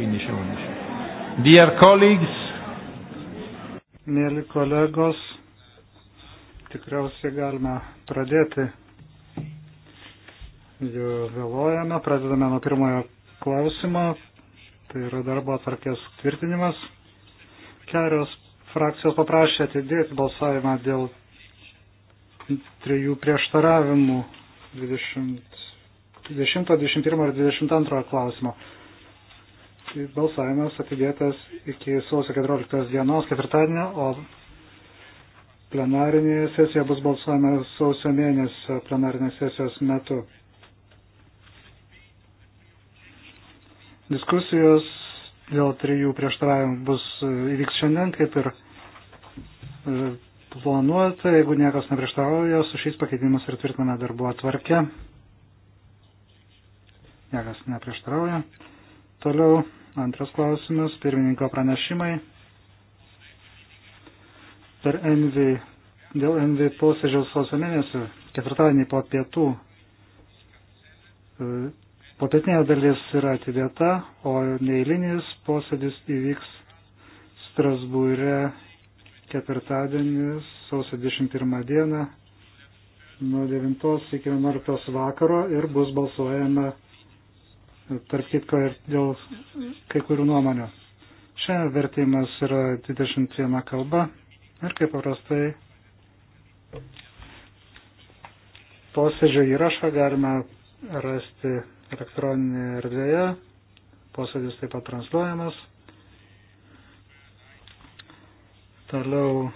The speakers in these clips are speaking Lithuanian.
15 11. Dear colleagues, mėly kolegos, tikriausiai galime pradėti. Jau vėluojame, pradedame nuo pirmojo klausimo, tai yra darbo atvarkės tvirtinimas. Kelios frakcijos paprašė atidėti balsavimą dėl trijų prieštaravimų 20, 20 21 ir 22 klausimo balsavimas atidėtas iki sausio 14 dienos ketvirtadienio, o plenarinėje sesijoje bus balsuojama sausio mėnesio plenarinės sesijos metu. Diskusijos dėl trijų prieštaravimų bus įvyks šiandien, kaip ir e, planuota, jeigu niekas neprieštarauja, su šiais pakeitimus ir tvirtiname darbo atvarkę. Niekas neprieštarauja. Toliau Antras klausimas, pirmininko pranešimai. Per NV, dėl NV posėdžiaus sausio mėnesio, ketvirtadienį po pietų, e, po pietinė dalis yra atidėta, o neįlinis posėdis įvyks Strasbūre ketvirtadienį, sausio 21 dieną, nuo 9 iki 11 vakaro ir bus balsuojama tarp kitko ir dėl kai kurių nuomonių. Čia vertimas yra 21 kalba ir kaip paprastai posėdžio įrašą galima rasti elektroninėje erdvėje, posėdis taip pat transliuojamas. Toliau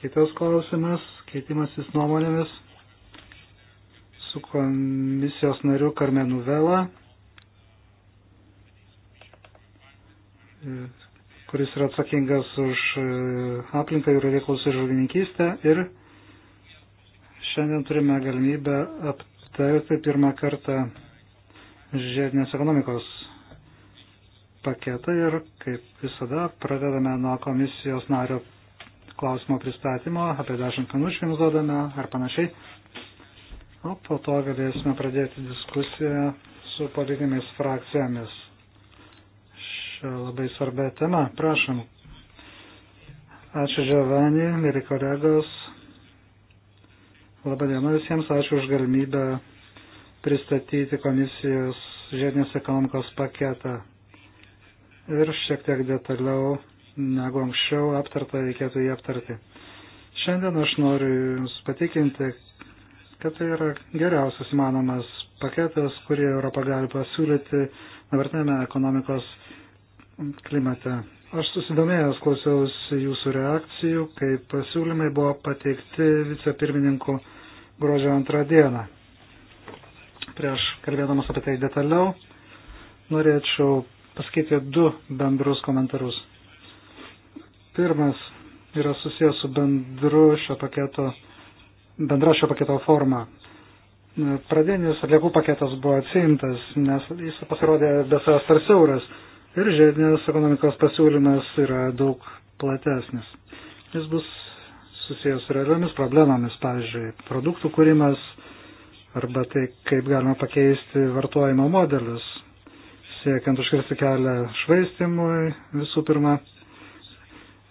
kitas klausimas, keitimasis nuomonėmis su komisijos nariu Karmenu Vela kuris yra atsakingas už e, aplinką ir reikalus ir žuvininkystę. Ir šiandien turime galimybę aptarti pirmą kartą žiedinės ekonomikos paketą ir kaip visada pradedame nuo komisijos nario klausimo pristatymo, apie 10 minučių jums duodame ar panašiai. O po to galėsime pradėti diskusiją su politinėmis frakcijomis šią labai svarbę temą. Prašom. Ačiū Giovanni, mėly kolegos. Labadiena visiems, ačiū už galimybę pristatyti komisijos žiedinės ekonomikos paketą. Ir šiek tiek detaliau negu anksčiau aptarta reikėtų jį aptarti. Šiandien aš noriu Jums patikinti, kad tai yra geriausias įmanomas paketas, kurį Europą gali pasiūlyti dabartinėme ekonomikos klimate. Aš susidomėjęs klausiausi jūsų reakcijų, kai pasiūlymai buvo pateikti vicepirmininku gruodžio antrą dieną. Prieš kalbėdamas apie tai detaliau, norėčiau pasakyti du bendrus komentarus. Pirmas yra susijęs su bendru šio paketo, bendra šio paketo forma. Pradinis atliekų paketas buvo atsiimtas, nes jis pasirodė besas per siauras ir žiedinės ekonomikos pasiūlymas yra daug platesnis. Jis bus susijęs su realiomis problemomis, pavyzdžiui, produktų kūrimas arba tai, kaip galima pakeisti vartojimo modelius, siekiant užkirsti kelią švaistimui visų pirma.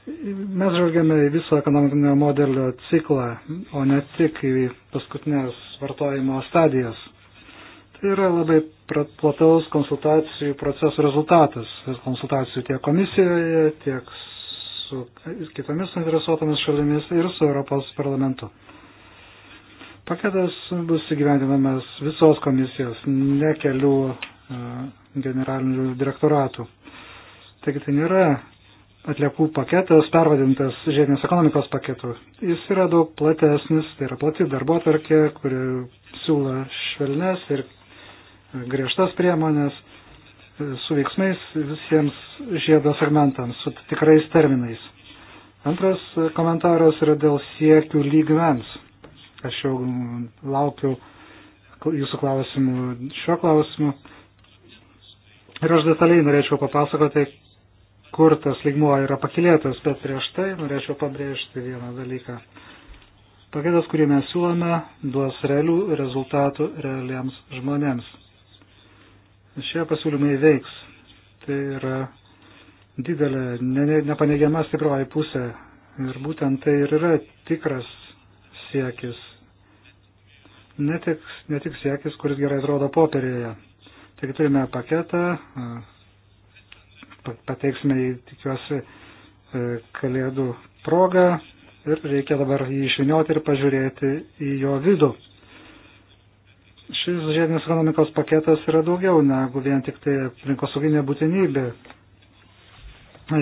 Mes žvelgiame į viso ekonominio modelio ciklą, o ne tik į paskutinės vartojimo stadijas yra labai plataus konsultacijų procesų rezultatas. Konsultacijų tiek komisijoje, tiek su kitomis interesuotomis šalimis ir su Europos parlamentu. Paketas bus įgyvendinamas visos komisijos, ne kelių e, generalinių direktoratų. Taigi tai nėra atliekų paketas, pervadintas žiedinės ekonomikos paketu. Jis yra daug platesnis, tai yra plati darbo atvarkė, kuri siūla švelnes ir griežtas priemonės su veiksmais visiems žiedo segmentams, su tikrais terminais. Antras komentaras yra dėl siekių lygmens. Aš jau laukiu jūsų klausimų šiuo klausimu. Ir aš detaliai norėčiau papasakoti, kur tas lygmuo yra pakilėtas, bet prieš tai norėčiau pabrėžti vieną dalyką. Paketas, kurį mes siūlome, duos realių rezultatų realiams žmonėms šie pasiūlymai veiks. Tai yra didelė, ne, ne, nepaneigiama stiprioji pusė. Ir būtent tai ir yra tikras siekis. Ne tik, ne tik siekis, kuris gerai atrodo popierėje. Taigi turime paketą, pateiksime jį, tikiuosi, e, kalėdų progą ir reikia dabar jį išvinioti ir pažiūrėti į jo vidų. Šis žiedinės ekonomikos paketas yra daugiau negu vien tik tai aplinkosauginė būtinybė.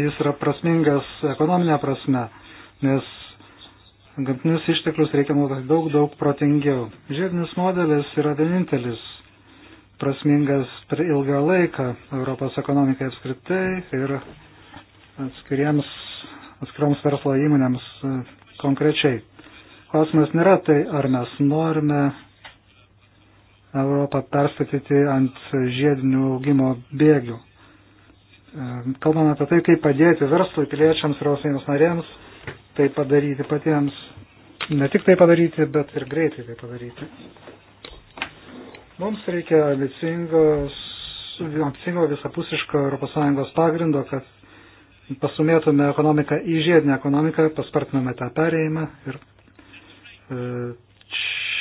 Jis yra prasmingas ekonominė prasme, nes gamtinius išteklius reikia naudoti daug, daug protingiau. Žiedinis modelis yra vienintelis prasmingas per ilgą laiką Europos ekonomikai apskritai ir atskiriems, atskiroms verslo įmonėms e, konkrečiai. Klausimas nėra tai, ar mes norime Europą perstatyti ant žiedinių augimo bėgių. E, kalbame apie tai, kaip padėti verslui, piliečiams ir ausiems narėms tai padaryti patiems. Ne tik tai padaryti, bet ir greitai tai padaryti. Mums reikia ambicingos ambicingo visapusiško ES pagrindo, kad pasumėtume ekonomiką į žiedinę ekonomiką, paspartinume tą perėjimą ir e,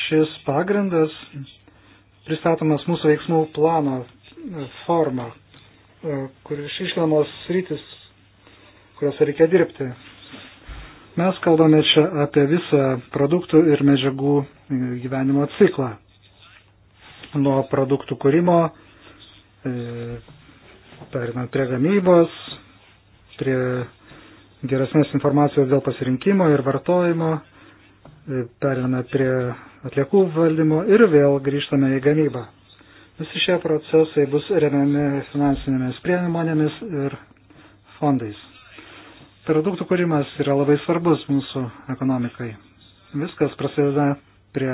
šis pagrindas pristatomas mūsų veiksmų plano e, forma, e, kur išiškinamos rytis, kuriuose reikia dirbti. Mes kalbame čia apie visą produktų ir medžiagų e, gyvenimo ciklą. Nuo produktų kūrimo, perinant prie gamybos, prie geresnės informacijos dėl pasirinkimo ir vartojimo, periname prie atliekų valdymo ir vėl grįžtame į gamybą. Visi šie procesai bus remiami finansinėmis priemonėmis ir fondais. Produktų kūrimas yra labai svarbus mūsų ekonomikai. Viskas prasideda prie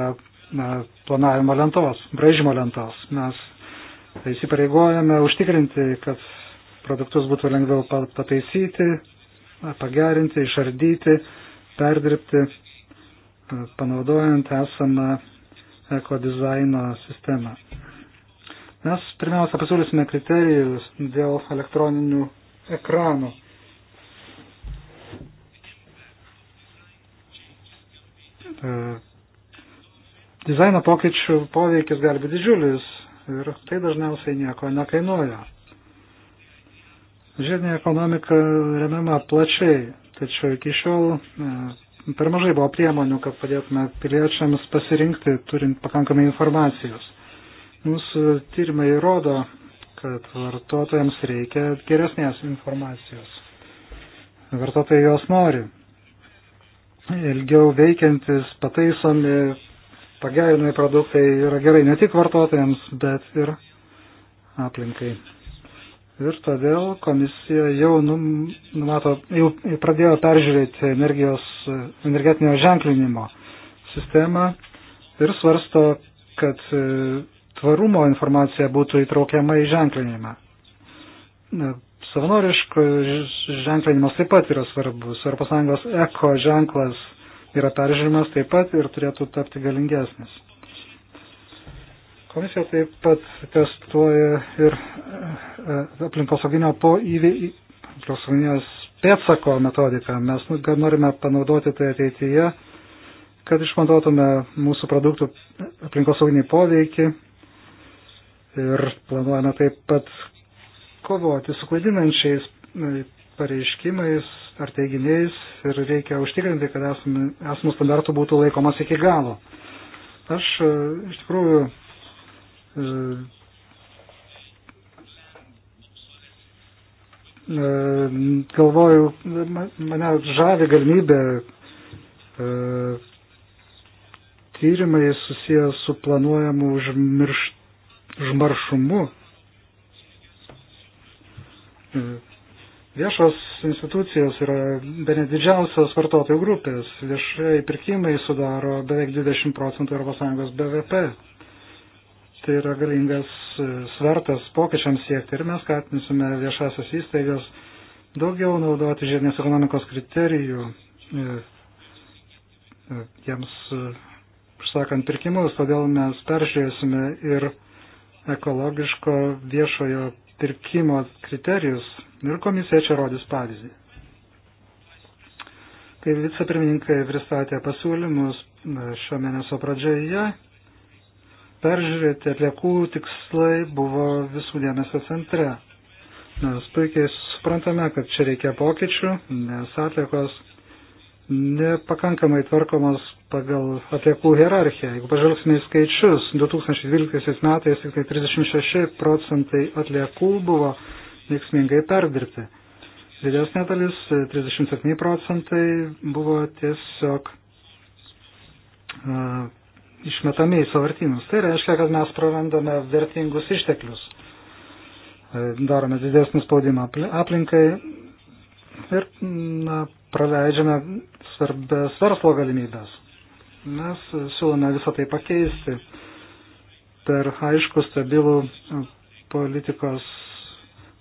na, planavimo lentos, braižymo lentos. Mes tai įsipareigojame užtikrinti, kad produktus būtų lengviau pataisyti, pagerinti, išardyti, perdirbti panaudojant esamą ekodizaino sistemą. Mes pirmiausia pasiūlysime kriterijus dėl elektroninių ekranų. E, dizaino pokyčių poveikis gali būti didžiulis ir tai dažniausiai nieko nekainuoja. Žiedinė ekonomika remiama plačiai, tačiau iki šiol e, per mažai buvo priemonių, kad padėtume piliečiams pasirinkti, turint pakankamai informacijos. Mūsų tyrimai rodo, kad vartotojams reikia geresnės informacijos. Vartotojai jos nori. Ilgiau veikiantis, pataisomi, pagerinami produktai yra gerai ne tik vartotojams, bet ir aplinkai. Ir todėl komisija jau numato, jau pradėjo peržiūrėti energijos, energetinio ženklinimo sistemą ir svarsto, kad e, tvarumo informacija būtų įtraukiama į ženklinimą. Savanoriško ženklinimas taip pat yra svarbus. Europos Sąjungos eko ženklas yra peržiūrimas taip pat ir turėtų tapti galingesnis. Komisija taip pat testuoja ir e, e, aplinkosauginio po aplinkosauginės pėtsako metodiką. Mes nu, norime panaudoti tai ateityje, kad išmatuotume mūsų produktų aplinkosauginį poveikį ir planuojame taip pat kovoti su klaidinančiais e, pareiškimais ar teiginiais ir reikia užtikrinti, kad esamų standartų būtų laikomas iki galo. Aš iš tikrųjų E, e, galvoju, mane žavi galimybė e, tyrimai susiję su planuojamu užmirš, užmaršumu. Viešos institucijos yra bene didžiausios vartotojų grupės. Viešai pirkimai sudaro beveik 20 procentų ES BVP tai yra galingas e, svertas pokyčiams siekti ir mes skatinsime viešasios įstaigas daugiau naudoti žiedinės ekonomikos kriterijų e, e, jiems, sakant, pirkimus, todėl mes peržiūrėsime ir ekologiško viešojo pirkimo kriterijus ir komisija čia rodys pavyzdį. Kai vicepirmininkai pristatė pasiūlymus šio mėnesio pradžioje, peržiūrėti atliekų tikslai buvo visų dėmesio centre. Mes puikiai suprantame, kad čia reikia pokyčių, nes atliekos nepakankamai tvarkomos pagal atliekų hierarchiją. Jeigu pažvelgsime į skaičius, 2012 metais tik 36 tai procentai atliekų buvo veiksmingai perdirbti. Didesnė dalis, 37 procentai, buvo tiesiog išmetami į savartynus. Tai reiškia, kad mes prarandame vertingus išteklius, e, darome didesnį spaudimą aplinkai ir na, praleidžiame svarbės verslo galimybės. Mes siūlome visą tai pakeisti per aišku stabilų politikos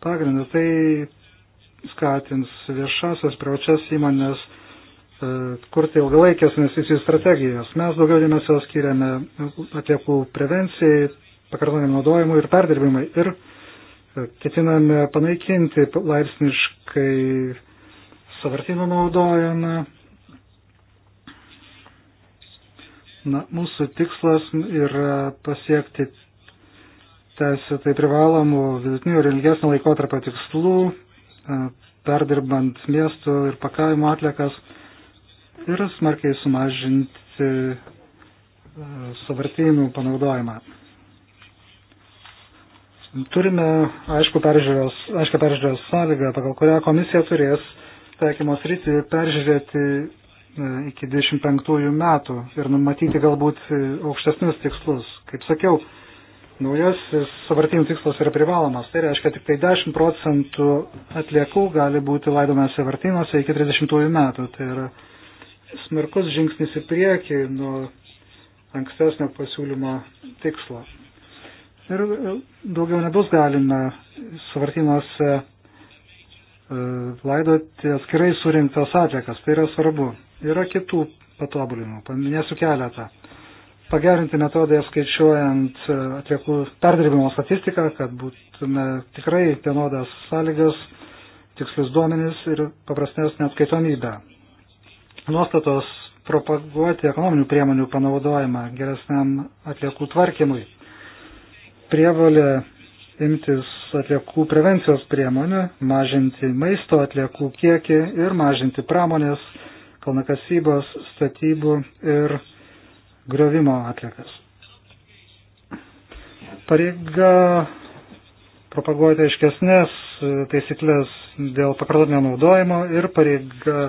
pagrindą. Tai skatins viešasias privačias įmonės E, kurti ilgalaikės investicijų strategijos. Mes daugiau dėmesio skiriame atliekų prevencijai, pakartotiniam naudojimui ir perdirbimai ir e, ketiname panaikinti laipsniškai savartynų naudojimą. Na, mūsų tikslas yra pasiekti teisėtai privalomų vidutinių ir ilgesnio laikotarpio tikslų, e, perdirbant miestų ir pakavimo atlikas ir smarkiai sumažinti e, savartynų panaudojimą. Turime aišku peržiūros, aišku peržiūros sąlygą, pagal kurią komisija turės taikymos rytį peržiūrėti e, iki 25 metų ir numatyti galbūt e, aukštesnius tikslus. Kaip sakiau, naujasis savartynų tikslas yra privalomas. Tai reiškia, tik tai 10 procentų atliekų gali būti laidoma savartynuose iki 30 metų. Tai yra smarkus žingsnis į priekį nuo ankstesnio pasiūlymo tikslo. Ir e, daugiau nebus galima savartinuose e, laidoti atskirai surinktas atliekas, tai yra svarbu. Yra kitų patobulinimų, paminėsiu keletą. Pagerinti metodai skaičiuojant e, atliekų perdirbimo statistiką, kad būtume tikrai vienodas sąlygas, tikslius duomenis ir paprastesnė atskaitomybė nuostatos propaguoti ekonominių priemonių panaudojimą geresniam atliekų tvarkymui. Prievalė imtis atliekų prevencijos priemonių, mažinti maisto atliekų kiekį ir mažinti pramonės, kalnakasybos, statybų ir griovimo atliekas. Pareiga propaguoti aiškesnės taisyklės dėl pakartotinio naudojimo ir pareiga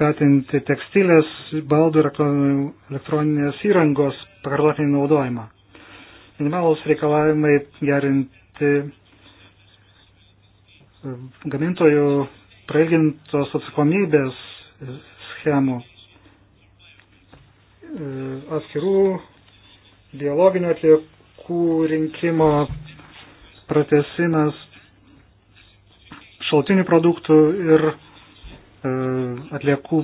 skatinti tekstilės, baldų ir elektroninės įrangos pakartotinį naudojimą. Minimalus reikalavimai gerinti e, gamintojų prailgintos atsakomybės schemų e, atskirų biologinių atliekų rinkimo pratesimas šaltinių produktų ir E, atliekų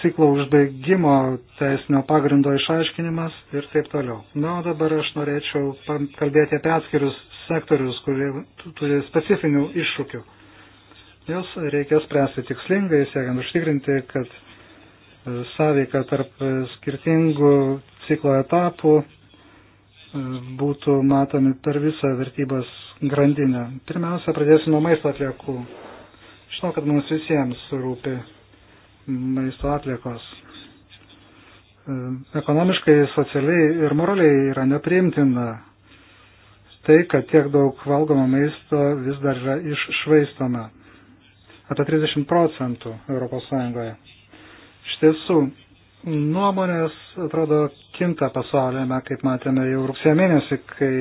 ciklo užbaigimo teisinio pagrindo išaiškinimas ir taip toliau. Na, o dabar aš norėčiau kalbėti apie atskirius sektorius, kurie turi specifinių iššūkių. Jos reikia spręsti tikslingai, siekiant užtikrinti, kad e, sąveika tarp e, skirtingų ciklo etapų būtų matomi per visą vertybas grandinę. Pirmiausia, pradėsiu nuo maisto atliekų. Žinau, kad mums visiems rūpi maisto atliekos. Ehm, ekonomiškai, socialiai ir moraliai yra nepriimtina tai, kad tiek daug valgomo maisto vis dar yra iššvaistoma. Apie 30 procentų ES. Iš tiesų, nuomonės atrodo kinta pasaulyje, kaip matėme jau rugsėjo mėnesį, kai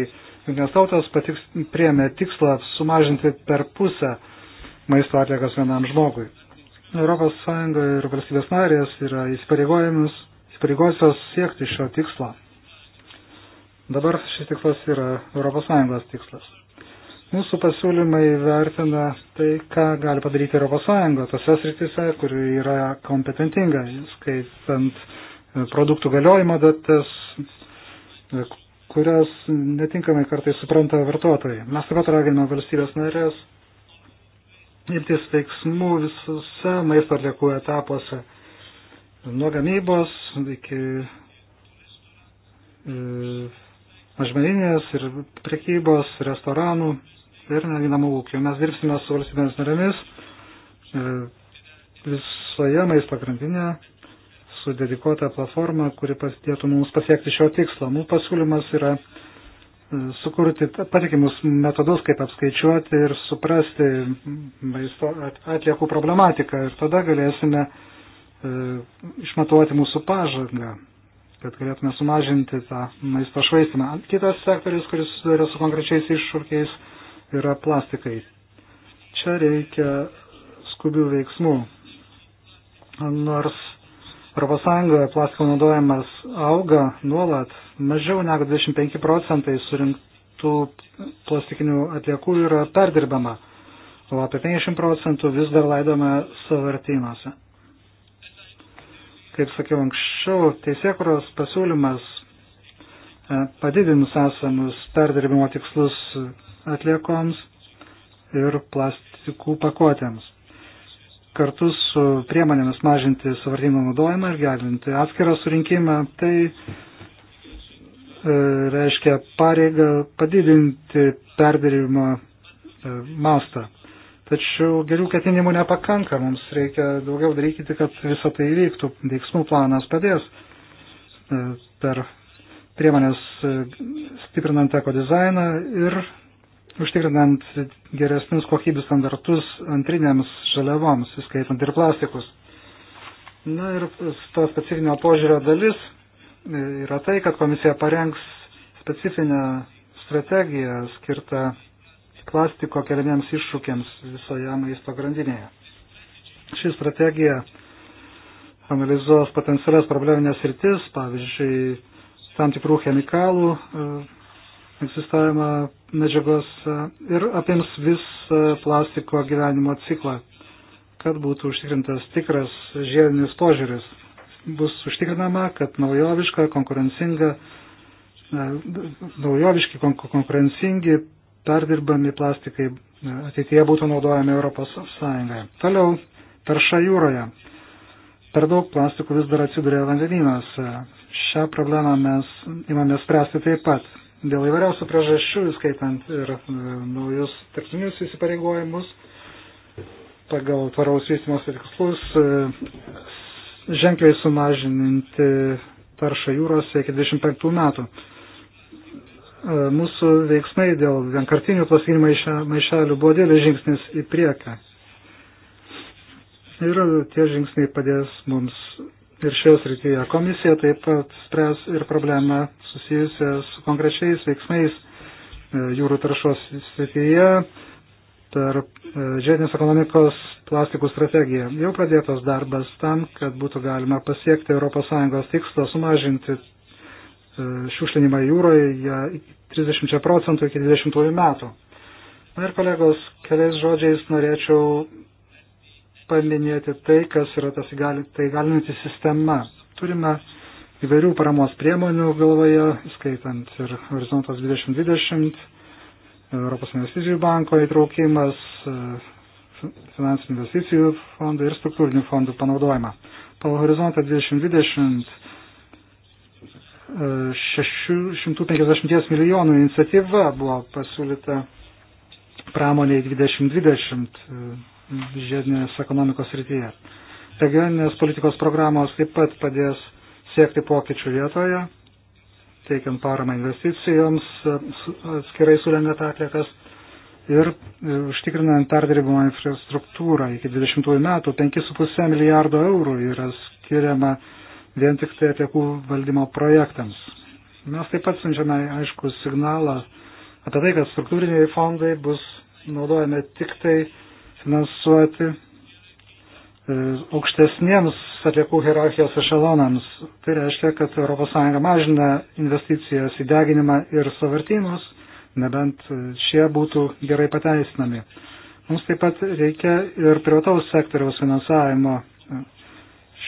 Junktinės tautos patiks, priemė tikslą sumažinti per pusę uh, maisto atliekas vienam žmogui. Europos Sąjunga ir valstybės narės yra įsipareigojusios siekti šio tikslo. Dabar šis tikslas yra Europos Sąjungos tikslas. Mūsų pasiūlymai vertina tai, ką gali padaryti Europos Sąjunga tose sritise, kuri yra kompetentinga, skaitant produktų galiojimo datas, kurias netinkamai kartais supranta vartotojai. Mes taip pat raginame valstybės narės imtis veiksmų visose maisto atliekų etapuose, nuo gamybos iki e, mažmeninės ir prekybos, restoranų ir netgi namų ūkių. Mes dirbsime su valstybėmis narėmis e, visoje maisto grandinėje su dedikuota platforma, kuri pasidėtų mums pasiekti šio tikslo. Mūsų pasiūlymas yra sukurti patikimus metodus, kaip apskaičiuoti ir suprasti maisto atliekų problematiką. Ir tada galėsime e, išmatuoti mūsų pažangą, kad galėtume sumažinti tą maisto švaistimą. Kitas sektorius, kuris susiduria su konkrečiais iššūkiais, yra plastikai. Čia reikia skubių veiksmų. Nors ES plastiko naudojimas auga nuolat, Mažiau negu 25 procentai surinktų plastikinių atliekų yra perdirbama, o apie 50 procentų vis dar laidome savartynuose. Kaip sakiau anksčiau, teisėkuros pasiūlymas e, padidinus esamus perdirbimo tikslus atliekoms ir plastikų pakuotėms. Kartu su priemonėmis mažinti savartynų naudojimą ir gerinti atskirą surinkimą, tai E, reiškia pareigą padidinti perdirbimo e, mastą. Tačiau gerų ketinimų nepakanka, mums reikia daugiau daryti, kad visą tai įvyktų. Veiksmų planas padės e, per priemonės stiprinant eko dizainą ir užtikrinant geresnius kokybės standartus antrinėms žaliavoms, įskaitant ir plastikus. Na ir to specifinio požiūrio dalis yra tai, kad komisija parengs specifinę strategiją skirtą plastiko keliamiems iššūkiams visoje maisto grandinėje. Ši strategija analizuos potencialias probleminės rytis, pavyzdžiui, tam tikrų chemikalų e, egzistavimą medžiagos e, ir apims vis e, plastiko gyvenimo ciklą, kad būtų užtikrintas tikras žiedinis požiūris bus užtikrinama, kad naujoviška, konkurencinga, e, naujoviški, konkurencingi perdirbami plastikai e, ateityje būtų naudojami Europos Sąjungoje. Toliau, tarša jūroje. Per daug plastikų vis dar atsiduria vandenynuose. Šią problemą mes imame spręsti taip pat. Dėl įvairiausių priežasčių, skaitant ir e, naujus tarptinius įsipareigojimus, pagal tvaraus vystimos tikslus ženkliai sumažinti taršą jūrose iki 25 metų. E, mūsų veiksmai dėl vienkartinių plastikinių maišelių buvo dėlės žingsnis į prieką. Ir tie žingsniai padės mums ir šios rytyje. Komisija taip pat spręs ir problemą susijusią su konkrečiais veiksmais e, jūrų taršos srityje per žiedinės ekonomikos plastikų strategiją. Jau pradėtas darbas tam, kad būtų galima pasiekti ES tikslą sumažinti e, šiukšlinimą jūroje 30 procentų iki 20 metų. Na ir kolegos, keliais žodžiais norėčiau paminėti tai, kas yra tas įgali, tai galinti sistema. Turime įvairių paramos priemonių galvoje, skaitant ir Horizontas 2020 Europos investicijų banko įtraukimas, e, finansinių investicijų fondų ir struktūrinių fondų panaudojimą. Pagal horizontą 2020 650 e, milijonų iniciatyva buvo pasiūlyta pramoniai 2020 e, žiedinės ekonomikos rytyje. Regioninės politikos programos taip pat padės siekti pokyčių vietoje teikiant paramą investicijoms, atskirai surengiant atliekas ir e, užtikrinant perdirbimo infrastruktūrą. Iki 20 metų 5,5 milijardo eurų yra skiriama vien tik tai atliekų valdymo projektams. Mes taip pat siunčiame aišku signalą apie tai, kad struktūriniai fondai bus naudojami tik tai finansuoti E, aukštesniems atliekų hierarchijos ešelonams. Tai reiškia, kad ES mažina investicijas į deginimą ir savartynus, nebent šie būtų gerai pateisinami. Mums taip pat reikia ir privataus sektoriaus finansavimo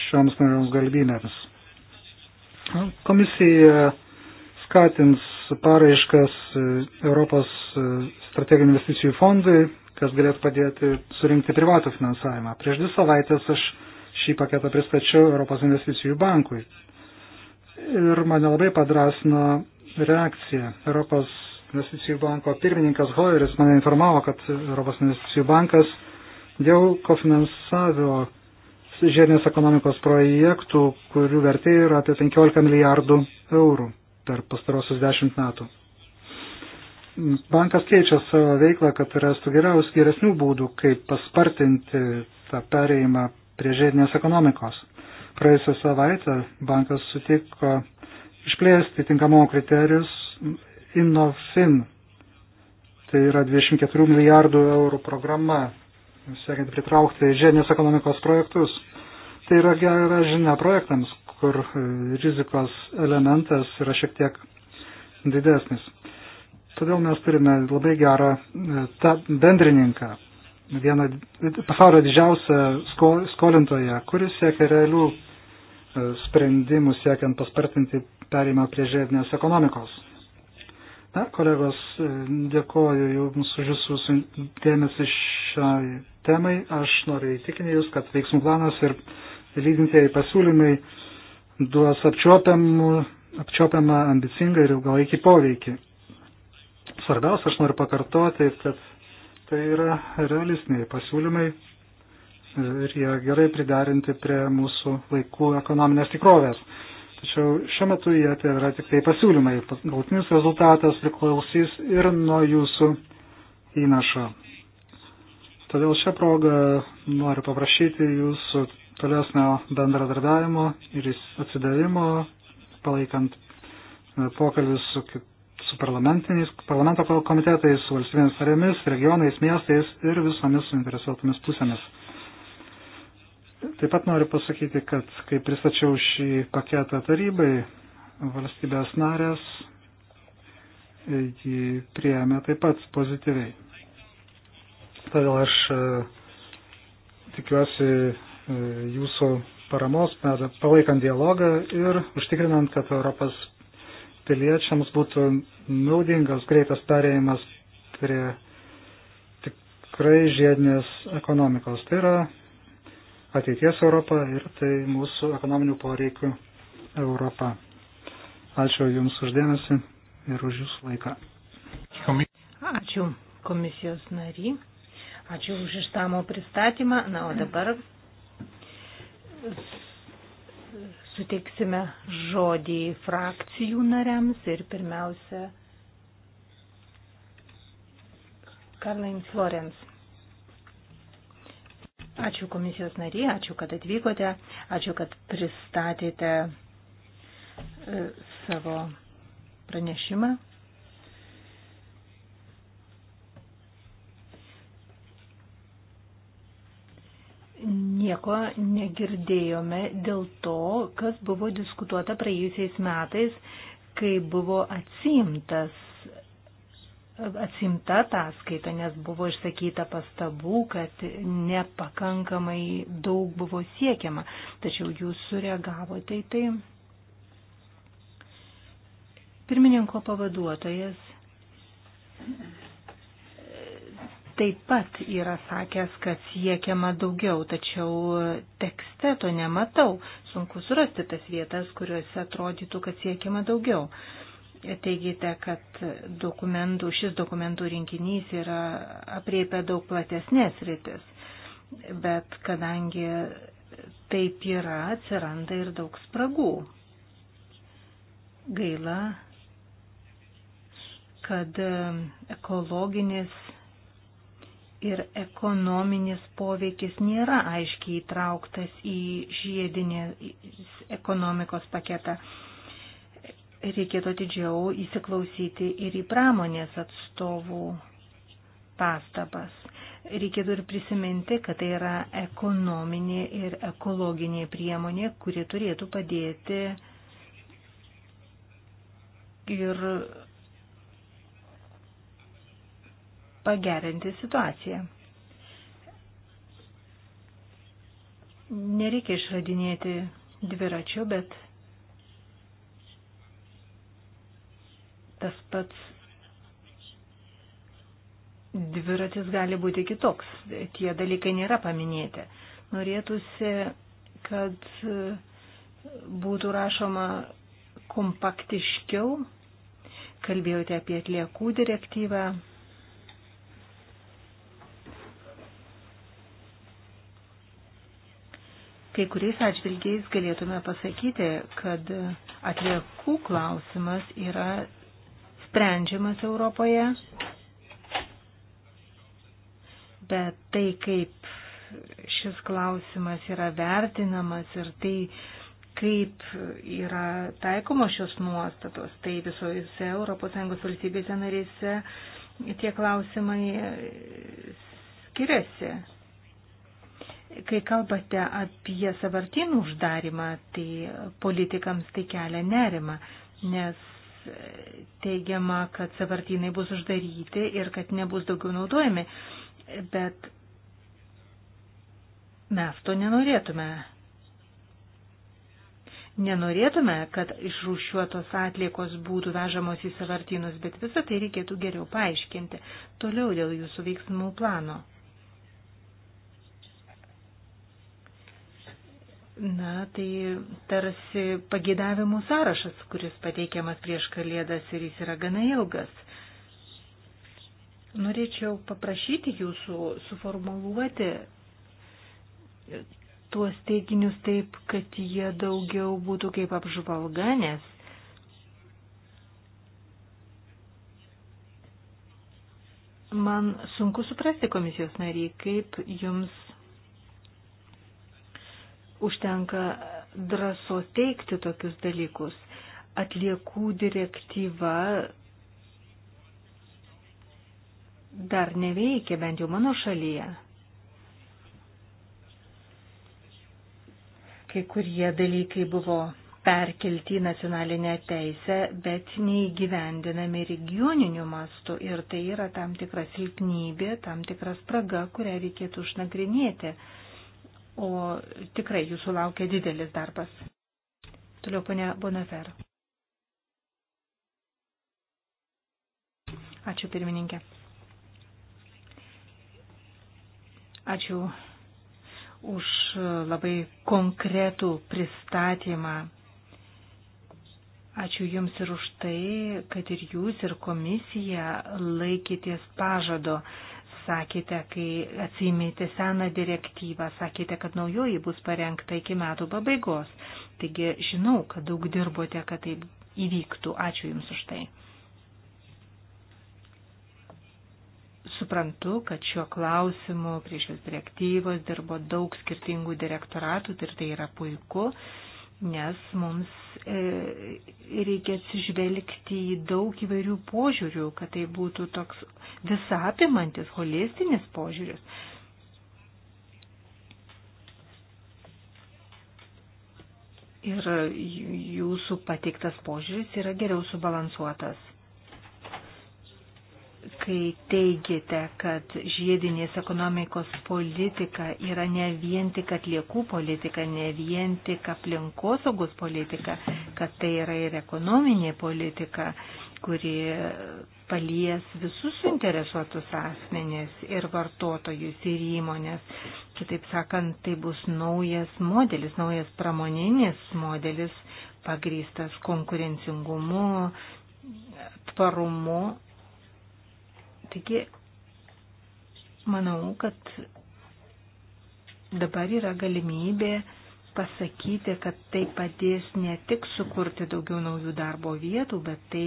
šioms naujoms galimybėms. Komisija skatins paraiškas Europos strateginių investicijų fondui kas galėtų padėti surinkti privatų finansavimą. Prieš dvi savaitės aš šį paketą pristačiau Europos investicijų bankui. Ir mane labai padrasino reakcija. Europos investicijų banko pirmininkas Hoyeris mane informavo, kad Europos investicijų bankas jau kofinansavo žiedinės ekonomikos projektų, kurių vertė yra apie 15 milijardų eurų per pastarosius 10 metų bankas keičia savo veiklą, kad rastų geriausių, geresnių būdų, kaip paspartinti tą pereimą prie žiedinės ekonomikos. Praėjusią savaitę bankas sutiko išplėsti tinkamumo kriterijus InnoFin. Tai yra 24 milijardų eurų programa, siekiant pritraukti žiedinės ekonomikos projektus. Tai yra gera žinia projektams, kur rizikos elementas yra šiek tiek didesnis. Todėl mes turime labai gerą e, tą bendrininką, vieną pasaulio didžiausią sko, skolintoją, kuris siekia realių e, sprendimų siekiant paspartinti perimą prie žiedinės ekonomikos. Na, kolegos, e, dėkoju Jums už Jūsų dėmesį šiai temai. Aš noriu įtikinti Jūs, kad veiksmų planas ir lydintieji pasiūlymai duos apčiopiamą, ambicingą ir ilgalaikį poveikį. Svarbiausia, aš noriu pakartoti, kad tai yra realistiniai pasiūlymai ir jie gerai pridarinti prie mūsų laikų ekonominės tikrovės. Tačiau šiuo metu jie tai yra tik tai pasiūlymai. Galutinis rezultatas priklausys ir nuo jūsų įnašo. Todėl šią progą noriu paprašyti jūsų tolesnio bendradarbiavimo ir atsidavimo, palaikant pokalbis su su parlamento komitetais, su valstybėmis narėmis, regionais, miestais ir visomis suinteresuotomis pusėmis. Taip pat noriu pasakyti, kad kai pristačiau šį paketą tarybai, valstybės narės jį prieėmė taip pat pozityviai. Todėl aš e, tikiuosi e, jūsų paramos, palaikant dialogą ir užtikrinant, kad Europos piliečiams būtų naudingas greitas perėjimas prie tikrai žiedinės ekonomikos. Tai yra ateities Europa ir tai mūsų ekonominių poreikių Europa. Ačiū Jums uždėmesi ir už Jūsų laiką. Ačiū komisijos nary. Ačiū už ištamo pristatymą. Na, o dabar suteiksime žodį frakcijų nariams ir pirmiausia Karlain Florence. Ačiū komisijos nariai, ačiū, kad atvykote, ačiū, kad pristatėte e, savo pranešimą. nieko negirdėjome dėl to, kas buvo diskutuota praėjusiais metais, kai buvo atsimtas atsimta ataskaita, nes buvo išsakyta pastabų, kad nepakankamai daug buvo siekiama. Tačiau jūs sureagavote į tai. Pirmininko pavaduotojas taip pat yra sakęs, kad siekiama daugiau, tačiau tekste to nematau. Sunku surasti tas vietas, kuriuose atrodytų, kad siekiama daugiau. Teigite, kad dokumentų, šis dokumentų rinkinys yra apriepia daug platesnės rytis, bet kadangi taip yra, atsiranda ir daug spragų. Gaila, kad ekologinis ir ekonominis poveikis nėra aiškiai įtrauktas į žiedinės ekonomikos paketą. Reikėtų atidžiau įsiklausyti ir į pramonės atstovų pastabas. Reikėtų ir prisiminti, kad tai yra ekonominė ir ekologinė priemonė, kuri turėtų padėti ir pagerinti situaciją. Nereikia išradinėti dviračių, bet tas pats dviratis gali būti kitoks. Tie dalykai nėra paminėti. Norėtųsi, kad būtų rašoma kompaktiškiau. Kalbėjote apie atliekų direktyvą, kai kuriais atžvilgiais galėtume pasakyti, kad atliekų klausimas yra sprendžiamas Europoje, bet tai, kaip šis klausimas yra vertinamas ir tai, kaip yra taikomos šios nuostatos, tai visoje ES valstybėse narėse tie klausimai skiriasi. Kai kalbate apie savartinų uždarimą, tai politikams tai kelia nerima, nes teigiama, kad savartinai bus uždaryti ir kad nebus daugiau naudojami, bet mes to nenorėtume. Nenorėtume, kad išrūšiuotos atliekos būtų vežamos į savartinus, bet visą tai reikėtų geriau paaiškinti. Toliau dėl jūsų veiksmų plano. Na, tai tarsi pagėdavimų sąrašas, kuris pateikiamas prieš kalėdas ir jis yra gana ilgas. Norėčiau paprašyti jūsų suformuluoti tuos teiginius taip, kad jie daugiau būtų kaip apžvalga, nes man sunku suprasti komisijos nariai, kaip jums užtenka drąso teikti tokius dalykus. Atliekų direktyva dar neveikia, bent jau mano šalyje. Kai kurie dalykai buvo perkelti į nacionalinę teisę, bet neįgyvendinami regioniniu mastu ir tai yra tam tikra silpnybė, tam tikra spraga, kurią reikėtų išnagrinėti o tikrai jūsų laukia didelis darbas. Toliau, ponia Bonafer. Ačiū, pirmininkė. Ačiū už labai konkretų pristatymą. Ačiū Jums ir už tai, kad ir Jūs, ir komisija laikyties pažado sakėte, kai atsimėte seną direktyvą, sakėte, kad naujoji bus parengta iki metų pabaigos. Taigi žinau, kad daug dirbote, kad tai įvyktų. Ačiū Jums už tai. suprantu, kad šiuo klausimu prie šios direktyvos dirbo daug skirtingų direktoratų ir tai yra puiku, nes mums e, reikia atsižvelgti į daug įvairių požiūrių, kad tai būtų toks visapimantis, holistinis požiūris. Ir jūsų pateiktas požiūris yra geriau subalansuotas kai teigiate, kad žiedinės ekonomikos politika yra ne vien tik atliekų politika, ne vien tik aplinkosaugos politika, kad tai yra ir ekonominė politika, kuri palies visus suinteresuotus asmenės ir vartotojus ir įmonės. Kitaip sakant, tai bus naujas modelis, naujas pramoninis modelis, pagrįstas konkurencingumu, tvarumu Taigi, manau, kad dabar yra galimybė pasakyti, kad tai padės ne tik sukurti daugiau naujų darbo vietų, bet tai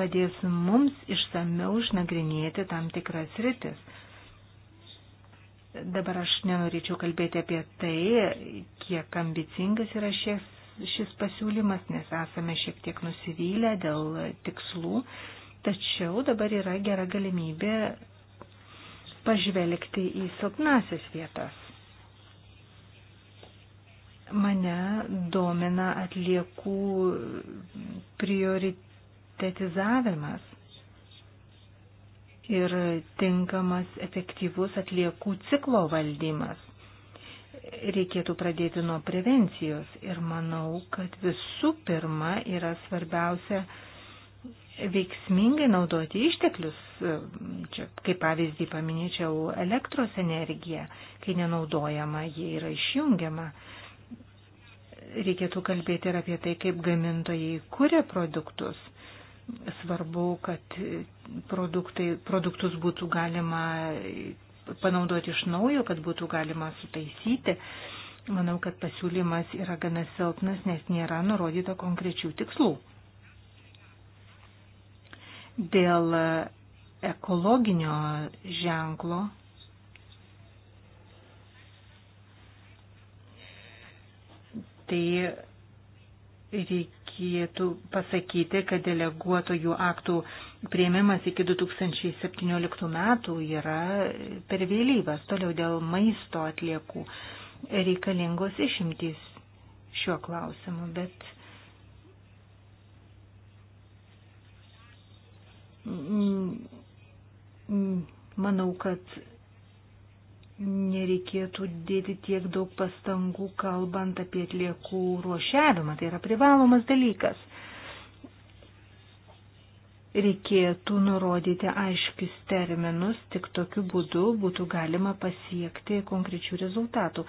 padės mums išsameu išnagrinėti tam tikras rytis. Dabar aš nenorėčiau kalbėti apie tai, kiek ambicingas yra šis, šis pasiūlymas, nes esame šiek tiek nusivylę dėl tikslų, Tačiau dabar yra gera galimybė pažvelgti į silpnasias vietas. Mane domina atliekų prioritetizavimas ir tinkamas efektyvus atliekų ciklo valdymas. Reikėtų pradėti nuo prevencijos ir manau, kad visų pirma yra svarbiausia veiksmingai naudoti išteklius. Čia, kaip pavyzdį paminėčiau elektros energiją, kai nenaudojama, ji yra išjungiama. Reikėtų kalbėti ir apie tai, kaip gamintojai kuria produktus. Svarbu, kad produktus būtų galima panaudoti iš naujo, kad būtų galima sutaisyti. Manau, kad pasiūlymas yra gana silpnas, nes nėra nurodyta konkrečių tikslų. Dėl ekologinio ženklo tai reikėtų pasakyti, kad deleguotojų aktų prieimimas iki 2017 metų yra per vėlyvas. Toliau dėl maisto atliekų reikalingos išimtys šiuo klausimu, bet manau, kad nereikėtų dėti tiek daug pastangų, kalbant apie atliekų ruošiavimą. Tai yra privalomas dalykas. Reikėtų nurodyti aiškius terminus, tik tokiu būdu būtų galima pasiekti konkrečių rezultatų.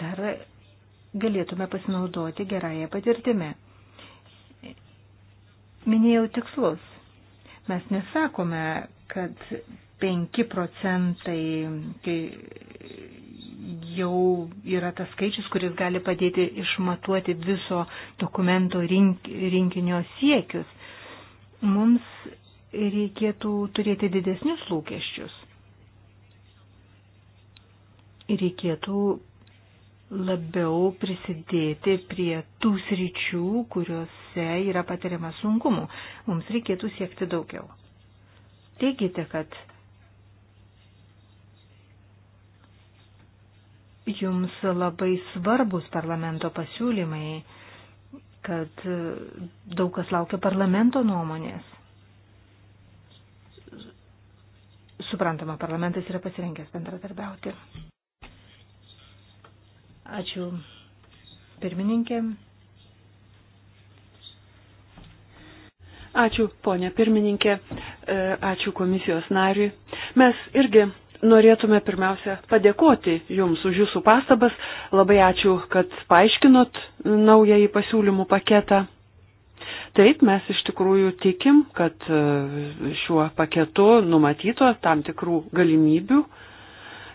Dar galėtume pasinaudoti gerąją patirtimį. Minėjau tikslus Mes nesakome, kad 5 procentai tai jau yra tas skaičius, kuris gali padėti išmatuoti viso dokumento rink, rinkinio siekius. Mums reikėtų turėti didesnius lūkesčius. Reikėtų labiau prisidėti prie tų sričių, kuriuose yra patiriama sunkumų. Mums reikėtų siekti daugiau. Teigite, kad jums labai svarbus parlamento pasiūlymai, kad daug kas laukia parlamento nuomonės. Suprantama, parlamentas yra pasirengęs bendradarbiauti. Ačiū pirmininkė. Ačiū, ponė pirmininkė. E, ačiū komisijos nariui. Mes irgi norėtume pirmiausia padėkoti Jums už Jūsų pastabas. Labai ačiū, kad paaiškinot naująjį pasiūlymų paketą. Taip, mes iš tikrųjų tikim, kad e, šiuo paketu numatytos tam tikrų galimybių uh,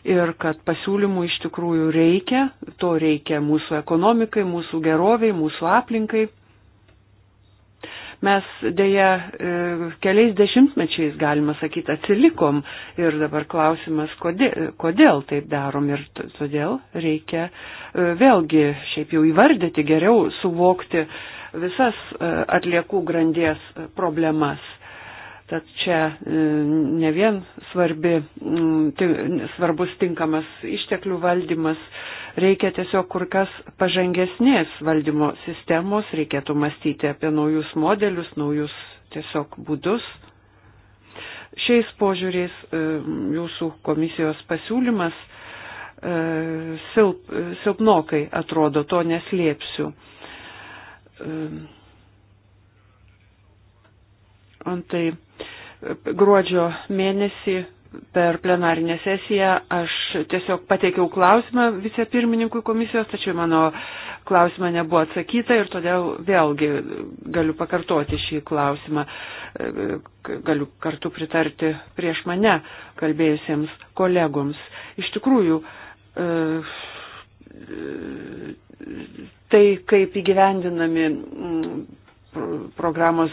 ir kad pasiūlymų iš tikrųjų reikia, to reikia mūsų ekonomikai, mūsų geroviai, mūsų aplinkai. Mes dėja e, keliais dešimtmečiais, galima sakyti, atsilikom ir dabar klausimas, kodėl, kodėl taip darom ir todėl reikia e, vėlgi šiaip jau įvardyti, geriau suvokti visas e, atliekų grandies problemas Tad čia e, ne vien svarbi, svarbus tinkamas išteklių valdymas, reikia tiesiog kur kas pažangesnės valdymo sistemos, reikėtų mąstyti apie naujus modelius, naujus tiesiog būdus. Šiais požiūriais e, jūsų komisijos pasiūlymas e, silp, silpnokai atrodo, to neslėpsiu Antai e, gruodžio mėnesį per plenarinę sesiją aš tiesiog pateikiau klausimą vicepirmininkui komisijos, tačiau mano klausimą nebuvo atsakyta ir todėl vėlgi galiu pakartoti šį klausimą, e, galiu kartu pritarti prieš mane kalbėjusiems kolegoms. Iš tikrųjų, e, tai kaip įgyvendinami programos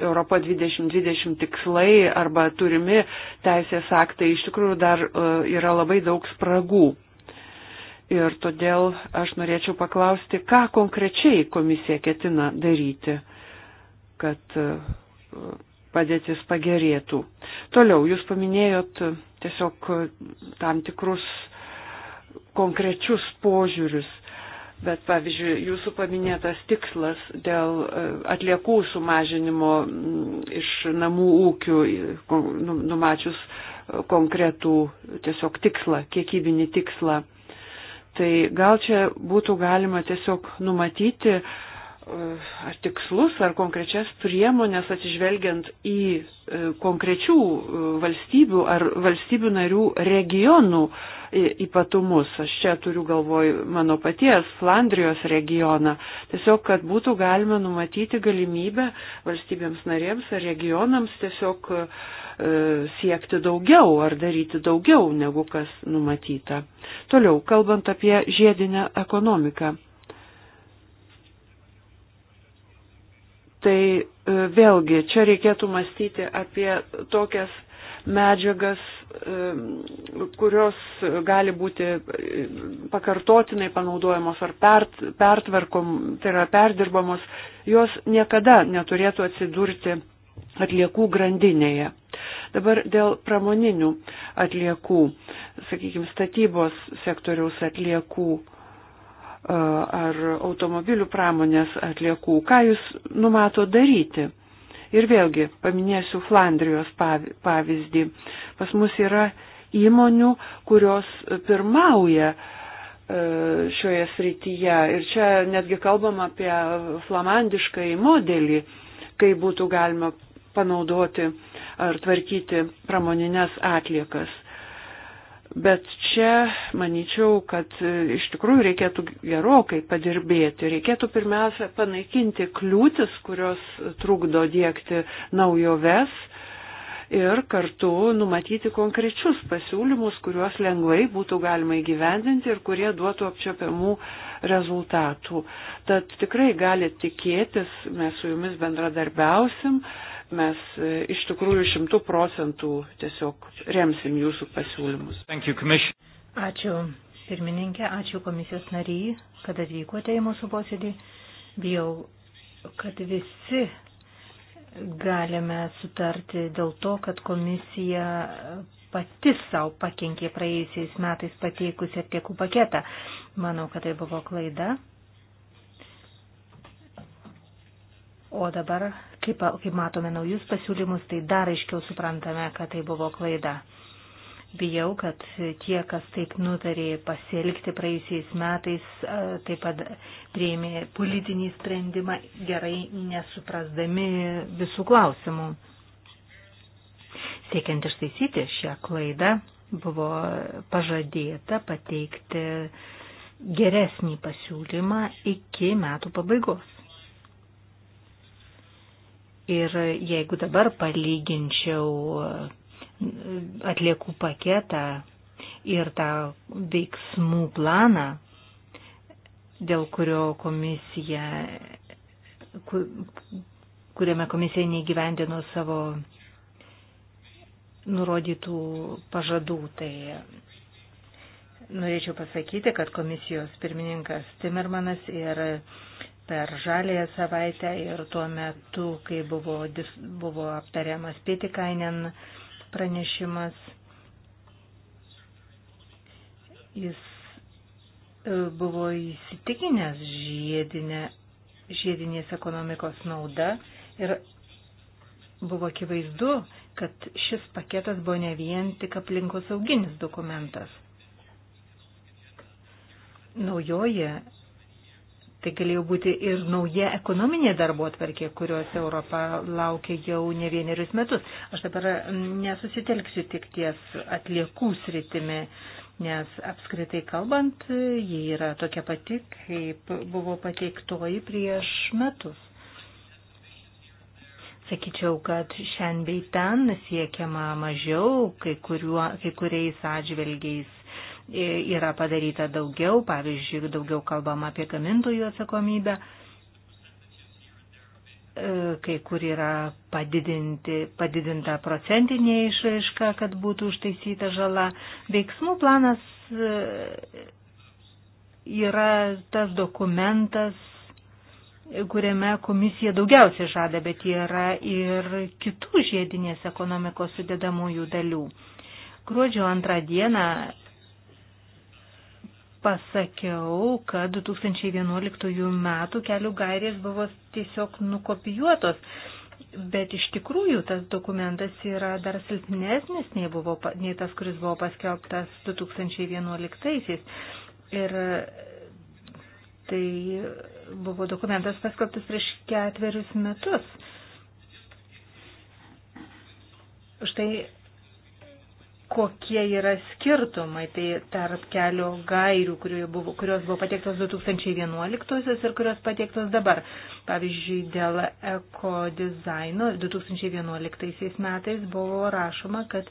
Europa 2020 tikslai arba turimi teisės aktai iš tikrųjų dar e, yra labai daug spragų. Ir todėl aš norėčiau paklausti, ką konkrečiai komisija ketina daryti, kad e, padėtis pagerėtų. Toliau, jūs paminėjot e, tiesiog tam tikrus konkrečius požiūrius Bet pavyzdžiui, jūsų paminėtas tikslas dėl e, atliekų sumažinimo mm, iš namų ūkių, e, nu, numačius e, konkretų tiesiog tikslą, kiekybinį tikslą. Tai gal čia būtų galima tiesiog numatyti, uh, E, ar tikslus, ar konkrečias priemonės atsižvelgiant į e, konkrečių e, valstybių ar valstybių narių regionų ypatumus. Aš čia turiu galvoj mano paties Flandrijos regioną. Tiesiog, kad būtų galima numatyti galimybę valstybėms narėms ar regionams tiesiog siekti daugiau ar daryti daugiau negu kas numatyta. Toliau, kalbant apie žiedinę ekonomiką Tai e, vėlgi čia reikėtų mąstyti apie tokias medžiagas, e, kurios gali būti e, pakartotinai panaudojamos ar pertvarkom, tai yra perdirbamos, jos niekada neturėtų atsidurti atliekų grandinėje. Dabar dėl pramoninių atliekų, sakykime, statybos sektoriaus atliekų ar automobilių pramonės atliekų. Ką jūs numato daryti? Ir vėlgi paminėsiu Flandrijos pavyzdį. Pas mus yra įmonių, kurios pirmauja e, šioje srityje. Ir čia netgi kalbam apie flamandišką modelį, kai būtų galima panaudoti ar tvarkyti pramoninės atliekas. Bet čia manyčiau, kad e, iš tikrųjų reikėtų gerokai padirbėti. Reikėtų pirmiausia panaikinti kliūtis, kurios trukdo dėkti naujoves ir kartu numatyti konkrečius pasiūlymus, kuriuos lengvai būtų galima įgyvendinti ir kurie duotų apčiopiamų rezultatų. Tad tikrai galite tikėtis, mes su jumis bendradarbiausim mes e, iš tikrųjų šimtų procentų tiesiog remsim jūsų pasiūlymus. You, ačiū pirmininkė, ačiū komisijos nariai, kad atvykote į mūsų posėdį. Bijau, kad visi galime sutarti dėl to, kad komisija pati savo pakenkė praėjusiais metais pateikusi atliekų paketą. Manau, kad tai buvo klaida. O dabar, kaip, kaip matome naujus pasiūlymus, tai dar aiškiau suprantame, kad tai buvo klaida. Bijau, kad tie, kas taip nutarė pasielgti praėjusiais metais, taip pat prieimė politinį sprendimą gerai nesuprasdami visų klausimų. Siekiant ištaisyti šią klaidą, buvo pažadėta pateikti geresnį pasiūlymą iki metų pabaigos. Ir jeigu dabar palyginčiau e, atliekų paketą ir tą veiksmų planą, dėl kurio komisija, kuriame komisija neįgyvendino savo nurodytų pažadų, tai norėčiau pasakyti, kad komisijos pirmininkas Timermanas ir per žalėją savaitę ir tuo metu, kai buvo, buvo aptariamas Pietikainen pranešimas, jis e, buvo įsitikinęs žiedinė, žiedinės ekonomikos nauda ir buvo akivaizdu, kad šis paketas buvo ne vien tik aplinkos auginis dokumentas. Naujoji Tai galėjo būti ir nauja ekonominė darbo atvarkė, kurios Europa laukia jau ne vienerius metus. Aš dabar mm, nesusitelksiu tik ties atliekų sritimi, nes apskritai kalbant, jie yra tokia pati, kaip buvo pateiktoji prieš metus. Sakyčiau, kad šiandien bei ten siekiama mažiau kai, kuriuo, kai kuriais atžvelgiais yra padaryta daugiau, pavyzdžiui, daugiau kalbama apie gamintojų atsakomybę, e, kai kur yra padidinti, padidinta procentinė išraiška, kad būtų užtaisyta žala. Veiksmų planas e, yra tas dokumentas, kuriame komisija daugiausiai žada, bet yra ir kitų žiedinės ekonomikos sudėdamųjų dalių. Gruodžio antrą dieną pasakiau, kad 2011 metų kelių gairės buvo tiesiog nukopijuotos, bet iš tikrųjų tas dokumentas yra dar silpnesnis nei, buvo, nei tas, kuris buvo paskelbtas 2011-aisiais. Ir tai buvo dokumentas paskelbtas prieš ketverius metus. Štai kokie yra skirtumai tai tarp kelio gairių, buvo, kurios buvo pateiktos 2011 ir kurios pateiktos dabar. Pavyzdžiui, dėl ekodizaino 2011 metais buvo rašoma, kad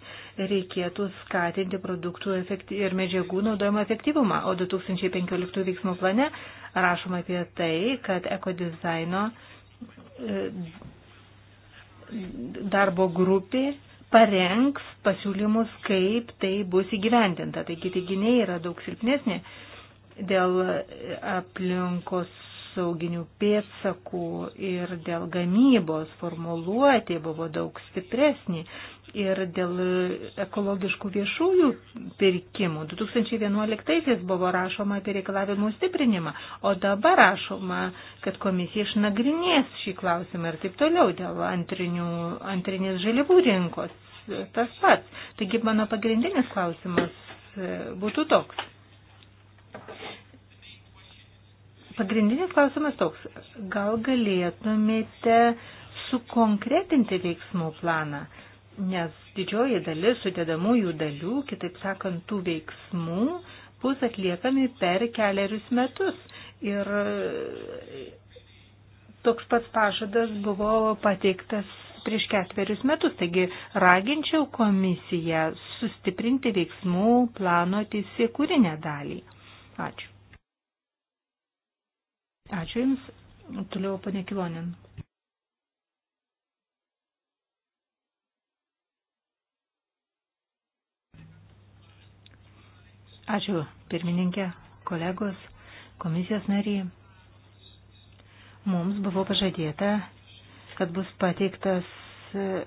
reikėtų skatinti produktų ir medžiagų naudojimo efektyvumą, o 2015 veiksmų plane rašoma apie tai, kad ekodizaino e, darbo grupė parengs pasiūlymus, kaip tai bus įgyvendinta. Taigi teiginiai yra daug silpnesnė dėl aplinkos sauginių pėtsakų ir dėl gamybos formuluotė buvo daug stipresnė ir dėl ekologiškų viešųjų pirkimų. 2011-aisiais buvo rašoma apie reikalavimų stiprinimą, o dabar rašoma, kad komisija išnagrinės šį klausimą ir taip toliau dėl antrinių, antrinės žaliavų rinkos tas pats. Taigi mano pagrindinis klausimas e, būtų toks. Pagrindinis klausimas toks. Gal galėtumėte sukonkretinti veiksmų planą? Nes didžioji dalis sudėdamųjų dalių, kitaip sakant, tų veiksmų bus atliekami per keliarius metus. Ir toks pats pažadas buvo pateiktas prieš ketverius metus. Taigi raginčiau komisiją sustiprinti veiksmų plano teisėkūrinę dalį. Ačiū. Ačiū Jums. Toliau pane Kilonin. Ačiū pirmininkė, kolegos, komisijos nariai. Mums buvo pažadėta kad bus pateiktas e,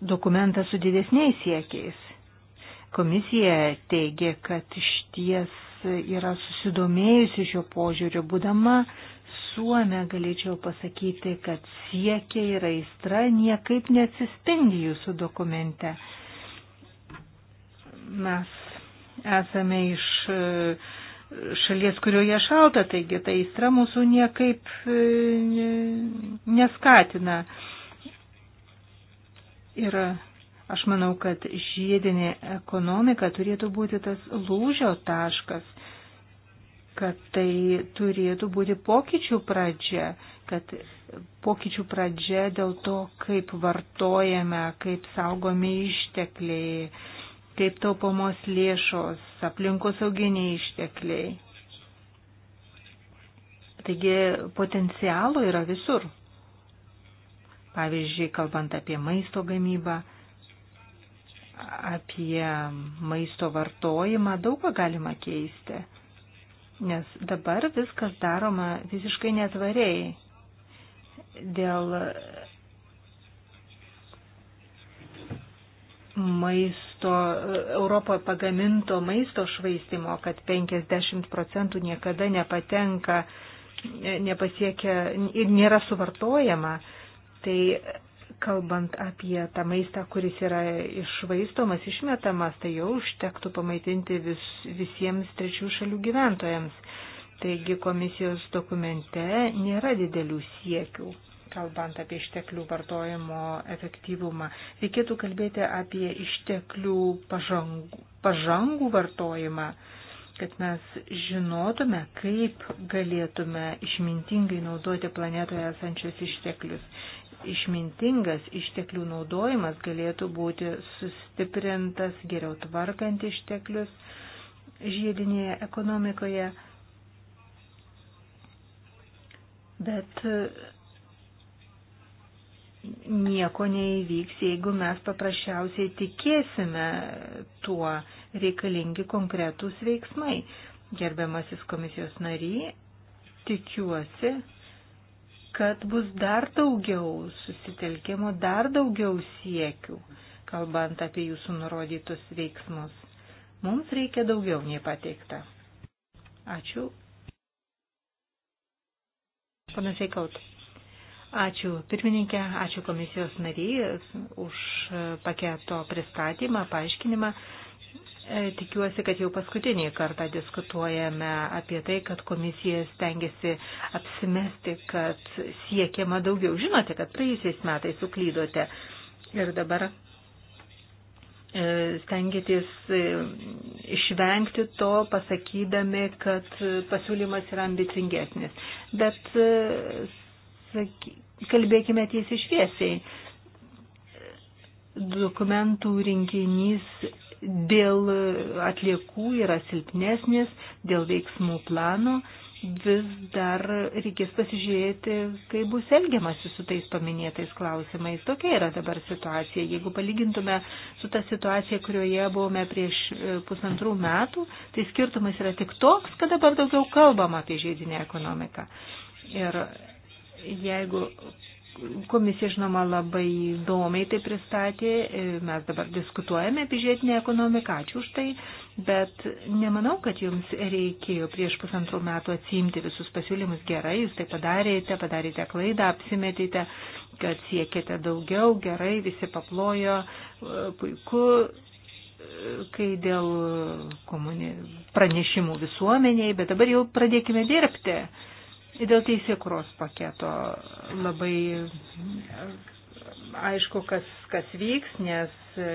dokumentas su didesniais siekiais. Komisija teigia, kad iš ties yra susidomėjusi šio požiūriu, būdama Suomė galėčiau pasakyti, kad siekiai ir aistra niekaip neatsispindi jūsų dokumente. Mes esame iš uh, šalies, kurioje šalta, taigi ta įstra mūsų niekaip e, neskatina. Ir aš manau, kad žiedinė ekonomika turėtų būti tas lūžio taškas, kad tai turėtų būti pokyčių pradžia, kad pokyčių pradžia dėl to, kaip vartojame, kaip saugomi ištekliai kaip taupomos lėšos, aplinkosauginiai ištekliai. Taigi potencialo yra visur. Pavyzdžiui, kalbant apie maisto gamybą, apie maisto vartojimą, daug ką galima keisti. Nes dabar viskas daroma visiškai netvariai dėl maisto, Europoje pagaminto maisto švaistimo, kad 50 procentų niekada nepatenka, nepasiekia ir nėra suvartojama. Tai kalbant apie tą maistą, kuris yra išvaistomas, išmetamas, tai jau užtektų pamaitinti vis, visiems trečių šalių gyventojams. Taigi komisijos dokumente nėra didelių siekių kalbant apie išteklių vartojimo efektyvumą. Reikėtų kalbėti apie išteklių pažangų, pažangų vartojimą, kad mes žinotume, kaip galėtume išmintingai naudoti planetoje esančius išteklius. Išmintingas išteklių naudojimas galėtų būti sustiprintas geriau tvarkant išteklius žiedinėje ekonomikoje. Bet nieko neįvyks, jeigu mes paprasčiausiai tikėsime tuo reikalingi konkretūs veiksmai. Gerbiamasis komisijos nary, tikiuosi, kad bus dar daugiau susitelkimo, dar daugiau siekių, kalbant apie jūsų nurodytus veiksmus. Mums reikia daugiau nei pateikta. Ačiū. Panašiai kaut. Ačiū pirmininkė, ačiū komisijos nariai už paketo pristatymą, paaiškinimą. E, tikiuosi, kad jau paskutinį kartą diskutuojame apie tai, kad komisija stengiasi apsimesti, kad siekiama daugiau. Žinote, kad praėjusiais metais suklydote ir dabar e, stengiatės e, išvengti to, pasakydami, kad pasiūlymas yra ambicingesnis. Bet saky, kalbėkime tiesiai šviesiai. Dokumentų rinkinys dėl atliekų yra silpnesnis, dėl veiksmų plano vis dar reikės pasižiūrėti, kaip bus elgiamasi su tais paminėtais klausimais. Tokia yra dabar situacija. Jeigu palygintume su ta situacija, kurioje buvome prieš e, pusantrų metų, tai skirtumas yra tik toks, kad dabar daugiau kalbam apie žiedinę ekonomiką. Ir Jeigu komisija, žinoma, labai įdomiai tai pristatė, e, mes dabar diskutuojame apie žiedinę ekonomiką, ačiū už tai, bet nemanau, kad jums reikėjo prieš pusantrų metų atsiimti visus pasiūlymus gerai, jūs tai padarėte, padarėte klaidą, apsimetėte, kad siekėte daugiau, gerai, visi paplojo, e, puiku, e, kai dėl komuni... pranešimų visuomeniai, bet dabar jau pradėkime dirbti. Dėl teisėkros paketo labai aišku, kas, kas vyks, nes e,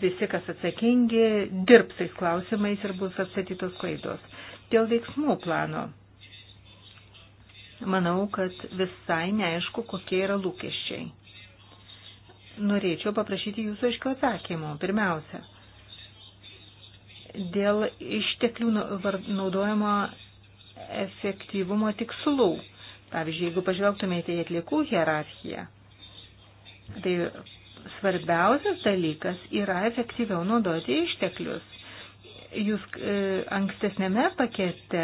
visi, kas atsakingi, dirbs tais klausimais ir bus atsatytos klaidos. Dėl veiksmų plano. Manau, kad visai neaišku, kokie yra lūkesčiai. Norėčiau paprašyti jūsų aiškio atsakymo. Pirmiausia, dėl išteklių nu, naudojimo efektyvumo tikslų. Pavyzdžiui, jeigu pažvelgtumėte į atlikų hierarchiją, tai svarbiausias dalykas yra efektyviau naudoti išteklius. Jūs e, ankstesnėme pakete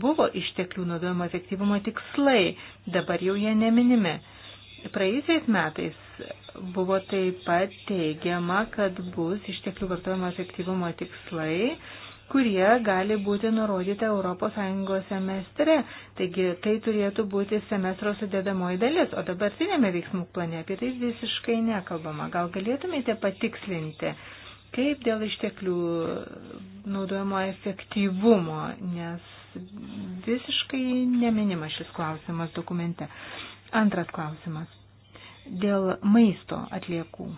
buvo išteklių naudojimo efektyvumo tikslai, dabar jau jie neminimi. Praėjusiais metais buvo taip pat teigiama, kad bus išteklių vartojimo efektyvumo tikslai kurie gali būti nurodyti ES semestre. Taigi tai turėtų būti semestro sudėdamoji dalis, o dabartinėme veiksmų plane apie tai visiškai nekalbama. Gal galėtumėte patikslinti, kaip dėl išteklių naudojimo efektyvumo, nes visiškai neminima šis klausimas dokumente. Antras klausimas. Dėl maisto atliekų.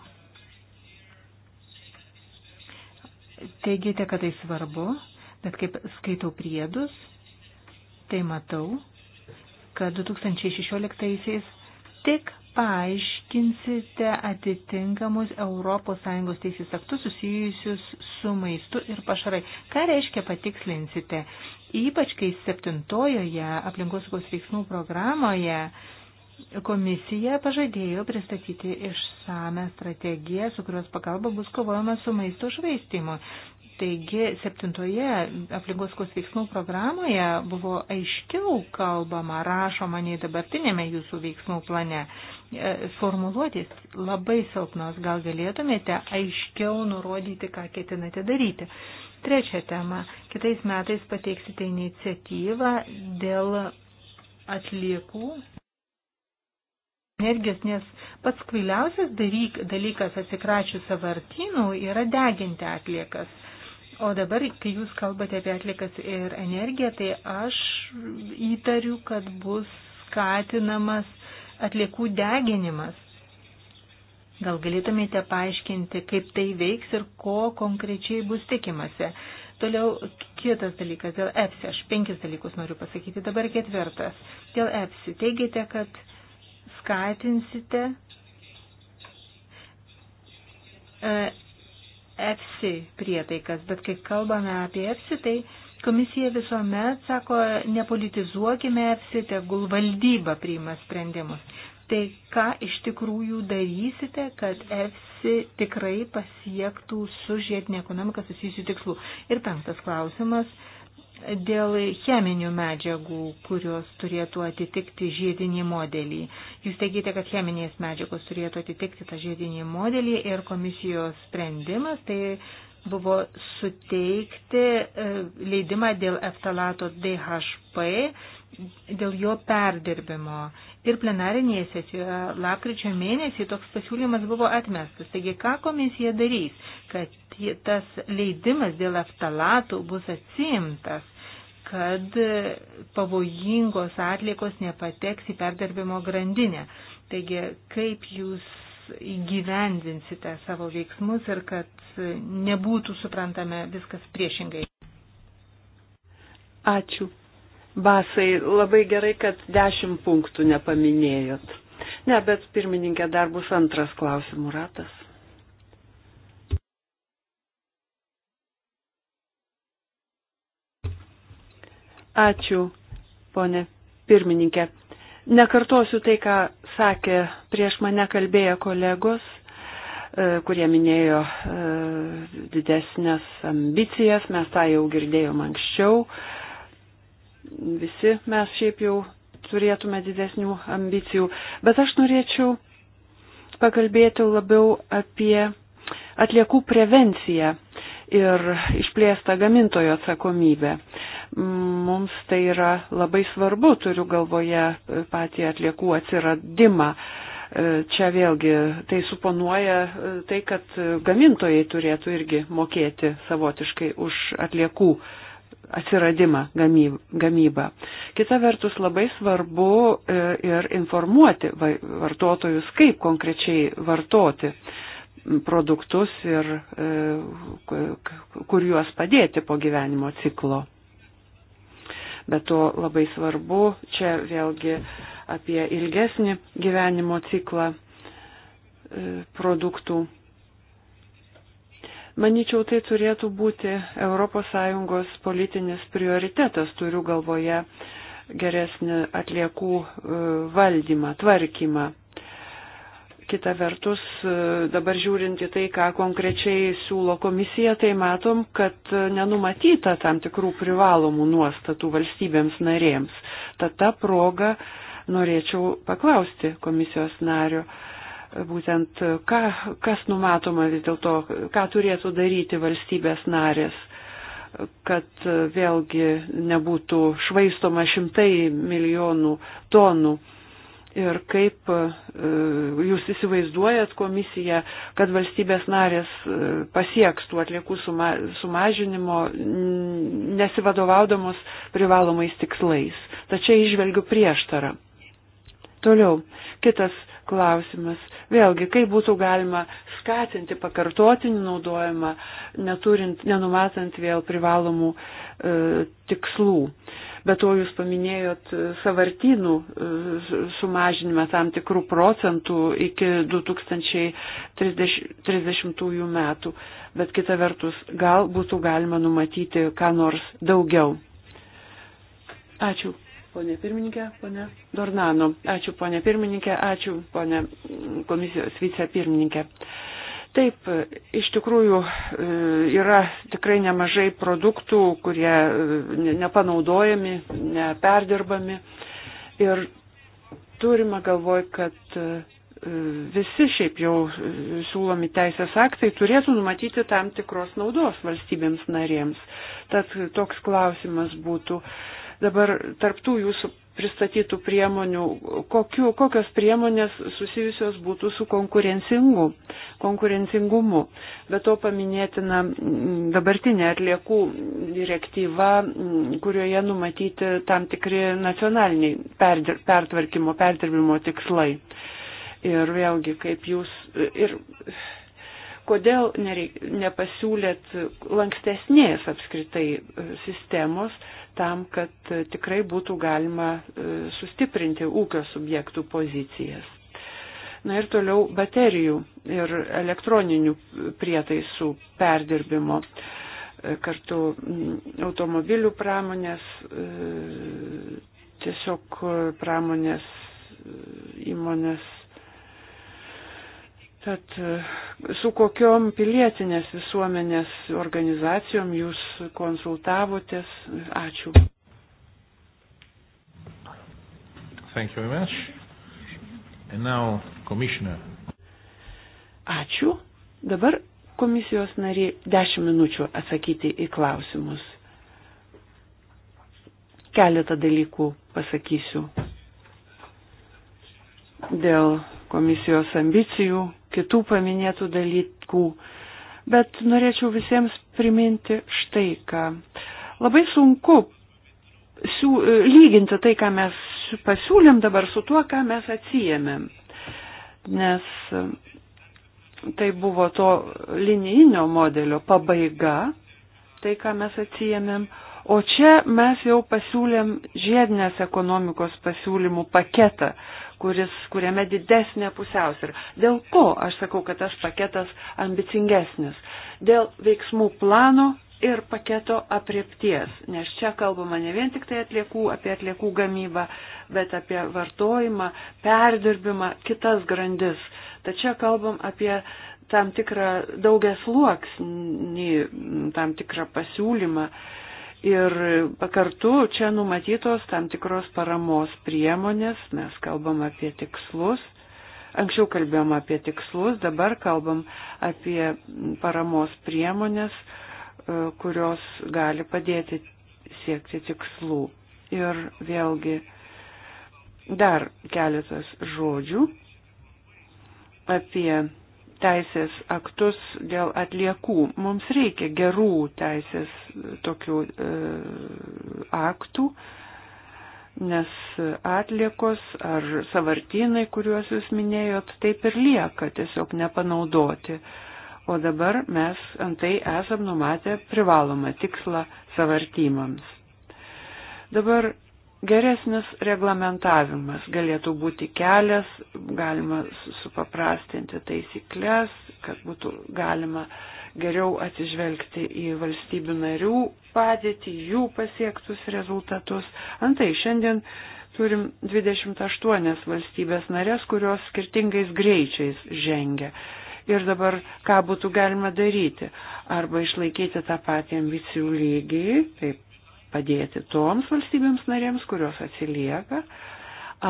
Teigite, kad tai svarbu, bet kaip skaitau priedus, tai matau, kad 2016-aisiais tik paaiškinsite atitinkamus ES teisės aktus susijusius su maistu ir pašarai. Ką reiškia patikslinsite? Ypač kai septintojoje aplinkosaugos veiksmų programoje Komisija pažadėjo pristatyti išsame strategiją, su kurios pagalba bus kovojama su maisto švaistimu. Taigi septintoje aplinkoskos veiksmų programoje buvo aiškiau kalbama, rašoma nei dabartinėme jūsų veiksmų plane. E, Formuluotis labai silpnos, gal galėtumėte aiškiau nurodyti, ką ketinate daryti. Trečia tema. Kitais metais pateiksite iniciatyvą dėl atliekų energijos, nes pats kvailiausias dalykas atsikračius savartynų yra deginti atliekas. O dabar, kai jūs kalbate apie atlikas ir energiją, tai aš įtariu, kad bus skatinamas atliekų deginimas. Gal galėtumėte paaiškinti, kaip tai veiks ir ko konkrečiai bus tikimasi. Toliau kitas dalykas dėl EPSI. Aš penkis dalykus noriu pasakyti, dabar ketvirtas. Dėl EPSI teigiate, kad skatinsite EFSI prietaikas, bet kai kalbame apie EFSI, tai komisija visuomet sako, nepolitizuokime EFSI, tegul valdyba priima sprendimus. Tai ką iš tikrųjų darysite, kad EFSI tikrai pasiektų su žiedinė ekonomika susijusių tikslų? Ir penktas klausimas. Uh, dėl cheminių medžiagų, kurios turėtų atitikti žiedinį modelį. Jūs teigite, kad cheminės medžiagos turėtų atitikti tą žiedinį modelį ir komisijos sprendimas tai buvo suteikti e, leidimą dėl eftalato DHP dėl jo perdirbimo. Ir plenarinėje sesijoje lapkričio mėnesį toks pasiūlymas buvo atmestas. Taigi, ką komisija darys, kad tas leidimas dėl aftalatų bus atsimtas, kad pavojingos atliekos nepateks į perdirbimo grandinę. Taigi, kaip jūs įgyvendinsite savo veiksmus ir kad nebūtų suprantame viskas priešingai. Ačiū. Basai, labai gerai, kad dešimt punktų nepaminėjot. Ne, bet pirmininkė dar bus antras klausimų ratas. Ačiū, ponė pirmininkė. Nekartosiu tai, ką sakė prieš mane kalbėję kolegos, e, kurie minėjo e, didesnės ambicijas, mes tą jau girdėjom anksčiau visi mes šiaip jau turėtume didesnių ambicijų. Bet aš norėčiau pakalbėti labiau apie atliekų prevenciją ir išplėstą gamintojo atsakomybę. Mums tai yra labai svarbu, turiu galvoje patį atliekų atsiradimą. Čia vėlgi tai suponuoja tai, kad gamintojai turėtų irgi mokėti savotiškai už atliekų uh, atsiradimą gamybą. Kita vertus labai svarbu e, ir informuoti vartotojus, kaip konkrečiai vartoti produktus ir e, kur juos padėti po gyvenimo ciklo. Bet to labai svarbu čia vėlgi apie ilgesnį gyvenimo ciklą e, produktų Maničiau, tai turėtų būti ES politinis prioritetas, turiu galvoje geresnį atliekų e, valdymą, tvarkymą. Kita vertus, e, dabar žiūrint į tai, ką konkrečiai siūlo komisija, tai matom, kad e, nenumatyta tam tikrų privalomų nuostatų valstybėms narėms. Tad tą progą norėčiau paklausti komisijos nario, būtent ką, kas numatoma vis dėlto, ką turėtų daryti valstybės narės, kad e, vėlgi nebūtų švaistoma šimtai milijonų tonų. Ir kaip e, jūs įsivaizduojat komisiją, kad valstybės narės e, pasieks tų atliekų suma, sumažinimo nesivadovaudamos privalomais tikslais. Tačiau išvelgiu prieštarą. Toliau, kitas klausimas. Vėlgi, kaip būtų galima skatinti pakartotinį naudojimą, neturint, nenumatant vėl privalomų e, tikslų. Be to jūs paminėjot e, savartynų e, sumažinimą tam tikrų procentų iki 2030 metų, bet kita vertus gal būtų galima numatyti ką nors daugiau. Ačiū ponė pirmininkė, ponė Dornano. Ačiū, ponė pirmininkė, ačiū, ponė komisijos vicepirmininkė. Taip, iš tikrųjų e, yra tikrai nemažai produktų, kurie e, nepanaudojami, neperdirbami. Ir turime galvoj, kad e, visi šiaip jau siūlomi teisės aktai turėtų numatyti tam tikros naudos valstybėms narėms. Tad toks klausimas būtų Dabar tarptų jūsų pristatytų priemonių, kokiu, kokios priemonės susijusios būtų su konkurencingu, konkurencingumu. Be to paminėtina mm, dabartinė atliekų direktyva, mm, kurioje numatyti tam tikri nacionaliniai perdir, pertvarkymo, perdirbimo tikslai. Ir vėlgi, kaip jūs. Ir, kodėl nereik, nepasiūlėt lankstesnės apskritai e, sistemos tam, kad e, tikrai būtų galima e, sustiprinti ūkio subjektų pozicijas. Na ir toliau baterijų ir elektroninių prietaisų perdirbimo kartu automobilių pramonės, tiesiog pramonės įmonės kad e, su kokiom pilietinės visuomenės organizacijom jūs konsultavotės. Ačiū. Thank you very much. And now, Commissioner. Ačiū. Dabar komisijos nariai 10 minučių atsakyti į klausimus. Keletą dalykų pasakysiu dėl komisijos ambicijų, kitų paminėtų dalykų. Bet norėčiau visiems priminti štai ką. Labai sunku siū, e, lyginti tai, ką mes pasiūlėm dabar su tuo, ką mes atsijėmėm. Nes e, tai buvo to linijinio modelio pabaiga, tai, ką mes atsijėmėm, O čia mes jau pasiūlėm žiedinės ekonomikos pasiūlymų paketą, kuris, kuriame didesnė pusiausvyrė. Dėl ko aš sakau, kad tas paketas ambicingesnis? Dėl veiksmų plano ir paketo apriepties, nes čia kalbama ne vien tik tai atliekų, apie atliekų gamybą, bet apie vartojimą, perdirbimą, kitas grandis. Tačiau kalbam apie tam tikrą daugias luoksnį, tam tikrą pasiūlymą Ir kartu čia numatytos tam tikros paramos priemonės, mes kalbam apie tikslus, anksčiau kalbėjom apie tikslus, dabar kalbam apie paramos priemonės, e, kurios gali padėti siekti tikslų. Ir vėlgi dar keletas žodžių apie teisės aktus dėl atliekų. Mums reikia gerų teisės tokių e, aktų, nes atliekos ar savartinai, kuriuos jūs minėjot, taip ir lieka tiesiog nepanaudoti. O dabar mes antai esam numatę privalomą tikslą savartymams. Dabar Geresnis reglamentavimas galėtų būti kelias, galima supaprastinti taisyklės, kad būtų galima geriau atsižvelgti į valstybių narių padėtį, jų pasiektus rezultatus. Antai šiandien turim 28 valstybės narės, kurios skirtingais greičiais žengia. Ir dabar ką būtų galima daryti? Arba išlaikyti tą patį ambicijų lygį, taip padėti toms valstybėms narėms, kurios atsilieka,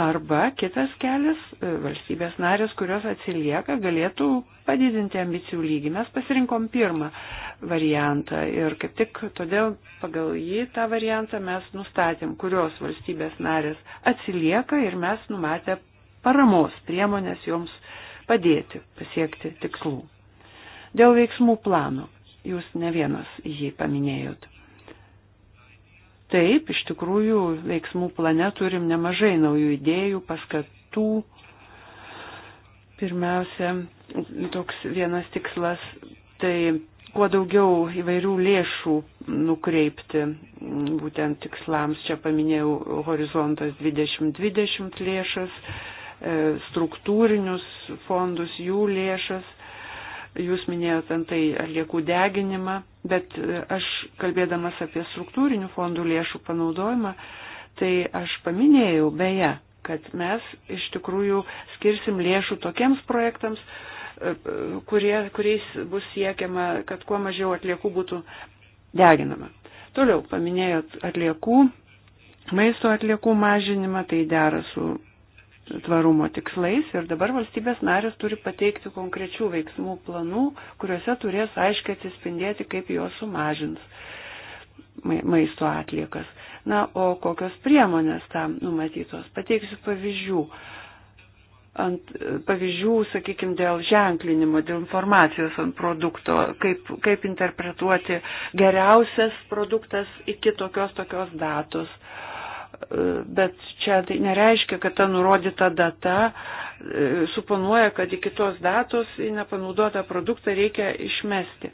arba kitas kelias, e, valstybės narės, kurios atsilieka, galėtų padidinti ambicijų lygį. Mes pasirinkom pirmą variantą ir kaip tik todėl pagal jį tą variantą mes nustatėm, kurios valstybės narės atsilieka ir mes numatė paramos priemonės joms padėti pasiekti tikslų. Dėl veiksmų plano jūs ne vienas jį paminėjot. Taip, iš tikrųjų, veiksmų plane turim nemažai naujų idėjų, paskatų. Pirmiausia, toks vienas tikslas - tai kuo daugiau įvairių lėšų nukreipti būtent tikslams. Čia paminėjau horizontas 2020 lėšas, e, struktūrinius fondus, jų lėšas. Jūs minėjote antai atliekų deginimą, Bet e, aš kalbėdamas apie struktūrinių fondų lėšų panaudojimą, tai aš paminėjau beje, kad mes iš tikrųjų skirsim lėšų tokiems projektams, e, e, kurie, kuriais bus siekiama, kad kuo mažiau atliekų būtų deginama. Toliau paminėjot atliekų, maisto atliekų mažinimą, tai dera su tvarumo tikslais ir dabar valstybės narės turi pateikti konkrečių veiksmų planų, kuriuose turės aiškiai atsispindėti, kaip juos sumažins maisto atliekas. Na, o kokios priemonės tam numatytos? Pateiksiu pavyzdžių. Ant pavyzdžių, sakykime, dėl ženklinimo, dėl informacijos ant produkto, kaip, kaip interpretuoti geriausias produktas iki tokios tokios datos. Uh, bet čia tai nereiškia, kad ta nurodyta data e, suponuoja, kad iki tos datos į nepanaudotą produktą reikia išmesti.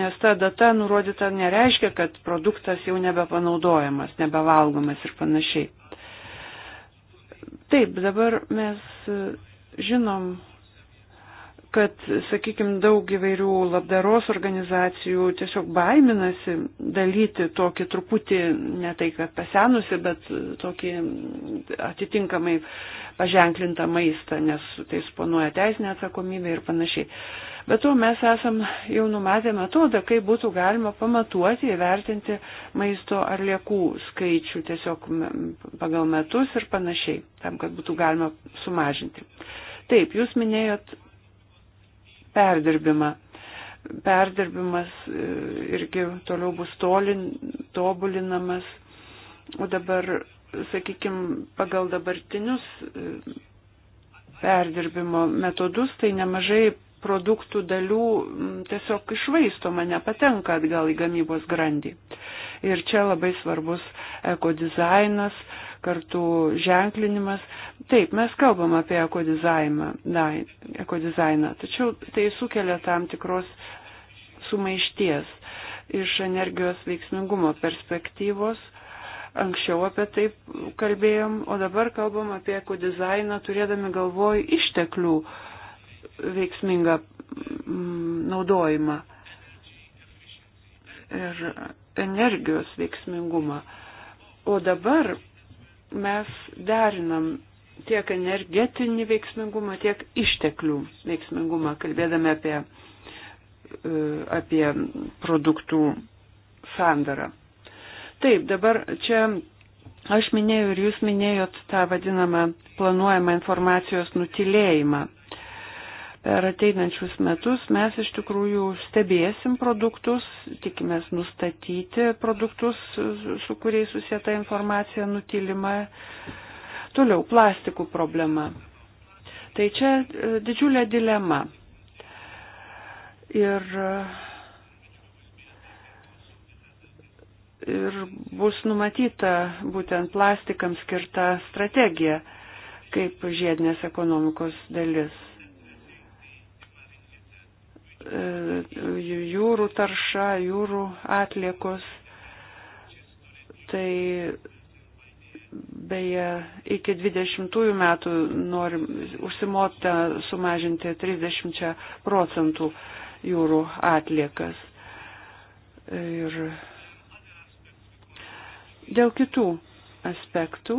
Nes ta data nurodyta nereiškia, kad produktas jau nebepanaudojamas, nebevalgomas ir panašiai. Taip, dabar mes e, žinom kad, sakykime, daug įvairių labdaros organizacijų tiesiog baiminasi dalyti tokį truputį, ne tai kad pasenusi, bet tokį atitinkamai paženklintą maistą, nes tai sponuoja teisinė atsakomybė ir panašiai. Bet to mes esam jau numatę metodą, kaip būtų galima pamatuoti, įvertinti maisto ar liekų skaičių tiesiog pagal metus ir panašiai, tam, kad būtų galima sumažinti. Taip, jūs minėjot perdirbimą. Perdirbimas e, irgi toliau bus tolin, tobulinamas. O dabar, sakykime, pagal dabartinius e, perdirbimo metodus, tai nemažai produktų dalių tiesiog išvaistoma, nepatenka atgal į gamybos grandį. Ir čia labai svarbus ekodizainas, kartu ženklinimas. Taip, mes kalbam apie ekodizainą, na, ekodizainą, tačiau tai sukelia tam tikros sumaišties iš energijos veiksmingumo perspektyvos. Anksčiau apie tai kalbėjom, o dabar kalbam apie ekodizainą, turėdami galvoj išteklių veiksmingą mm, naudojimą ir energijos veiksmingumą. O dabar mes derinam tiek energetinį veiksmingumą, tiek išteklių veiksmingumą, kalbėdami apie, e, apie produktų sandarą. Taip, dabar čia aš minėjau ir jūs minėjot tą vadinamą planuojamą informacijos nutilėjimą per ateinančius metus mes iš tikrųjų stebėsim produktus, tikimės nustatyti produktus, su kuriais susieta informacija nutilima. Toliau plastikų problema. Tai čia e, didžiulė dilema. Ir, e, ir bus numatyta būtent plastikams skirta strategija kaip žiedinės ekonomikos dalis. E, jūrų tarša, jūrų atliekos. Tai beje, iki 20 metų norim užsimota sumažinti 30 procentų jūrų atliekas. Ir dėl kitų aspektų,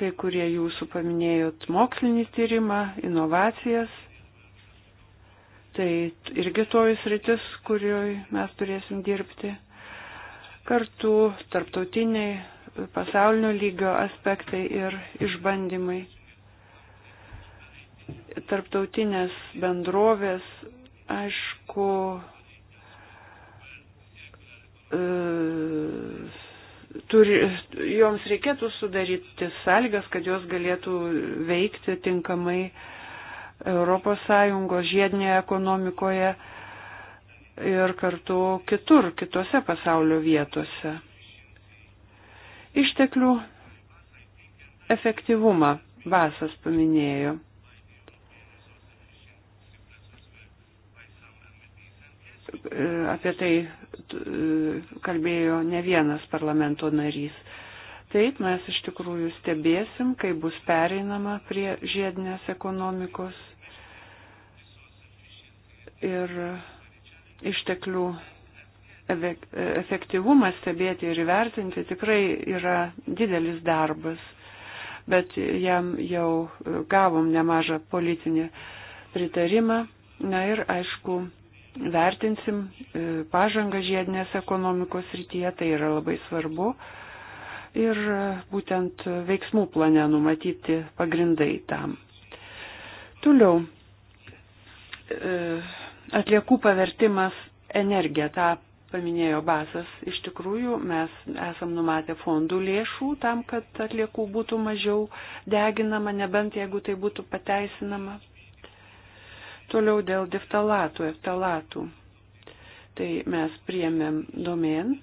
kai kurie jūsų paminėjot mokslinį tyrimą, inovacijas, Tai irgi toji sritis, kurioje mes turėsim dirbti. Kartu tarptautiniai, pasaulinio lygio aspektai ir išbandymai. Tarptautinės bendrovės, aišku, e, turi, joms reikėtų sudaryti sąlygas, kad jos galėtų veikti tinkamai ES žiedinėje ekonomikoje ir kartu kitur, kitose pasaulio vietose. Išteklių efektyvumą Vasas paminėjo. Apie tai kalbėjo ne vienas parlamento narys. Taip, mes iš tikrųjų stebėsim, kai bus pereinama prie žiedinės ekonomikos ir išteklių efektyvumą stebėti ir įvertinti tikrai yra didelis darbas, bet jam jau gavom nemažą politinį pritarimą. Na ir aišku, vertinsim e, pažangą žiedinės ekonomikos rytyje, tai yra labai svarbu ir būtent veiksmų plane numatyti pagrindai tam. Toliau, e, atliekų pavertimas energija, tą paminėjo Basas, iš tikrųjų mes esam numatę fondų lėšų tam, kad atliekų būtų mažiau deginama, nebent jeigu tai būtų pateisinama. Toliau dėl diftalatų, eftalatų. Tai mes priemėm domen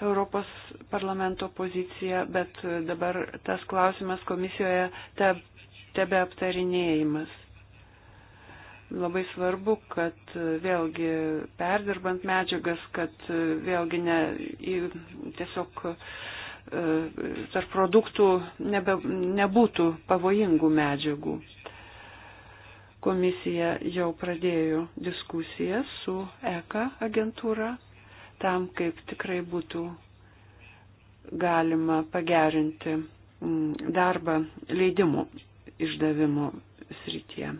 Europos parlamento poziciją, bet dabar tas klausimas komisijoje teb, tebe aptarinėjimas. Labai svarbu, kad vėlgi perdirbant medžiagas, kad vėlgi ne, tiesiog e, tarp produktų nebe, nebūtų pavojingų medžiagų komisija jau pradėjo diskusiją su ECA agentūra tam, kaip tikrai būtų galima pagerinti mm, darbą leidimų išdavimo srityje.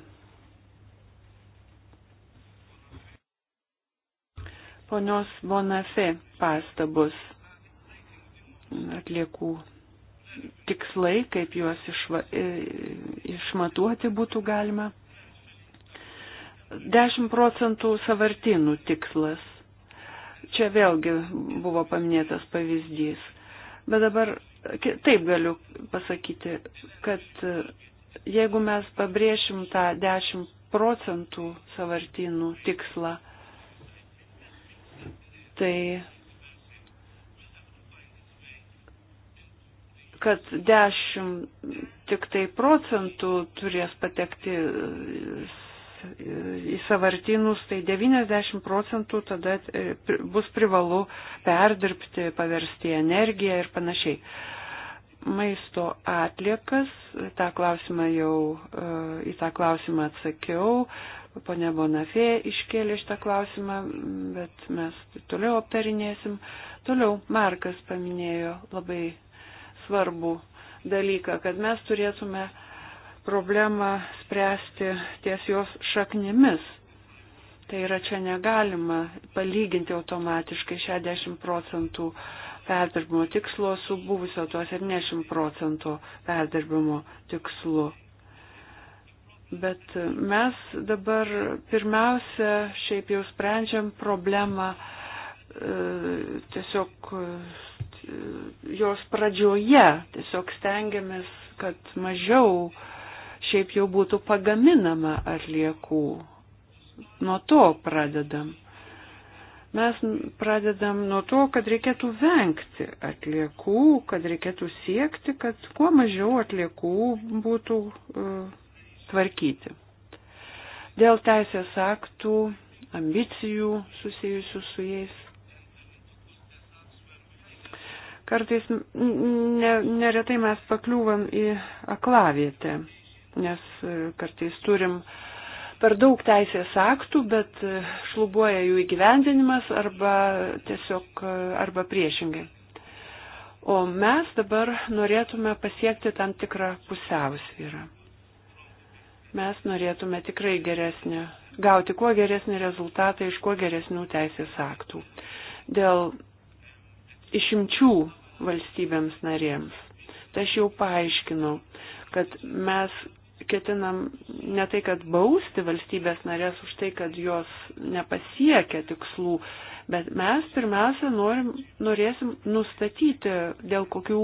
Ponios Bonafė pastabus mm, atliekų tikslai, kaip juos išva, e, išmatuoti būtų galima. 10 procentų savartinų tikslas Čia vėlgi buvo paminėtas pavyzdys. Bet dabar taip galiu pasakyti, kad e, jeigu mes pabrėšim tą 10 procentų savartinų tikslą, tai kad 10 tik tai procentų turės patekti e, į savartinus, tai 90 procentų tada e, bus privalu perdirbti, paversti energiją ir panašiai. Maisto atliekas, tą klausimą jau, e, į tą klausimą atsakiau, ponė Bonafė iškėlė šitą klausimą, bet mes toliau aptarinėsim. Toliau Markas paminėjo labai svarbų dalyką, kad mes turėtume uh, problemą spręsti ties jos šaknimis. Tai yra čia negalima palyginti automatiškai 60 procentų perdirbimo tikslo su buvusio tuo 70 procentų perdirbimo tikslu. Bet mes dabar pirmiausia šiaip jau sprendžiam problemą e, tiesiog e, jos pradžioje, tiesiog stengiamės, kad mažiau uh, šiaip jau būtų pagaminama atliekų. Nuo to pradedam. Mes pradedam nuo to, kad reikėtų vengti atliekų, kad reikėtų siekti, kad kuo mažiau atliekų būtų uh, tvarkyti. Dėl teisės aktų, ambicijų susijusių su jais, kartais ne, neretai mes pakliūvam į aklavietę nes e, kartais turim per daug teisės aktų, bet e, šlubuoja jų įgyvendinimas arba tiesiog e, arba priešingai. O mes dabar norėtume pasiekti tam tikrą pusiausvyrą. Mes norėtume tikrai geresnį, gauti kuo geresnį rezultatą iš kuo geresnių teisės aktų. Dėl išimčių valstybėms narėms. Tai aš jau paaiškinau, kad mes ketinam ne tai, kad bausti valstybės narės už tai, kad jos nepasiekia tikslų, bet mes pirmiausia norim, norėsim nustatyti, dėl kokių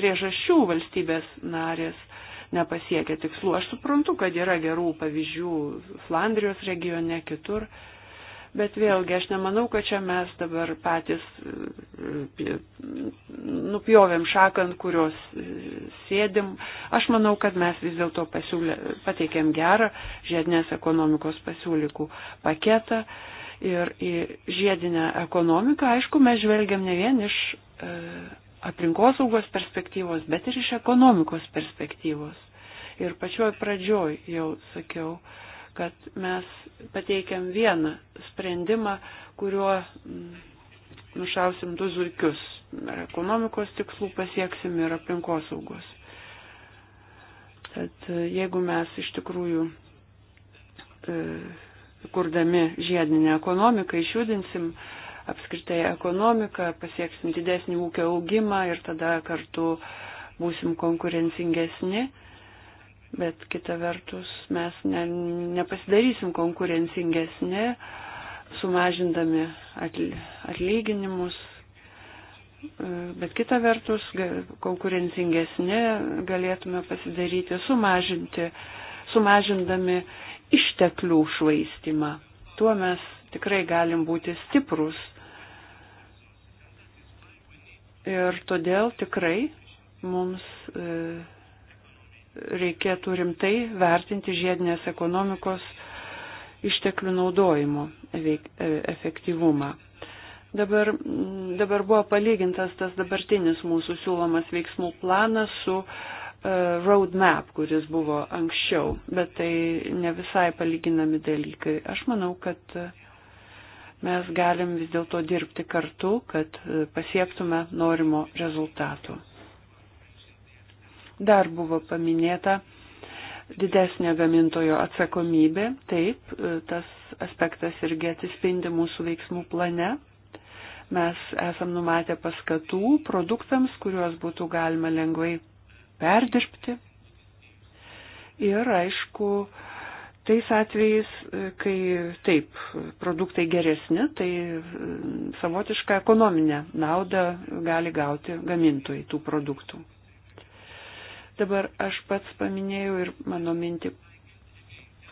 priežasčių valstybės narės nepasiekia tikslų. Aš suprantu, kad yra gerų pavyzdžių Flandrijos regione, kitur. Uh, Bet vėlgi aš nemanau, kad čia mes dabar patys e, nupjovėm šakant, kurios e, sėdim. Aš manau, kad mes vis dėlto pateikėm gerą žiedinės ekonomikos pasiūlykų paketą. Ir į žiedinę ekonomiką, aišku, mes žvelgiam ne vien iš e, aplinkosaugos perspektyvos, bet ir iš ekonomikos perspektyvos. Ir pačioj pradžioj jau sakiau, e, kad mes pateikiam vieną sprendimą, kuriuo mm, nušausim du zulkius. Ir ekonomikos tikslų pasieksim ir aplinkosaugos. Tad e, jeigu mes iš tikrųjų e, kurdami žiedinę ekonomiką išjudinsim apskritai ekonomiką, pasieksim didesnį ūkio augimą ir tada kartu būsim konkurencingesni, bet kita vertus mes ne, nepasidarysim konkurencingesni, sumažindami atlyginimus, e, bet kita vertus konkurencingesni galėtume pasidaryti sumažinti, sumažindami išteklių švaistimą. Tuo mes tikrai galim būti stiprus. Ir todėl tikrai mums e, reikėtų rimtai vertinti žiedinės ekonomikos išteklių naudojimo e, efektyvumą. Dabar, dabar buvo palygintas tas dabartinis mūsų siūlomas veiksmų planas su uh, roadmap, kuris buvo anksčiau, bet tai ne visai palyginami dalykai. Aš manau, kad e, mes galim vis dėlto dirbti kartu, kad pasiektume norimo rezultatų dar buvo paminėta didesnė gamintojo atsakomybė. Taip, e, tas aspektas irgi atsispindi mūsų veiksmų plane. Mes esam numatę paskatų produktams, kuriuos būtų galima lengvai perdirbti. Ir aišku, tais atvejais, e, kai taip, produktai geresni, tai e, savotišką ekonominę naudą gali gauti gamintojai tų produktų. Dabar aš pats paminėjau ir mano mintį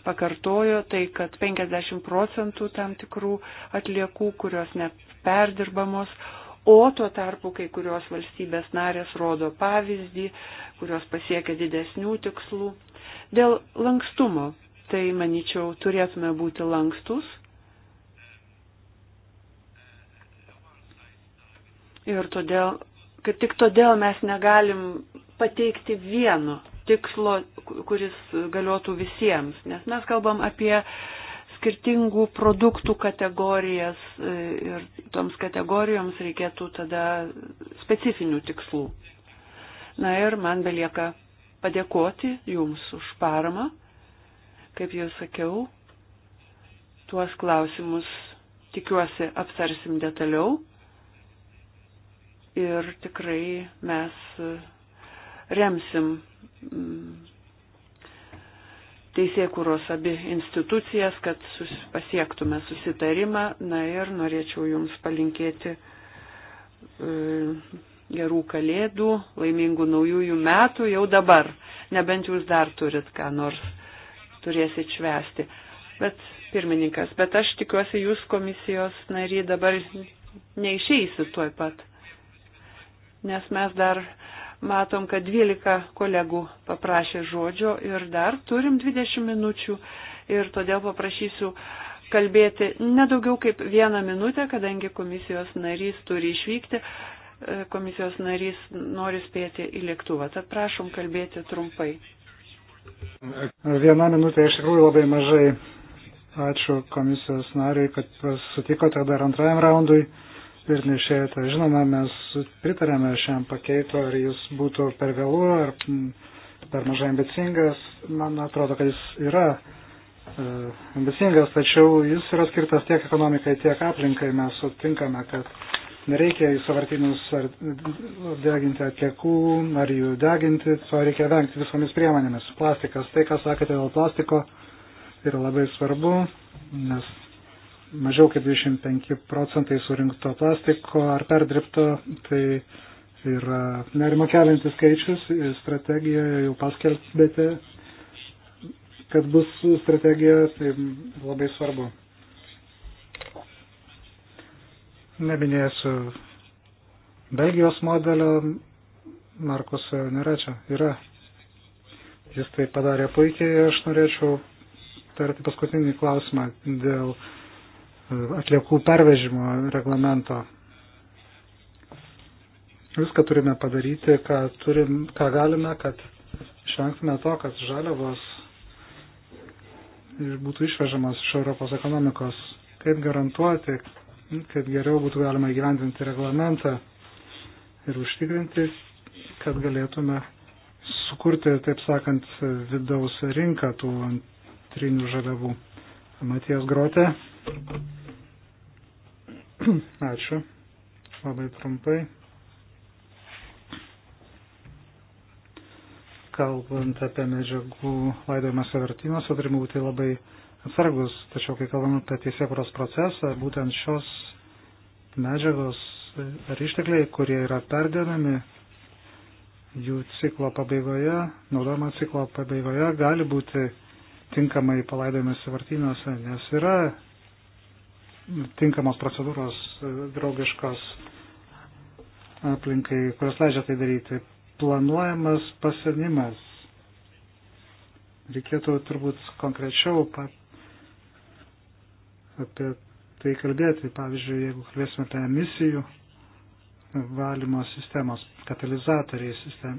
pakartojo, tai kad 50 procentų tam tikrų atliekų, kurios neperdirbamos, o tuo tarpu kai kurios valstybės narės rodo pavyzdį, kurios pasiekia didesnių tikslų. Dėl lankstumo, tai manyčiau, turėtume būti lankstus. Ir todėl, kaip tik todėl mes negalim pateikti vieno tikslo, kuris galiotų visiems, nes mes kalbam apie skirtingų produktų kategorijas e, ir toms kategorijoms reikėtų tada specifinių tikslų. Na ir man belieka padėkoti Jums už paramą, kaip jau sakiau, tuos klausimus tikiuosi aptarsim detaliau ir tikrai mes remsim mm, teisėkuros abi institucijas, kad sus, pasiektume susitarimą. Na ir norėčiau Jums palinkėti e, gerų kalėdų, laimingų naujųjų metų jau dabar, nebent Jūs dar turit ką nors turėsit švesti. Bet pirmininkas, bet aš tikiuosi Jūs komisijos nary dabar neišeisit tuoj pat, nes mes dar Matom, kad 12 kolegų paprašė žodžio ir dar turim 20 minučių ir todėl paprašysiu kalbėti nedaugiau kaip vieną minutę, kadangi komisijos narys turi išvykti, e, komisijos narys nori spėti į lėktuvą. Tad prašom kalbėti trumpai. Viena minutė iš tikrųjų labai mažai. Ačiū komisijos nariai, kad sutikote dar antrajam raundui. Virnišėta. Žinoma, mes pritarėme šiam pakeito, ar jis būtų per vėlų, ar mm, per mažai ambicingas. Man atrodo, kad jis yra e, ambicingas, tačiau jis yra skirtas tiek ekonomikai, tiek aplinkai. Mes sutinkame, kad nereikia į savartinius ar deginti atliekų, ar jų deginti, to reikia vengti visomis priemonėmis. Plastikas, tai ką sakėte dėl plastiko, yra labai svarbu, nes mažiau kaip 25 procentai surinkto plastiko ar perdirbto, tai yra nerima keliantis skaičius ir strategijoje jau paskelbėte, kad bus strategija, tai labai svarbu. Neminėsiu Belgijos modelio, Markus nėra čia, yra. Jis tai padarė puikiai, aš norėčiau tarti paskutinį klausimą dėl uh, atliekų pervežimo reglamento. Viską turime padaryti, ką, turim, ką galime, kad išvengtume to, kad žaliavos būtų išvežamas iš Europos ekonomikos. Kaip garantuoti, kad geriau būtų galima įgyvendinti reglamentą ir užtikrinti, kad galėtume sukurti, taip sakant, vidaus rinką tų antrinių žaliavų. Matijas Grote. Ačiū. Labai trumpai. Kalbant apie medžiagų laidojimą savartynuose, tai turime būti labai atsargus, tačiau kai kalbame apie teisėkuros procesą, būtent šios medžiagos ar ištekliai, kurie yra perdėnami jų ciklo pabaigoje, naudojama ciklo pabaigoje, gali būti tinkamai palaidojami savartynuose, nes yra tinkamos procedūros e, draugiškos aplinkai, kurios leidžia tai daryti. Planuojamas pasenimas. Reikėtų turbūt konkrečiau apie tai kalbėti. Pavyzdžiui, jeigu kalbėsime apie emisijų valymo sistemos, katalizatoriai sistem,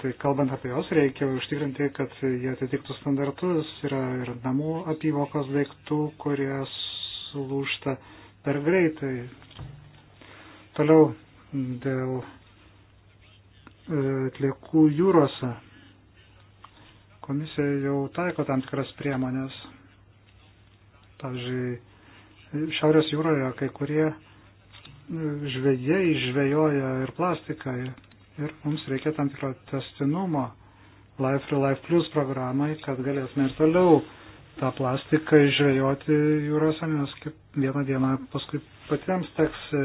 tai kalbant apie juos, reikia užtikrinti, kad jie atitiktų standartus. Yra ir namų apyvokos daiktų, kurie sulūšta per greitai. Toliau dėl e, atliekų jūrose. Komisija jau taiko tam tikras priemonės. Pavyzdžiui, Šiaurės jūroje kai kurie e, žvėjai žvejoja ir plastiką ir mums reikia tam tikro testinumo Life for Life Plus programai, kad galėsime ir toliau tą plastiką žvejoti jūrose, nes kaip vieną dieną paskui patiems teks e,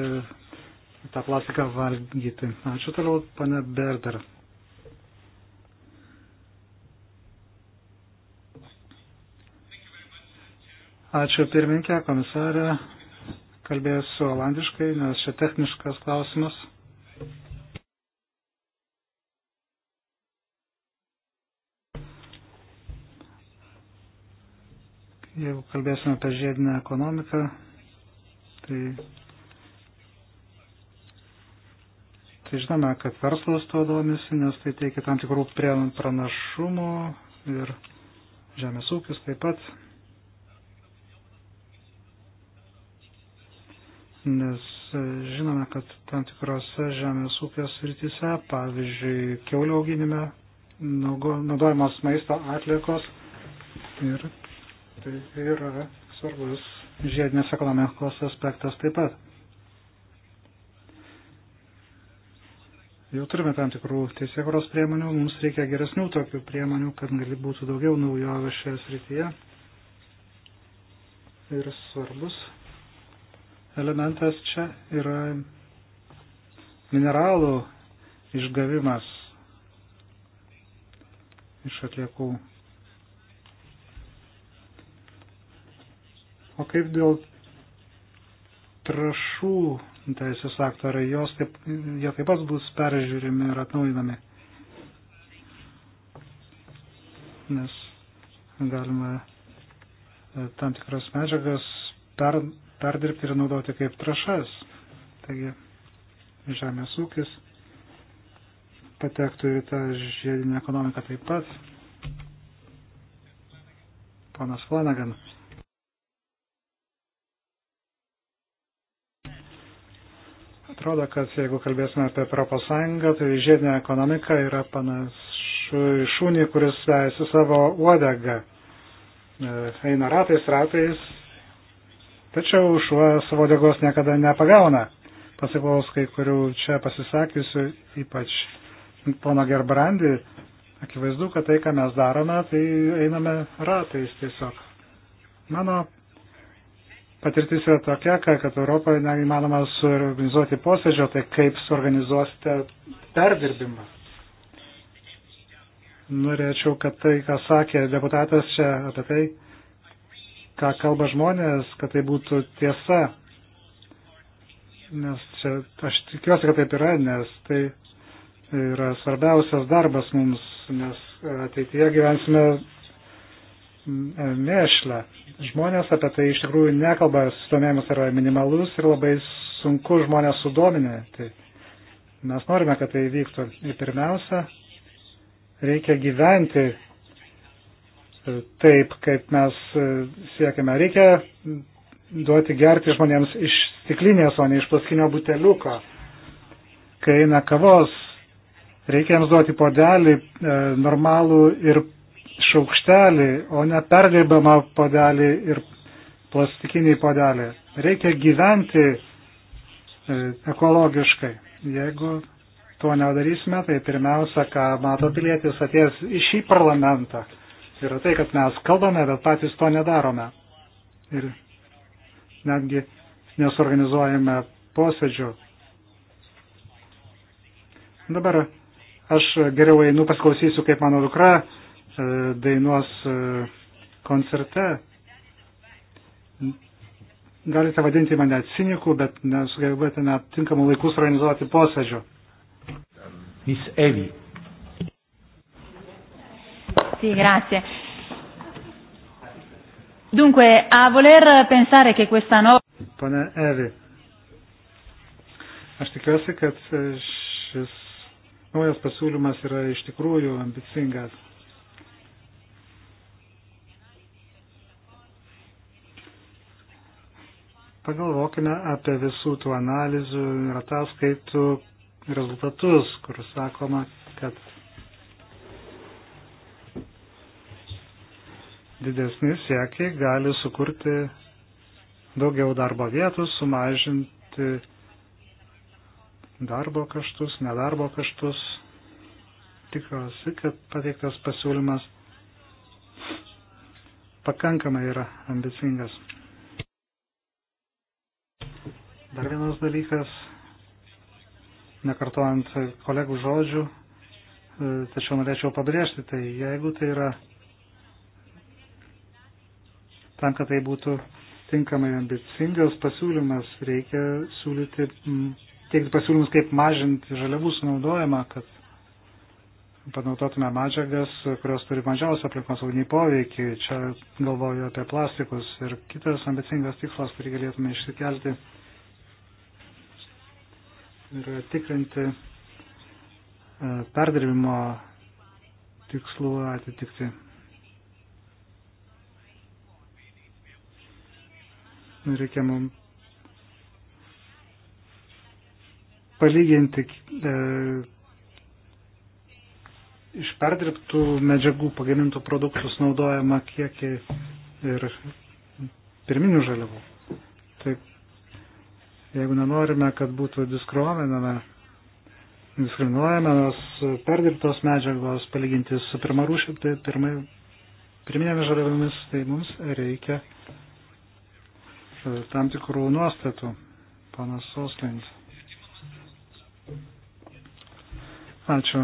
tą plastiką valgyti. Ačiū toliau, pane Berder. Ačiū pirminkė, komisarė. Kalbėsiu olandiškai, nes čia techniškas klausimas. Jeigu kalbėsime apie žiedinę ekonomiką, tai, tai žinome, kad verslas tuo domisi, nes tai teikia tam tikrų pranašumų ir žemės ūkis taip pat. Nes e, žinome, kad tam tikrose žemės ūkio srityse, pavyzdžiui, keulio auginime, naudojamos maisto atliekos ir Tai yra svarbus žiedinės ekonomikos aspektas taip pat. Jau turime tam tikrų teisėkuros priemonių, mums reikia geresnių tokių priemonių, kad gali būtų daugiau naujovių šioje srityje. Ir svarbus elementas čia yra mineralų išgavimas iš atliekų O kaip dėl trašų teisės aktų, ar jos taip, jie taip pat bus peržiūrimi ir atnaujinami? Nes galima e, tam tikras medžiagas per, perdirbti ir naudoti kaip trašas. Taigi žemės ūkis patektų į tą žiedinę ekonomiką taip pat. Ponas Flanagan. Atrodo, kad jeigu kalbėsime apie Europos Sąjungą, tai žiedinė ekonomika yra panašu į šunį, kuris vejasi savo uodegą. E, eina ratais, ratais, tačiau šuo savo uodegos niekada nepagauna. Pasiklaus kai kurių čia pasisakysiu, ypač pono Gerbrandi, akivaizdu, kad tai, ką mes darome, tai einame ratais tiesiog. Mano patirtis yra tokia, kad Europoje neįmanoma suorganizuoti posėdžio, tai kaip suorganizuosite perdirbimą. Norėčiau, kad tai, ką sakė deputatas čia apie tai, ką kalba žmonės, kad tai būtų tiesa. Nes čia aš tikiuosi, kad taip yra, nes tai yra svarbiausias darbas mums, nes ateityje gyvensime mėšlę. Žmonės apie tai iš tikrųjų nekalba, susidomėjimas yra minimalus ir labai sunku žmonės sudominė. Tai mes norime, kad tai vyktų. Ir pirmiausia, reikia gyventi e, taip, kaip mes e, siekiame. Reikia duoti gerti žmonėms iš stiklinės, o ne iš plaskinio buteliuko. Kai eina kavos, reikia jiems duoti podelį e, normalų ir šaukštelį, o ne perdirbamą podelį ir plastikinį podelį. Reikia gyventi e, ekologiškai. Jeigu to nedarysime, tai pirmiausia, ką mato pilietis atėjęs į šį parlamentą, yra tai, kad mes kalbame, bet patys to nedarome. Ir netgi nesorganizuojame posėdžių. Dabar aš geriau einu, pasklausysiu, kaip mano dukra E, dainuos e, koncerte. Galite vadinti mane ciniku, bet nesugebėjote net tinkamų laikų suorganizuoti posėdžio. Miss Evi. Sì, grazie. Dunque, a voler pensare che questa nuova... Pane Evi, aš tikiuosi, kad šis naujas pasiūlymas yra iš tikrųjų ambicingas. Pagalvokime apie visų tų analizių ir ataskaitų rezultatus, kur sakoma, kad didesni siekiai gali sukurti daugiau darbo vietų, sumažinti darbo kaštus, nedarbo kaštus. Tikiuosi, kad pateiktas pasiūlymas pakankamai yra ambicingas. Dar vienas dalykas, nekartojant kolegų žodžių, e, tačiau norėčiau pabrėžti, tai jeigu tai yra tam, kad tai būtų tinkamai ambicingas pasiūlymas, reikia siūlyti, teikti pasiūlymus, kaip mažinti žaliavų sunaudojimą, kad panaudotume medžiagas, kurios turi mažiausią aplinkosauginį poveikį. Čia galvoju apie plastikus ir kitas ambicingas tikslas, kurį galėtume išsikelti yra tikrinti e, perdirbimo tikslų atitikti. Reikia mums palyginti e, iš perdirbtų medžiagų pagamintų produktus naudojama kiekį ir pirminių žaliavų. Taip Jeigu nenorime, kad būtų diskriminuojama, diskriminuojamas e, perdirbtos medžiagos palyginti su pirmarūšiu, tai pirmai, pirminėmis žaliavomis, tai mums reikia e, tam tikrų nuostatų. Panas Oslins. Ačiū.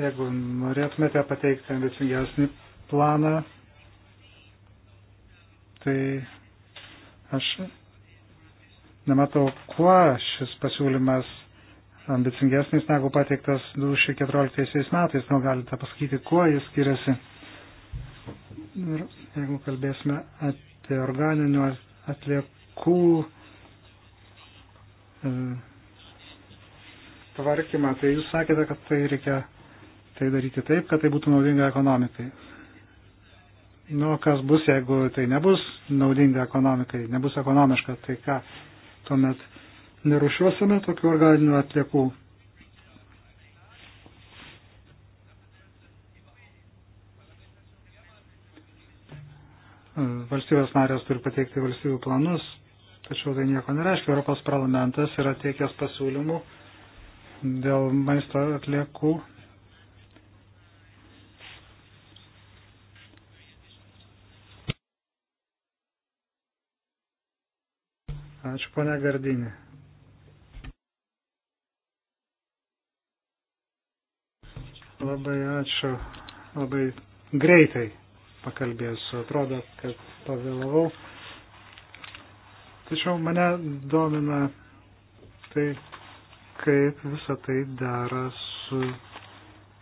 Jeigu norėtumėte pateikti ambicingesnį planą, tai aš nematau, kuo šis pasiūlymas ambicingesnis negu pateiktas 2014 metais, gal nu, galite pasakyti, kuo jis skiriasi. Ir jeigu kalbėsime apie organinių atliekų e, tvarkymą, tai jūs sakėte, kad tai reikia tai daryti taip, kad tai būtų naudinga ekonomikai nu, kas bus, jeigu tai nebus naudinga ekonomikai, nebus ekonomiška, tai ką tuomet nerušiuosime tokių organinių atliekų. Valstybės narės turi pateikti valstybių planus, tačiau tai nieko nereiškia. Europos parlamentas yra teikęs pasiūlymų dėl maisto atliekų Ačiū, ponia Gardinė. Labai ačiū, labai greitai pakalbėsiu. Atrodo, kad pavėlavau. Tačiau mane domina tai, kaip visą tai dera su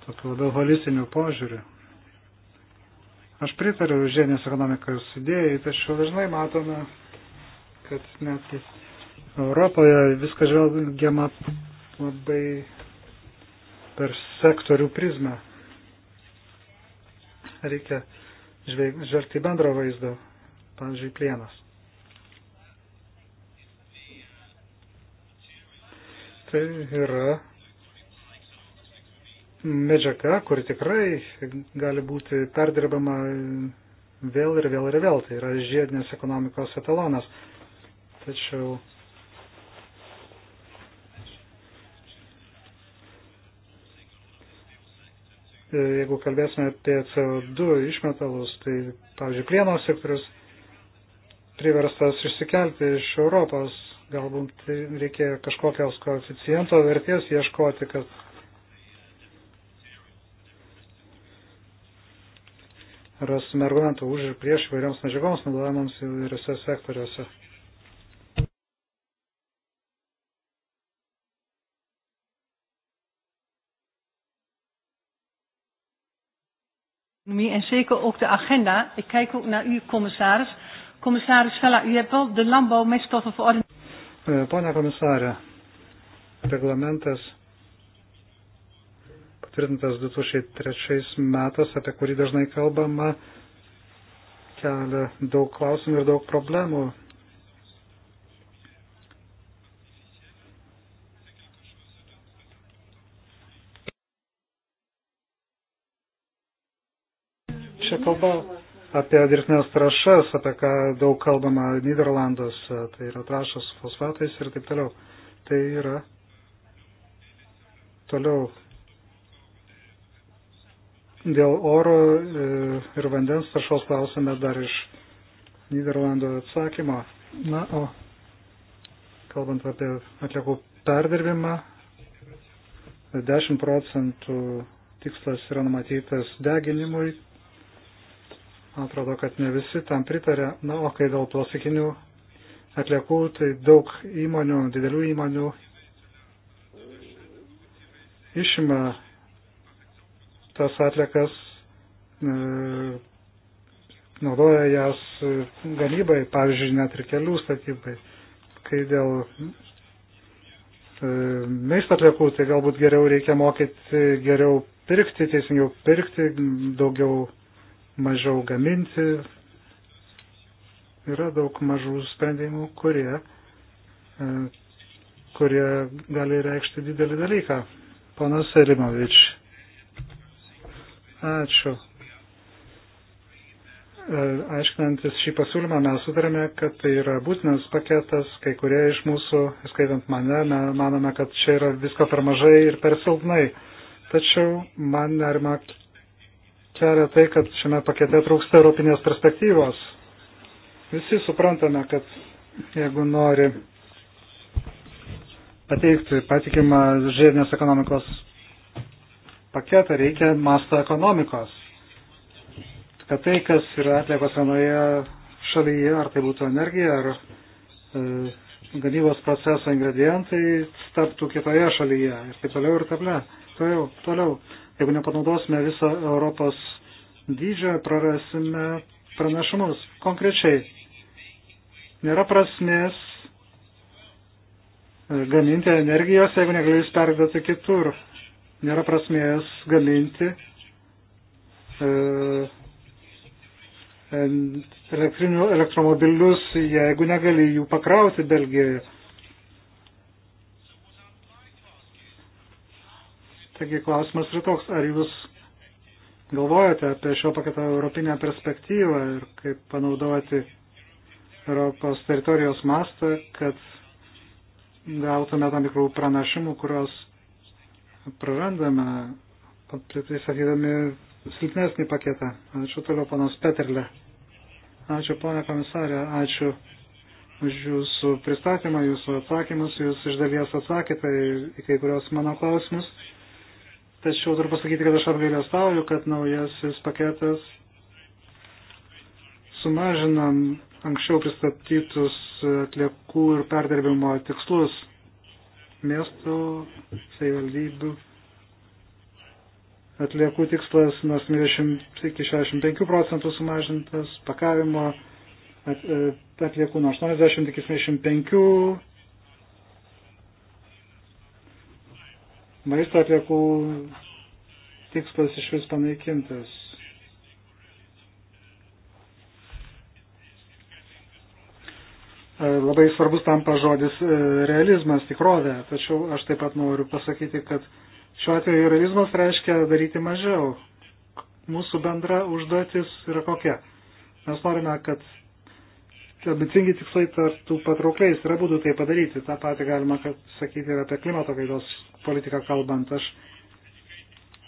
tokiu labiau holistiniu požiūriu. Aš pritariu žiedinės ekonomikos idėjai, tačiau dažnai matome kad netgi Europoje viską žvelgiama labai per sektorių prizmę. Reikia žvelgti bendrą vaizdą, pavyzdžiui, plienas. Tai yra medžiaga, kuri tikrai gali būti perdirbama vėl ir vėl ir vėl. Tai yra žiedinės ekonomikos etalonas. Tačiau jeigu kalbėsime apie CO2 išmetalus, tai, pavyzdžiui, plieno sektorius priverstas išsikelti iš Europos, galbūt tai reikėjo kažkokios koeficiento vertės ieškoti, kad rastume argumentų už ir prieš įvairioms medžiagoms naudojamams įvairiose sektoriuose. economie en zeker ook de agenda. Ik kijk ook naar u, commissaris. Commissaris Vella, u hebt wel de landbouwmeststoffenverordening. Eh, Pone komisarė, reglamentas patvirtintas 2003 metais, apie kurį dažnai kalbama, kelia daug klausimų ir daug problemų apie dirbtinės trašas, apie ką daug kalbama Niderlanduose, tai yra trašas fosfatais ir taip toliau. Tai yra toliau dėl oro e, ir vandens taršos klausime dar iš Niderlandų atsakymo. Na, o kalbant apie atliekų perdirbimą, 10 procentų tikslas yra numatytas deginimui, Man atrodo, kad ne visi tam pritarė. Na, o kai dėl plastikinių atliekų, tai daug įmonių, didelių įmonių išima tas atliekas, e, naudoja jas gamybai, pavyzdžiui, net ir kelių statybai. Kai dėl e, maisto atliekų, tai galbūt geriau reikia mokyti, geriau pirkti, teisingiau pirkti, daugiau mažiau gaminti. Yra daug mažų sprendimų, kurie, e, kurie gali reikšti didelį dalyką. Ponas Elimovič. Ačiū. E, aiškinantis šį pasiūlymą mes sutarėme, kad tai yra būtinas paketas, kai kurie iš mūsų, skaitant mane, manome, kad čia yra visko per mažai ir per silpnai. Tačiau man nerima čia yra tai, kad šiame pakete trūksta europinės perspektyvos. Visi suprantame, kad jeigu nori pateikti patikimą žiedinės ekonomikos paketą, reikia masto ekonomikos. Kad tai, kas yra atliekos vienoje šalyje, ar tai būtų energija, ar e, gamybos proceso ingredientai, taptų kitoje šalyje ir taip toliau ir taip toliau. toliau. Jeigu nepanaudosime viso Europos dydžio, prarasime pranašumus. Konkrečiai, nėra prasmės e, gaminti energijos, jeigu negali jūs perduoti kitur. Nėra prasmės gaminti e, elektrinių elektromobilius, jeigu negali jų pakrauti Belgijoje. Taigi klausimas yra toks, ar jūs galvojate apie šio paketo europinę perspektyvą ir kaip panaudoti Europos teritorijos mastą, kad gautume tam tikrų pranašimų, kurios prarandame, pristatydami silpnesnį paketą. Ačiū toliau, panas Peterle. Ačiū, ponia komisarė, ačiū už jūsų pristatymą, jūsų atsakymus. Jūs iš dalies atsakėte į kai kurios mano klausimus. Tačiau turiu pasakyti, kad aš apgailestauju, kad naujasis paketas sumažina anksčiau pristatytus atliekų ir perdirbimo tikslus miestų, savivaldybių. Atliekų tikslas nuo 70 iki 65 procentų sumažintas, pakavimo e, atliekų nuo 80 iki 75, maisto atliekų tikslas iš vis panaikintas. E, labai svarbus tampa žodis e, realizmas, tikrovė, tačiau aš taip pat noriu pasakyti, kad šiuo atveju realizmas reiškia daryti mažiau. Mūsų bendra užduotis yra kokia. Mes norime, kad ambicingi tikslai tartų patraukliais yra būdų tai padaryti. Ta pati galima sakyti ir apie klimato kaitos politiką kalbant, aš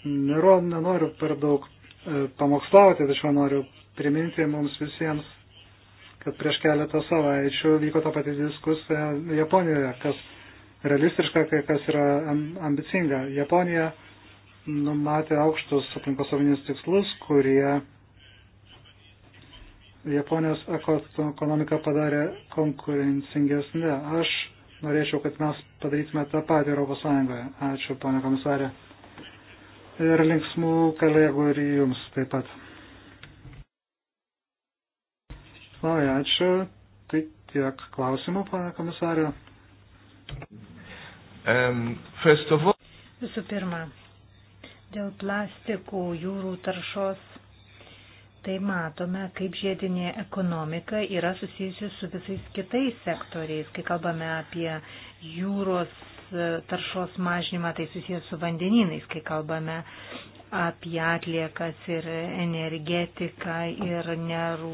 nenoriu per daug e, pamokslauti, tačiau noriu priminti mums visiems, kad prieš keletą savaičių vyko ta pati diskusija Japonijoje, kas realistiška, kas yra ambicinga. Japonija numatė aukštus aplinkosauginius tikslus, kurie Japonijos ekonomiką padarė konkurencingesnė. Aš norėčiau, kad mes padarytume tą patį Europos Sąjungoje. Ačiū, ponia komisarė. Ir linksmų kolegų ir jums taip pat. Labai ačiū. Tai tiek klausimų, ponia komisarė. Um, all... Visų pirma, dėl plastikų jūrų taršos tai matome, kaip žiedinė ekonomika yra susijusi su visais kitais sektoriais. Kai kalbame apie jūros e, taršos mažinimą, tai susijęs su vandenynais. Kai kalbame apie atliekas ir energetiką ir nerų,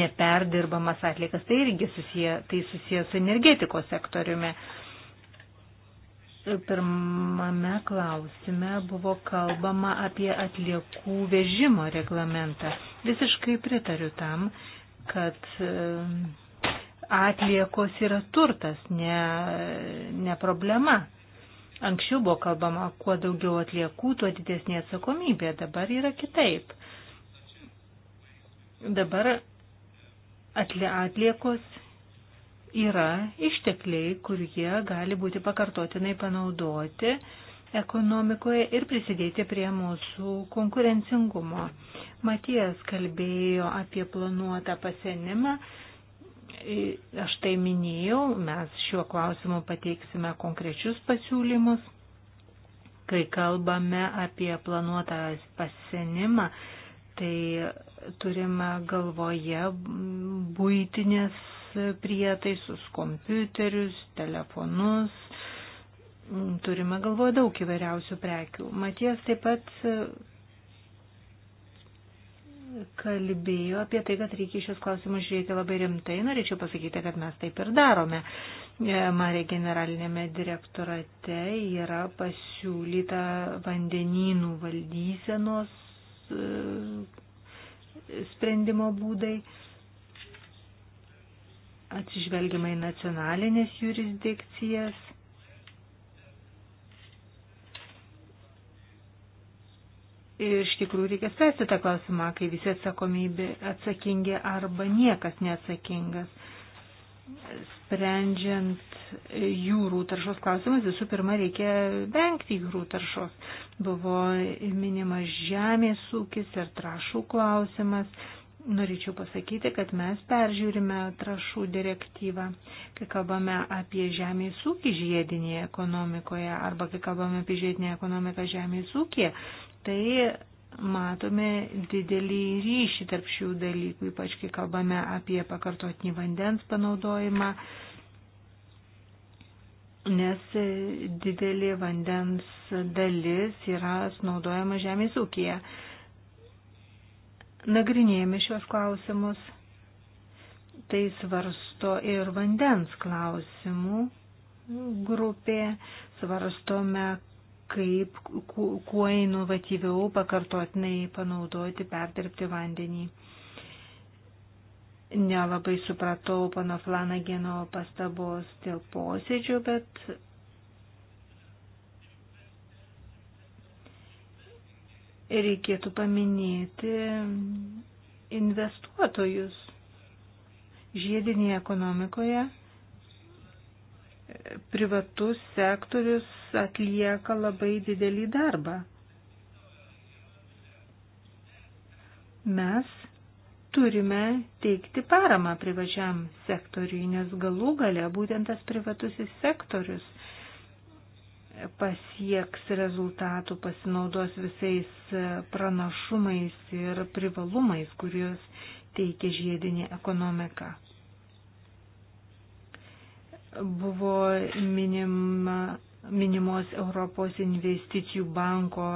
neperdirbamas atliekas, tai irgi susiję, tai susiję su energetikos sektoriumi. Uh, Pirmame klausime buvo kalbama apie atliekų vežimo reglamentą. Visiškai pritariu tam, kad e, atliekos yra turtas, ne, ne problema. Anksčiau buvo kalbama, kuo daugiau atliekų, tuo didesnė atsakomybė, dabar yra kitaip. Dabar atliekos yra ištekliai, kur jie gali būti pakartotinai panaudoti ekonomikoje ir prisidėti prie mūsų konkurencingumo. Matijas kalbėjo apie planuotą pasenimą. Aš tai minėjau, mes šiuo klausimu pateiksime konkrečius pasiūlymus. Kai kalbame apie planuotą pasenimą, tai turime galvoje būtinės prietaisus, kompiuterius, telefonus. Turime galvoje daug įvairiausių prekių. Matijas taip pat e, kalbėjo apie tai, kad reikia šios klausimus žiūrėti labai rimtai. Norėčiau pasakyti, kad mes taip ir darome. E, Mare generalinėme direktorate yra pasiūlyta vandenynų valdysenos e, sprendimo būdai atsižvelgiama į nacionalinės jurisdikcijas. Ir iš tikrųjų reikia spręsti tą klausimą, kai visi atsakomybė atsakingi arba niekas neatsakingas. Sprendžiant jūrų taršos klausimus, visų pirma, reikia vengti jūrų taršos. Buvo minimas žemės ūkis ir trašų klausimas Norėčiau pasakyti, kad mes peržiūrime trašų direktyvą, kai kalbame apie žemės ūkį žiedinėje ekonomikoje arba kai kalbame apie žiedinę ekonomiką žemės ūkį, tai matome didelį ryšį tarp šių dalykų, ypač kai kalbame apie pakartotinį vandens panaudojimą, nes didelė vandens dalis yra naudojama žemės ūkija nagrinėjame šios klausimus, tai svarsto ir vandens klausimų grupė, svarstome, kaip kuo inovatyviau pakartotinai panaudoti, perdirbti vandenį. Nelabai supratau pano Flanagino pastabos dėl posėdžių, bet reikėtų paminėti investuotojus. Žiedinėje ekonomikoje privatus sektorius atlieka labai didelį darbą. Mes turime teikti paramą privačiam sektoriui, nes galų gale būtent tas privatusis sektorius – pasieks rezultatų, pasinaudos visais pranašumais ir privalumais, kuriuos teikia žiedinė ekonomika. Buvo minima, minimos Europos investicijų banko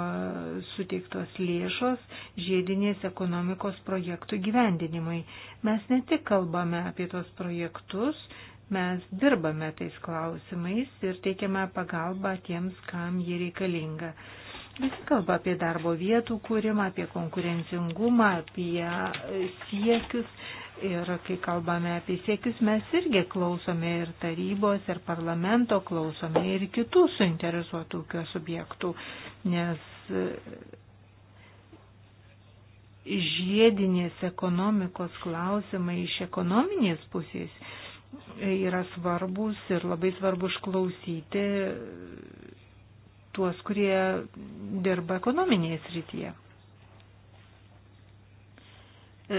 suteiktos lėšos žiedinės ekonomikos projektų gyvendinimui. Mes ne tik kalbame apie tos projektus, mes dirbame tais klausimais ir teikiame pagalbą tiems, kam ji reikalinga. Visi kalba apie darbo vietų kūrimą, apie konkurencingumą, apie siekius. Ir kai kalbame apie siekius, mes irgi klausome ir tarybos, ir parlamento, klausome ir kitų suinteresuotų ūkio subjektų, nes e, žiedinės ekonomikos klausimai iš ekonominės pusės yra svarbus ir labai svarbu išklausyti tuos, kurie dirba ekonominėje srityje. E,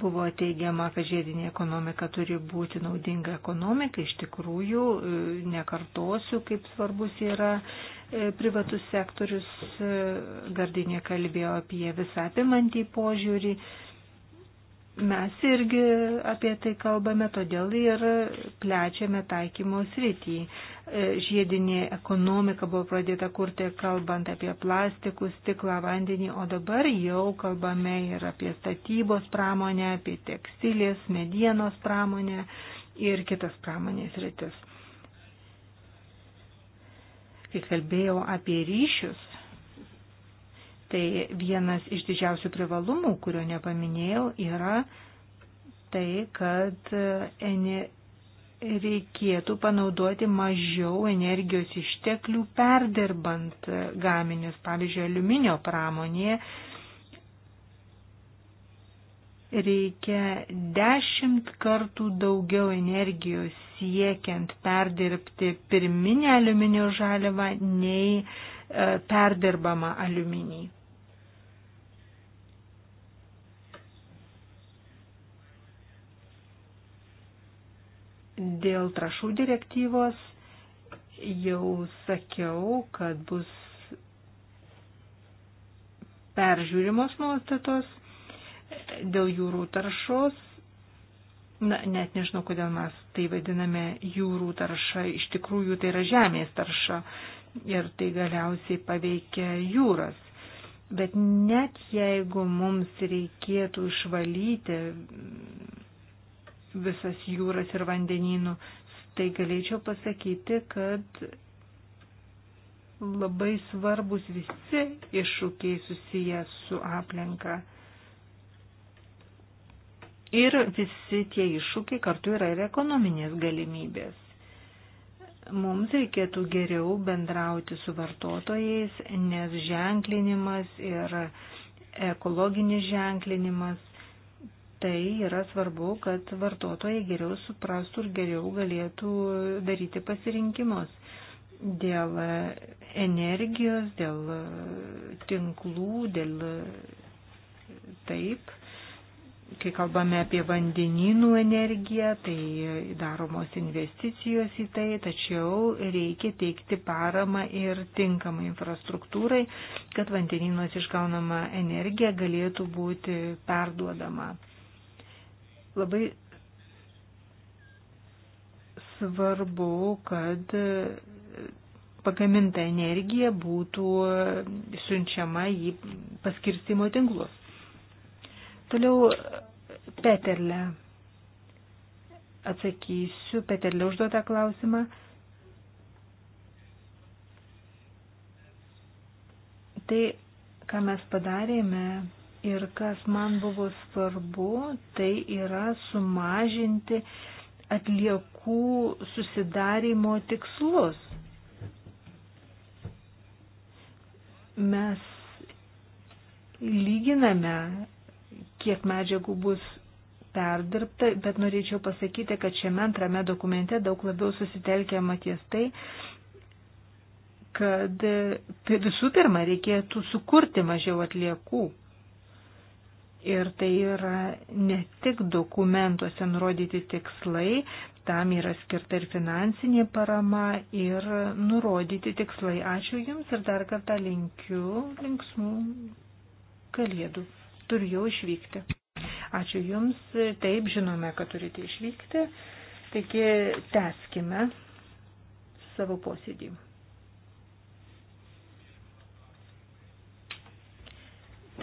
buvo teigiama, kad žiedinė ekonomika turi būti naudinga ekonomika, iš tikrųjų e, nekartosiu, kaip svarbus yra e, privatus sektorius, Gardinė kalbėjo apie visą apimantį požiūrį mes irgi apie tai kalbame, todėl ir plečiame taikymo sritį. E, žiedinė ekonomika buvo pradėta kurti kalbant apie plastikus, stiklą, vandenį, o dabar jau kalbame ir apie statybos pramonę, apie tekstilės, medienos pramonę ir kitas pramonės rytis. Kai kalbėjau apie ryšius tai vienas iš didžiausių privalumų, kurio nepaminėjau, yra tai, kad e, reikėtų panaudoti mažiau energijos išteklių perdirbant e, gaminius, pavyzdžiui, aliuminio pramonėje. Reikia dešimt kartų daugiau energijos siekiant perdirbti pirminę aliuminio žaliavą nei e, perdirbamą aliuminį. Dėl trašų direktyvos jau sakiau, kad bus peržiūrimos nuostatos dėl jūrų taršos. Na, net nežinau, kodėl mes tai vadiname jūrų tarša. Iš tikrųjų, tai yra žemės tarša ir tai galiausiai paveikia jūras. Bet net jeigu mums reikėtų išvalyti visas jūras ir vandenynų, tai galėčiau pasakyti, kad labai svarbus visi iššūkiai susiję su aplinka. Ir visi tie iššūkiai kartu yra ir ekonominės galimybės. Mums reikėtų geriau bendrauti su vartotojais, nes ženklinimas ir ekologinis ženklinimas tai yra svarbu, kad vartotojai geriau suprastų ir geriau galėtų daryti pasirinkimus dėl energijos, dėl tinklų, dėl taip. Kai kalbame apie vandeninų energiją, tai daromos investicijos į tai, tačiau reikia teikti paramą ir tinkamą infrastruktūrai, kad vandeninos išgaunama energija galėtų būti perduodama. Labai svarbu, kad pagaminta energija būtų siunčiama į paskirstimo tinklus. Toliau Peterle. Atsakysiu Peterle užduotą klausimą. Tai, ką mes padarėme Ir kas man buvo svarbu, tai yra sumažinti atliekų susidarimo tikslus. Mes lyginame, kiek medžiagų bus perdirbta, bet norėčiau pasakyti, kad šiame antrame dokumente daug labiau susitelkiama ties tai, kad visų pirma reikėtų sukurti mažiau atliekų. Ir tai yra ne tik dokumentuose nurodyti tikslai, tam yra skirta ir finansinė parama, ir nurodyti tikslai. Ačiū Jums ir dar kartą linkiu linksmų kalėdų. Turiu jau išvykti. Ačiū Jums, taip žinome, kad turite išvykti. Taigi teskime savo posėdį.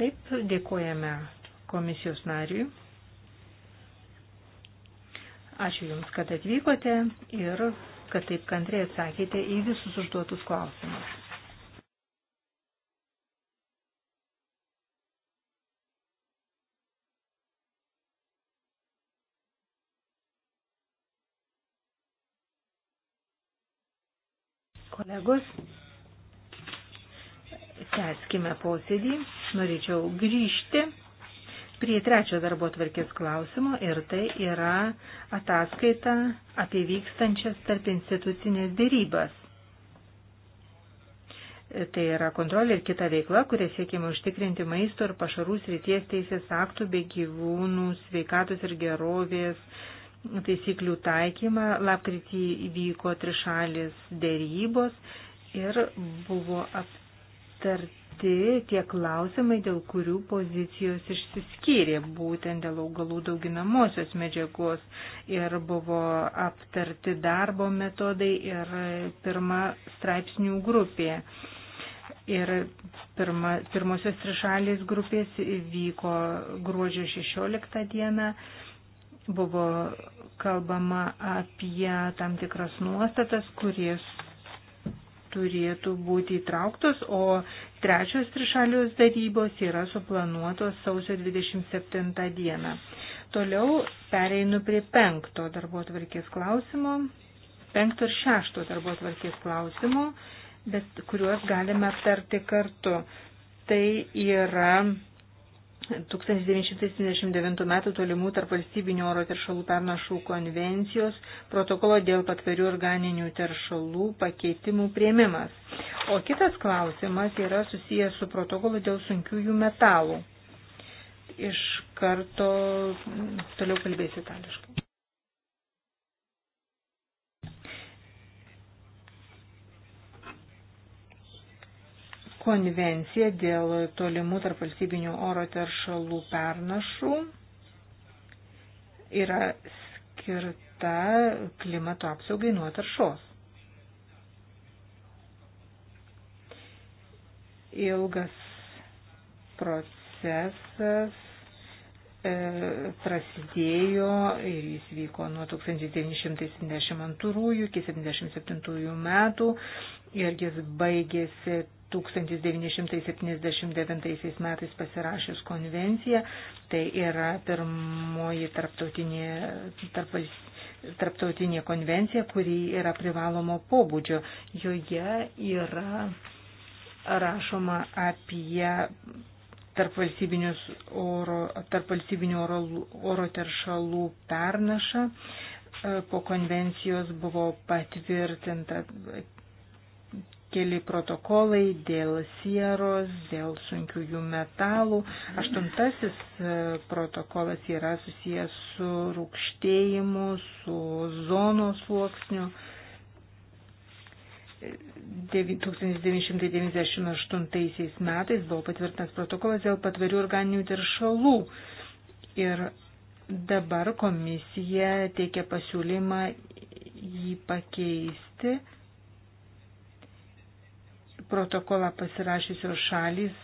Taip, dėkojame komisijos nariui. Ačiū Jums, kad atvykote ir kad taip kantriai atsakėte į visus užduotus klausimus. Kolegos, tęskime posėdį. Norėčiau grįžti prie trečio darbo tvarkės klausimo ir tai yra ataskaita apie vykstančias tarp institucinės dėrybas. Tai yra kontrolė ir kita veikla, kuria siekiama užtikrinti maisto ir pašarų srities teisės aktų bei gyvūnų sveikatos ir gerovės taisyklių taikymą. Lapkritį įvyko trišalis dėrybos ir buvo aptarti aptarti tie klausimai, dėl kurių pozicijos išsiskyrė, būtent dėl augalų dauginamosios medžiagos ir buvo aptarti darbo metodai ir pirma straipsnių grupė. Ir pirma, pirmosios trišalės grupės vyko gruodžio 16 dieną buvo kalbama apie tam tikras nuostatas, kuris turėtų būti įtrauktos, o Trečios trišalios darybos yra suplanuotos sausio 27 dieną. Toliau pereinu prie penkto darbo tvarkės klausimo, penkto ir šešto darbo tvarkės klausimo, bet kuriuos galime aptarti kartu. Tai yra 1979 m. tolimų tarp valstybinių oro teršalų pernašų konvencijos protokolo dėl patvarių organinių teršalų pakeitimų prieimimas. O kitas klausimas yra susijęs su protokolu dėl sunkiųjų metalų. Iš karto toliau kalbėsiu itališkai. konvenciją dėl tolimų tarpvalstybinių oro teršalų pernašų yra skirta klimato apsaugai nuo taršos. Ilgas procesas e, prasidėjo ir jis vyko nuo 1972 iki 1977 metų ir jis baigėsi 1979 metais pasirašius konvenciją, tai yra pirmoji tarptautinė, tarp, tarptautinė konvencija, kuri yra privalomo pobūdžio. Joje yra rašoma apie tarpvalstybinių oro, tarp oro, oro teršalų pernašą. Po konvencijos buvo patvirtinta keli protokolai dėl sieros, dėl sunkiųjų metalų. Aštuntasis e, protokolas yra susijęs su rūkštėjimu, su zonos sluoksniu. 1998 metais buvo patvirtintas protokolas dėl patvarių organinių teršalų. Ir dabar komisija teikia pasiūlymą jį pakeisti protokolą pasirašysios šalys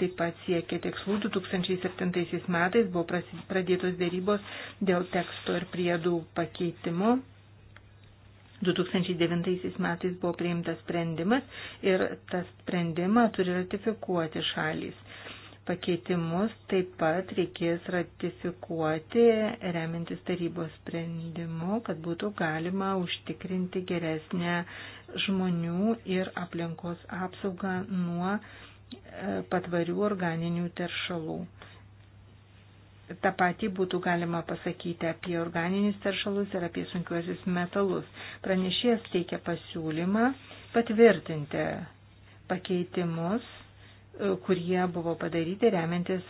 taip pat siekia tikslų. 2007 metais buvo pradėtos dėrybos dėl teksto ir priedų pakeitimo. 2009 metais buvo priimtas sprendimas ir tą sprendimą turi ratifikuoti šalys pakeitimus taip pat reikės ratifikuoti remintis tarybos sprendimu, kad būtų galima užtikrinti geresnę žmonių ir aplinkos apsaugą nuo e, patvarių organinių teršalų. Ta pati būtų galima pasakyti apie organinius teršalus ir apie sunkiuosius metalus. Pranešėjas teikia pasiūlymą patvirtinti pakeitimus kurie buvo padaryti remiantis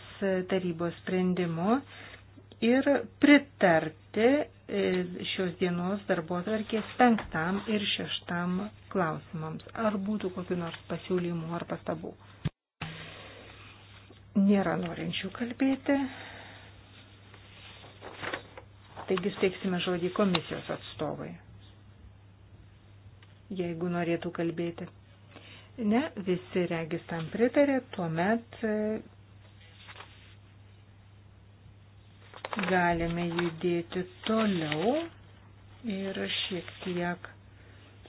tarybos sprendimu ir pritarti e, šios dienos darbo atvarkės penktam ir šeštam klausimams. Ar būtų kokiu nors pasiūlymų ar pastabų? Nėra norinčių kalbėti. Taigi steiksime žodį komisijos atstovai, jeigu norėtų kalbėti. Ne, visi regis tam pritarė, tuomet e, galime judėti toliau ir šiek tiek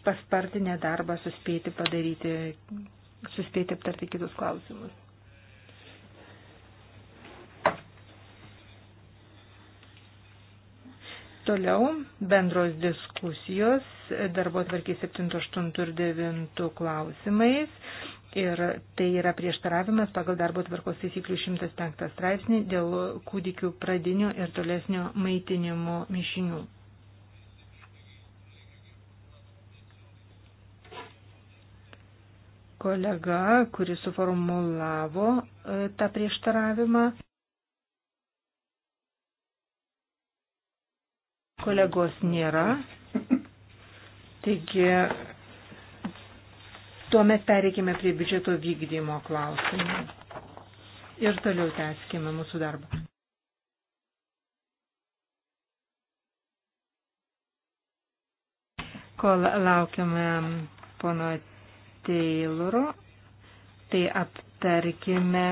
paspartinę darbą suspėti padaryti, suspėti aptarti kitus klausimus. Toliau bendros diskusijos darbo tvarkiai 7, 8 ir 9 klausimais. Ir tai yra prieštaravimas pagal darbo tvarkos taisyklių 105 straipsnį dėl kūdikių pradinio ir tolesnio maitinimo mišinių. Kolega, kuris suformulavo e, tą prieštaravimą, Kolegos nėra. Taigi, tuomet pereikime prie biudžeto vykdymo klausimų. Ir toliau tęskime mūsų darbą. Kol laukiame pono Teiloro, tai aptarkime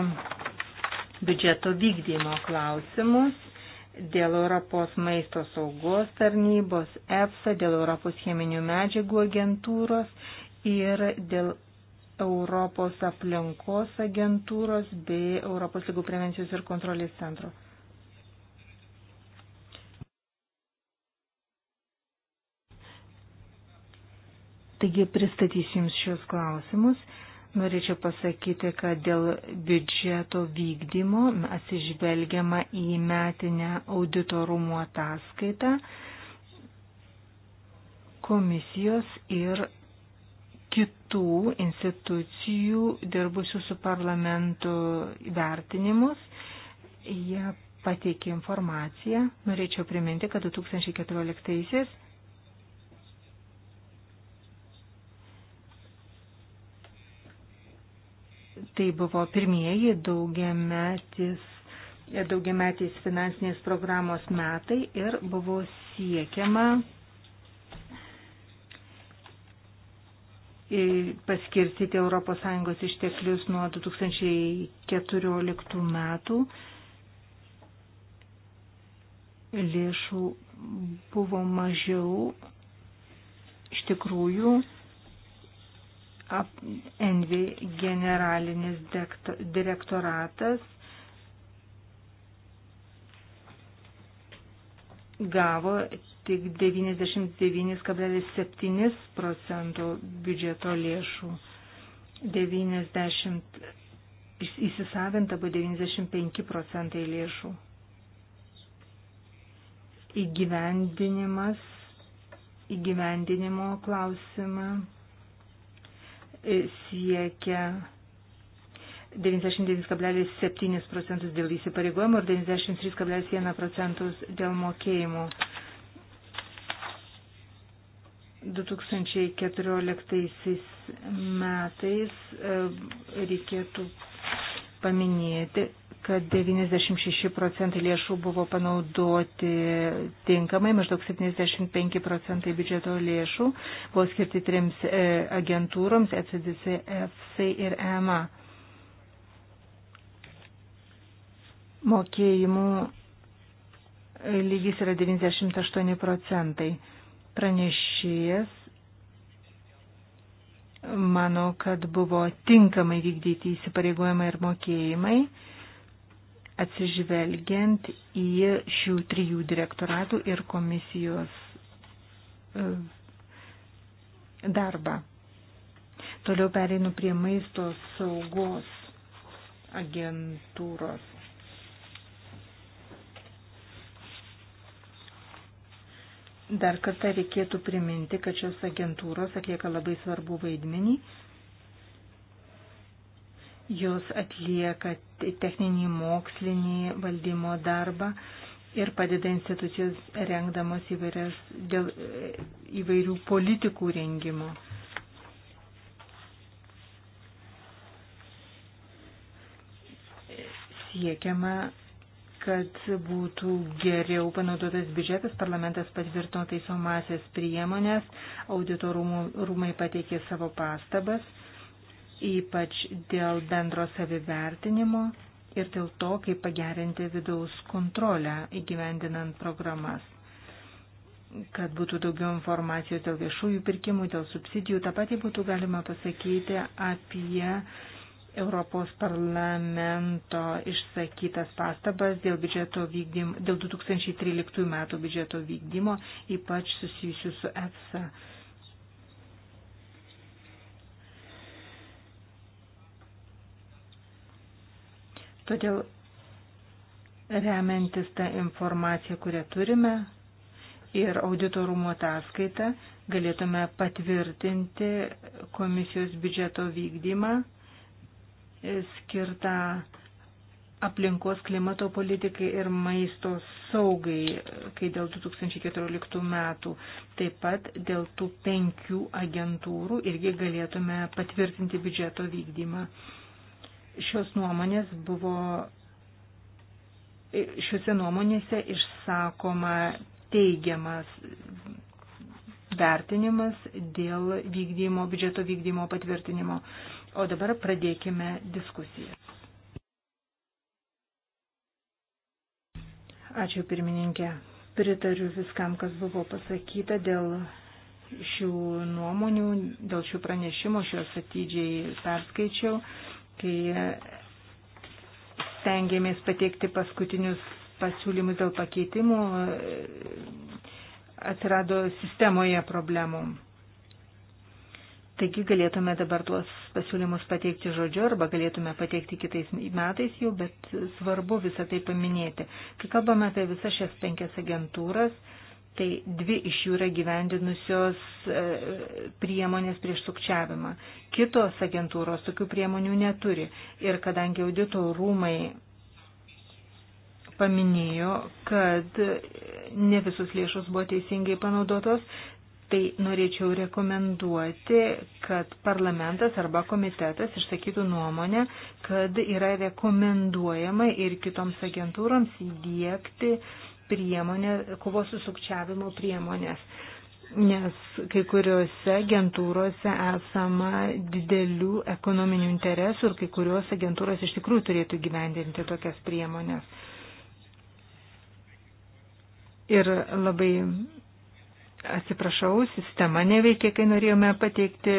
biudžeto vykdymo klausimus dėl Europos maisto saugos tarnybos, EFSA, dėl Europos cheminių medžiagų agentūros ir dėl Europos aplinkos agentūros bei Europos lygų prevencijos ir kontrolės centro. Taigi pristatysiu Jums šios klausimus. Norėčiau pasakyti, kad dėl biudžeto vykdymo atsižvelgiama į metinę auditorumo ataskaitą komisijos ir kitų institucijų dirbusių su parlamentu vertinimus. Jie pateikė informaciją. Norėčiau priminti, kad 2014 Tai buvo pirmieji daugiametis, daugiametis finansinės programos metai ir buvo siekiama e, paskirstyti ES išteklius nuo 2014 metų. Lėšų buvo mažiau. Iš tikrųjų, Envi generalinis direktoratas gavo tik 99,7 procento biudžeto lėšų. 90 įsisavinta buvo 95 procentai lėšų. Įgyvendinimas, įgyvendinimo klausimą siekia 99,7 procentus dėl įsipareigojimų ir 93,1 procentus dėl mokėjimų. 2014 metais e, reikėtų paminėti, kad 96 procentai lėšų buvo panaudoti tinkamai, maždaug 75 procentai biudžeto lėšų buvo skirti trims e, agentūroms e - ECDC, FC ir EMA. Mokėjimų e, lygis yra 98 procentai. Pranešėjas mano, kad buvo tinkamai vykdyti įsipareigojimai ir mokėjimai atsižvelgiant į šių trijų direktoratų ir komisijos e, darbą. Toliau pereinu prie maisto saugos agentūros. Dar kartą reikėtų priminti, kad šios agentūros atlieka labai svarbu vaidmenį, Jos atlieka techninį mokslinį valdymo darbą ir padeda institucijos rengdamos įvairias, dėl įvairių politikų rengimo. Siekiama kad būtų geriau panaudotas biudžetas, parlamentas patvirtino taisomasias priemonės, auditorų rūmai pateikė savo pastabas ypač dėl bendro savivertinimo ir dėl to, kaip pagerinti vidaus kontrolę įgyvendinant programas kad būtų daugiau informacijos dėl viešųjų pirkimų, dėl subsidijų. Ta pati būtų galima pasakyti apie Europos parlamento išsakytas pastabas dėl, biudžeto vykdymo, dėl 2013 metų biudžeto vykdymo, ypač susijusių su EFSA Todėl remiantis tą informaciją, kurią turime ir auditorumo ataskaitą, galėtume patvirtinti komisijos biudžeto vykdymą e, skirtą aplinkos klimato politikai ir maisto saugai, e, kai dėl 2014 metų. Taip pat dėl tų penkių agentūrų irgi galėtume patvirtinti biudžeto vykdymą. Šios nuomonės buvo, šiuose nuomonėse išsakoma teigiamas vertinimas dėl vykdymo, biudžeto vykdymo patvirtinimo. O dabar pradėkime diskusiją. Ačiū pirmininkė. Pritariu viskam, kas buvo pasakyta dėl šių nuomonių, dėl šių pranešimų, aš juos atidžiai perskaičiau kai e, stengiamės pateikti paskutinius pasiūlymus dėl pakeitimų, e, atsirado sistemoje problemų. Taigi galėtume dabar tuos pasiūlymus pateikti žodžiu arba galėtume pateikti kitais metais jau, bet svarbu visą tai paminėti. Kai kalbame apie visas šias penkias agentūras, tai dvi iš jų yra gyvendinusios e, priemonės prieš sukčiavimą. Kitos agentūros tokių priemonių neturi. Ir kadangi audito rūmai paminėjo, kad ne visus lėšos buvo teisingai panaudotos, tai norėčiau rekomenduoti, kad parlamentas arba komitetas išsakytų nuomonę, kad yra rekomenduojama ir kitoms agentūroms įdėkti uh, priemonė, kovos su sukčiavimo priemonės, nes kai kuriuose agentūrose esama didelių ekonominių interesų ir kai kurios agentūros iš tikrųjų turėtų gyvendinti tokias priemonės. Ir labai atsiprašau, sistema neveikia, kai norėjome pateikti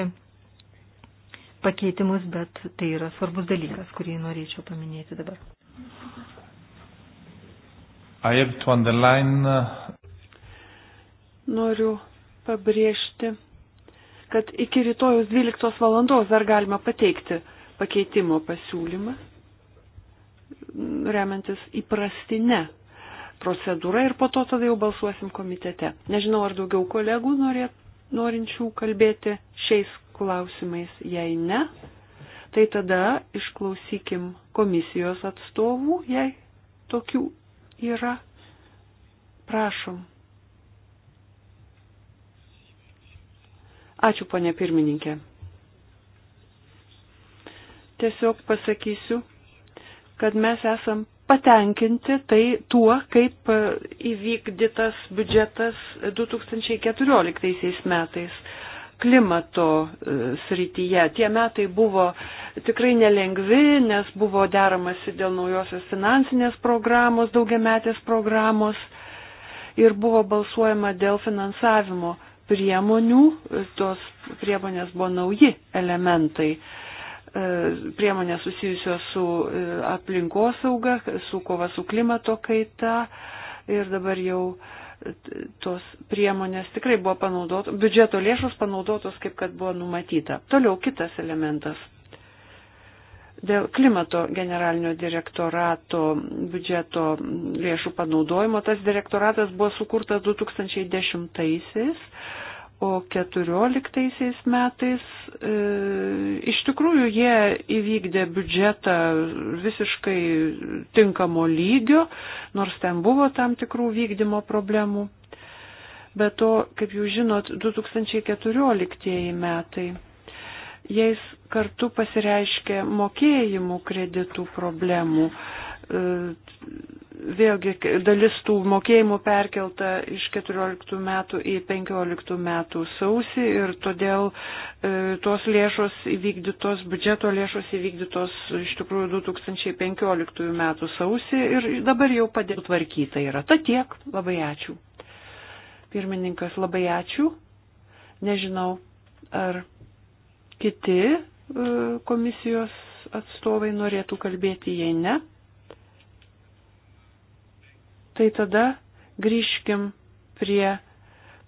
pakeitimus, bet tai yra svarbus dalykas, kurį norėčiau paminėti dabar. Uh, Noriu pabrėžti, kad iki rytojus 12 valandos dar galima pateikti pakeitimo pasiūlymą, remiantis įprastinę procedūrą ir po to tada jau balsuosim komitete. Nežinau, ar daugiau kolegų norėt, norinčių kalbėti šiais klausimais, jei ne, tai tada išklausykim komisijos atstovų, jei tokių yra? Prašom. Ačiū, ponė pirmininkė. Tiesiog pasakysiu, kad mes esam patenkinti tai tuo, kaip įvykdytas biudžetas 2014 metais klimato e, srityje. Tie metai buvo tikrai nelengvi, nes buvo deramasi dėl naujosios finansinės programos, daugiametės programos ir buvo balsuojama dėl finansavimo priemonių. Tos priemonės buvo nauji elementai e, priemonės susijusios su e, aplinkosauga, su kova su klimato kaita ir dabar jau uh, tos priemonės tikrai buvo panaudotos, biudžeto lėšos panaudotos kaip kad buvo numatyta. Toliau kitas elementas. Dėl klimato generalinio direktorato biudžeto lėšų panaudojimo tas direktoratas buvo sukurtas 2010-aisiais o 14 metais e, iš tikrųjų jie įvykdė biudžetą visiškai tinkamo lygio, nors ten buvo tam tikrų vykdymo problemų. Bet to, kaip jūs žinot, 2014 metai jais kartu pasireiškė mokėjimų kreditų problemų. E, vėlgi dalis tų mokėjimų perkelta iš 14 metų į 15 metų sausį ir todėl e, tos lėšos įvykdytos, biudžeto lėšos įvykdytos iš tikrųjų 2015 metų sausį ir dabar jau padėtų tvarkyta yra. Ta tiek, labai ačiū. Pirmininkas, labai ačiū. Nežinau, ar kiti e, komisijos atstovai norėtų kalbėti, jei ne tai tada grįžkim prie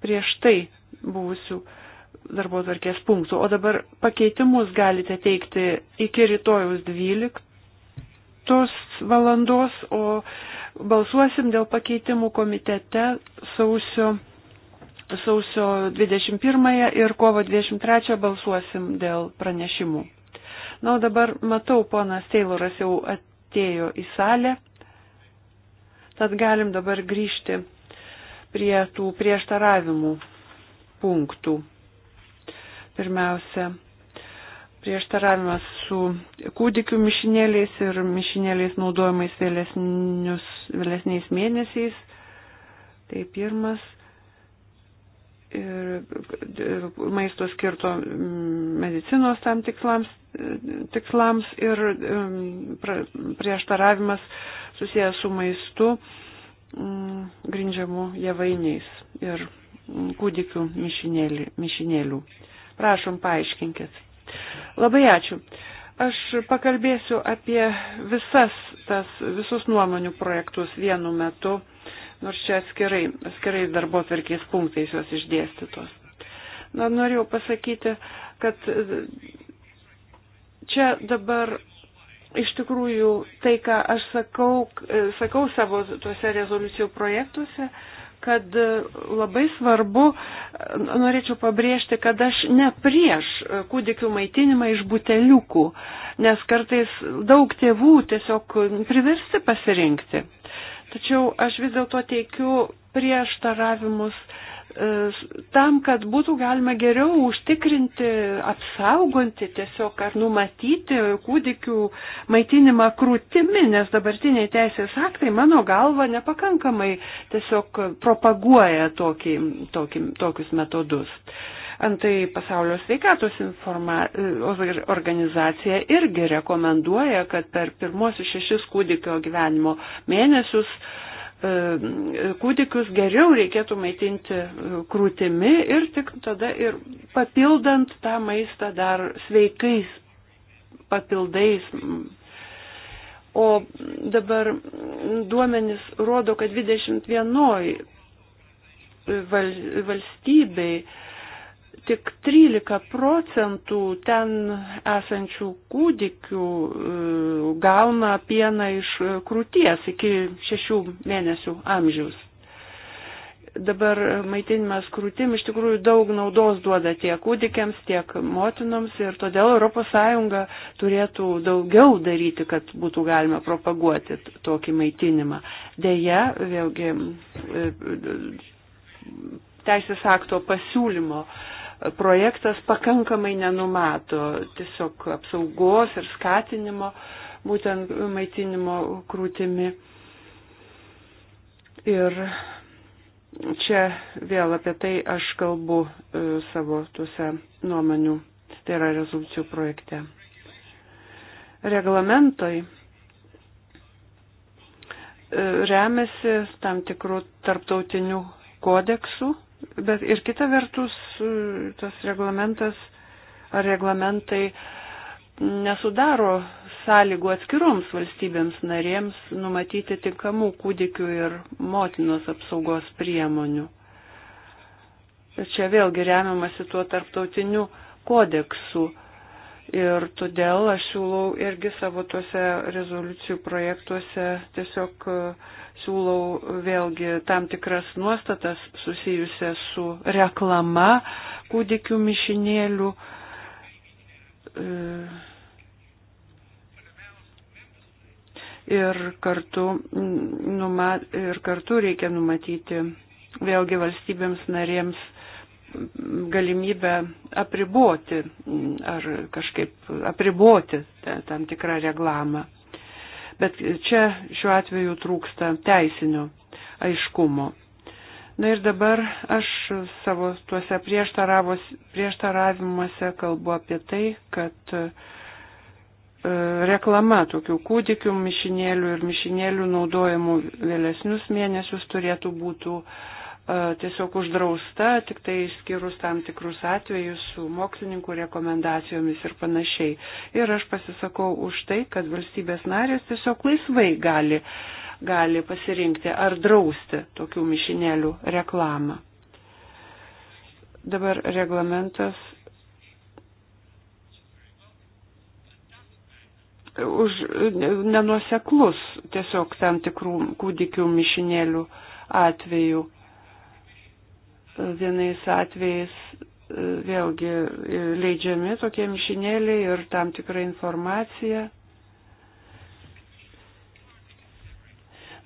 prieš tai buvusių darbo tvarkės punktų. O dabar pakeitimus galite teikti iki rytojus 12 valandos, o balsuosim dėl pakeitimų komitete sausio, sausio 21 ir kovo 23 balsuosim dėl pranešimų. Na, o dabar matau, ponas Tayloras jau atėjo į salę. Tad galim dabar grįžti prie tų prieštaravimų punktų. Pirmiausia, prieštaravimas su kūdikių mišinėliais ir mišinėliais naudojamais vėlesniais mėnesiais. Tai pirmas. Ir maisto skirto medicinos tam tikslams tikslams ir prieštaravimas susijęs su maistu mm, grindžiamų javainiais ir mm, kūdikių mišinėlių. Prašom, paaiškinkit. Labai ačiū. Aš pakalbėsiu apie visas tas, visus nuomonių projektus vienu metu, nors čia atskirai, atskirai darbo tvarkiais punktais juos išdėstytos. Na, norėjau pasakyti, kad čia dabar iš tikrųjų tai, ką aš sakau, e, sakau savo tuose rezoliucijų projektuose, kad e, labai svarbu, e, norėčiau pabrėžti, kad aš ne prieš kūdikių maitinimą iš buteliukų, nes kartais daug tėvų tiesiog priversti pasirinkti. Tačiau aš vis dėlto teikiu prieštaravimus E, tam, kad būtų galima geriau užtikrinti, apsaugonti tiesiog ar numatyti kūdikių maitinimą krūtimi, nes dabartiniai teisės aktai mano galva nepakankamai tiesiog propaguoja tokį, tokį, tokius metodus. Antai pasaulio sveikatos informa... E, organizacija irgi rekomenduoja, kad per pirmosius šešis kūdikio gyvenimo mėnesius uh, kūdikius geriau reikėtų maitinti krūtimi ir tik tada ir papildant tą maistą dar sveikais papildais. O dabar duomenys rodo, kad 21 valstybei tik 13 procentų ten esančių kūdikių e, gauna pieną iš e, krūties iki 6 mėnesių amžiaus. Dabar maitinimas krūtim iš tikrųjų daug naudos duoda tiek kūdikiams, tiek motinoms ir todėl ES turėtų daugiau daryti, kad būtų galima propaguoti tokį maitinimą. Deja, vėlgi e, teisės akto pasiūlymo uh, projektas pakankamai nenumato tiesiog apsaugos ir skatinimo būtent maitinimo krūtimi. Ir čia vėl apie tai aš kalbu e, savo tuose nuomonių, tai yra rezoliucijų projekte. Reglamentoj e, remiasi tam tikrų tarptautinių kodeksų Bet ir kita vertus, tas reglamentas ar reglamentai nesudaro sąlygų atskiroms valstybėms narėms numatyti tinkamų kūdikių ir motinos apsaugos priemonių. Čia vėlgi remiamasi tuo tarptautiniu kodeksu. Ir todėl aš siūlau irgi savo tuose rezoliucijų projektuose tiesiog uh, siūlau vėlgi tam tikras nuostatas susijusias su reklama kūdikių mišinėlių. E, ir kartu, numa, ir kartu reikia numatyti vėlgi valstybėms narėms galimybę apriboti ar kažkaip apriboti tam tikrą reklamą bet čia šiuo atveju trūksta teisinio aiškumo. Na ir dabar aš savo tuose prieštaravimuose kalbu apie tai, kad e, reklama tokių kūdikių mišinėlių ir mišinėlių naudojimų vėlesnius mėnesius turėtų būti tiesiog uždrausta, tik tai išskyrus tam tikrus atvejus su mokslininkų rekomendacijomis ir panašiai. Ir aš pasisakau už tai, kad valstybės narės tiesiog laisvai gali, gali pasirinkti ar drausti tokių mišinėlių reklamą. Dabar reglamentas už nenuoseklus tiesiog tam tikrų kūdikių mišinėlių atveju vienais atvejais e, vėlgi e, leidžiami tokie mišinėliai ir tam tikra informacija.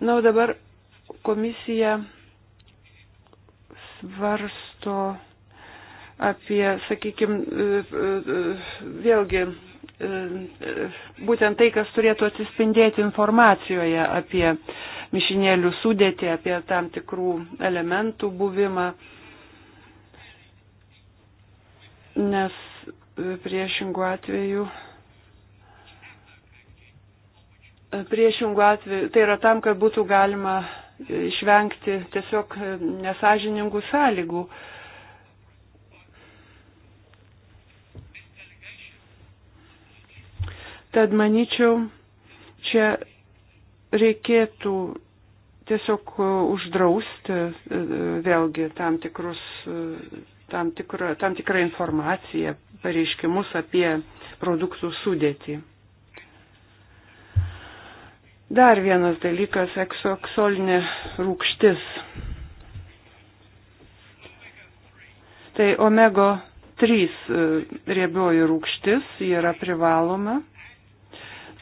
Na, o dabar komisija svarsto apie, sakykime, e, vėlgi būtent tai, kas turėtų atsispindėti informacijoje apie mišinėlių sudėtį, apie tam tikrų elementų buvimą nes priešingų atveju priešingų atveju, tai yra tam, kad būtų galima išvengti tiesiog nesažiningų sąlygų. Tad manyčiau, čia reikėtų tiesiog uždrausti vėlgi tam tikrus tam, tikro, tam tikrą informaciją, pareiškimus apie produktų sudėtį. Dar vienas dalykas - eksoksolinė rūkštis. Tai omega 3 e, riebioji rūkštis yra privaloma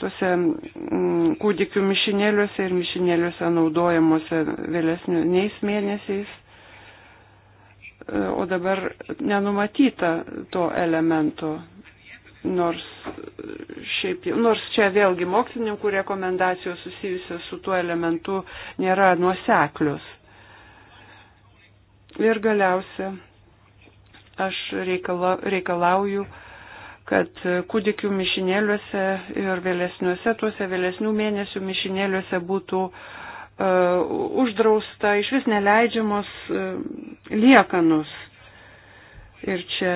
tuose mm, kūdikių mišinėliuose ir mišinėliuose naudojamuose vėlesniais mėnesiais o dabar nenumatyta to elemento. Nors, šiaip, nors čia vėlgi mokslininkų rekomendacijos susijusios su tuo elementu nėra nuoseklius. Ir galiausia, aš reikala, reikalauju, kad kūdikių mišinėliuose ir vėlesniuose, tuose vėlesnių mėnesių mišinėliuose būtų uh, E, uždrausta, iš vis neleidžiamos e, liekanus. Ir čia,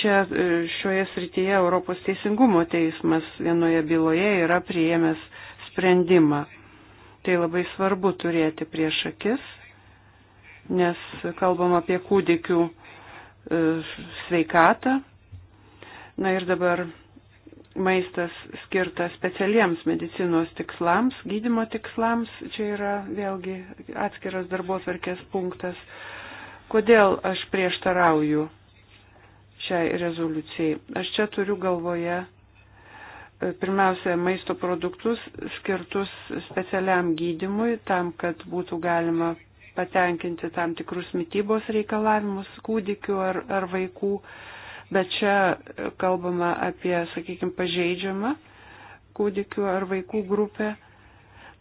čia e, šioje srityje Europos teisingumo teismas vienoje byloje yra priėmęs sprendimą. Tai labai svarbu turėti prieš akis, nes kalbam apie kūdikių sveikatą. Na ir dabar maistas skirtas specialiems medicinos tikslams, gydimo tikslams, čia yra vėlgi atskiras darbotvarkės punktas. Kodėl aš prieštarauju šiai rezoliucijai? Aš čia turiu galvoje e, pirmiausia maisto produktus skirtus specialiam gydimui, tam, kad būtų galima patenkinti tam tikrus mytybos reikalavimus kūdikių ar, ar vaikų Bet čia kalbama apie, sakykime, pažeidžiamą kūdikių ar vaikų grupę.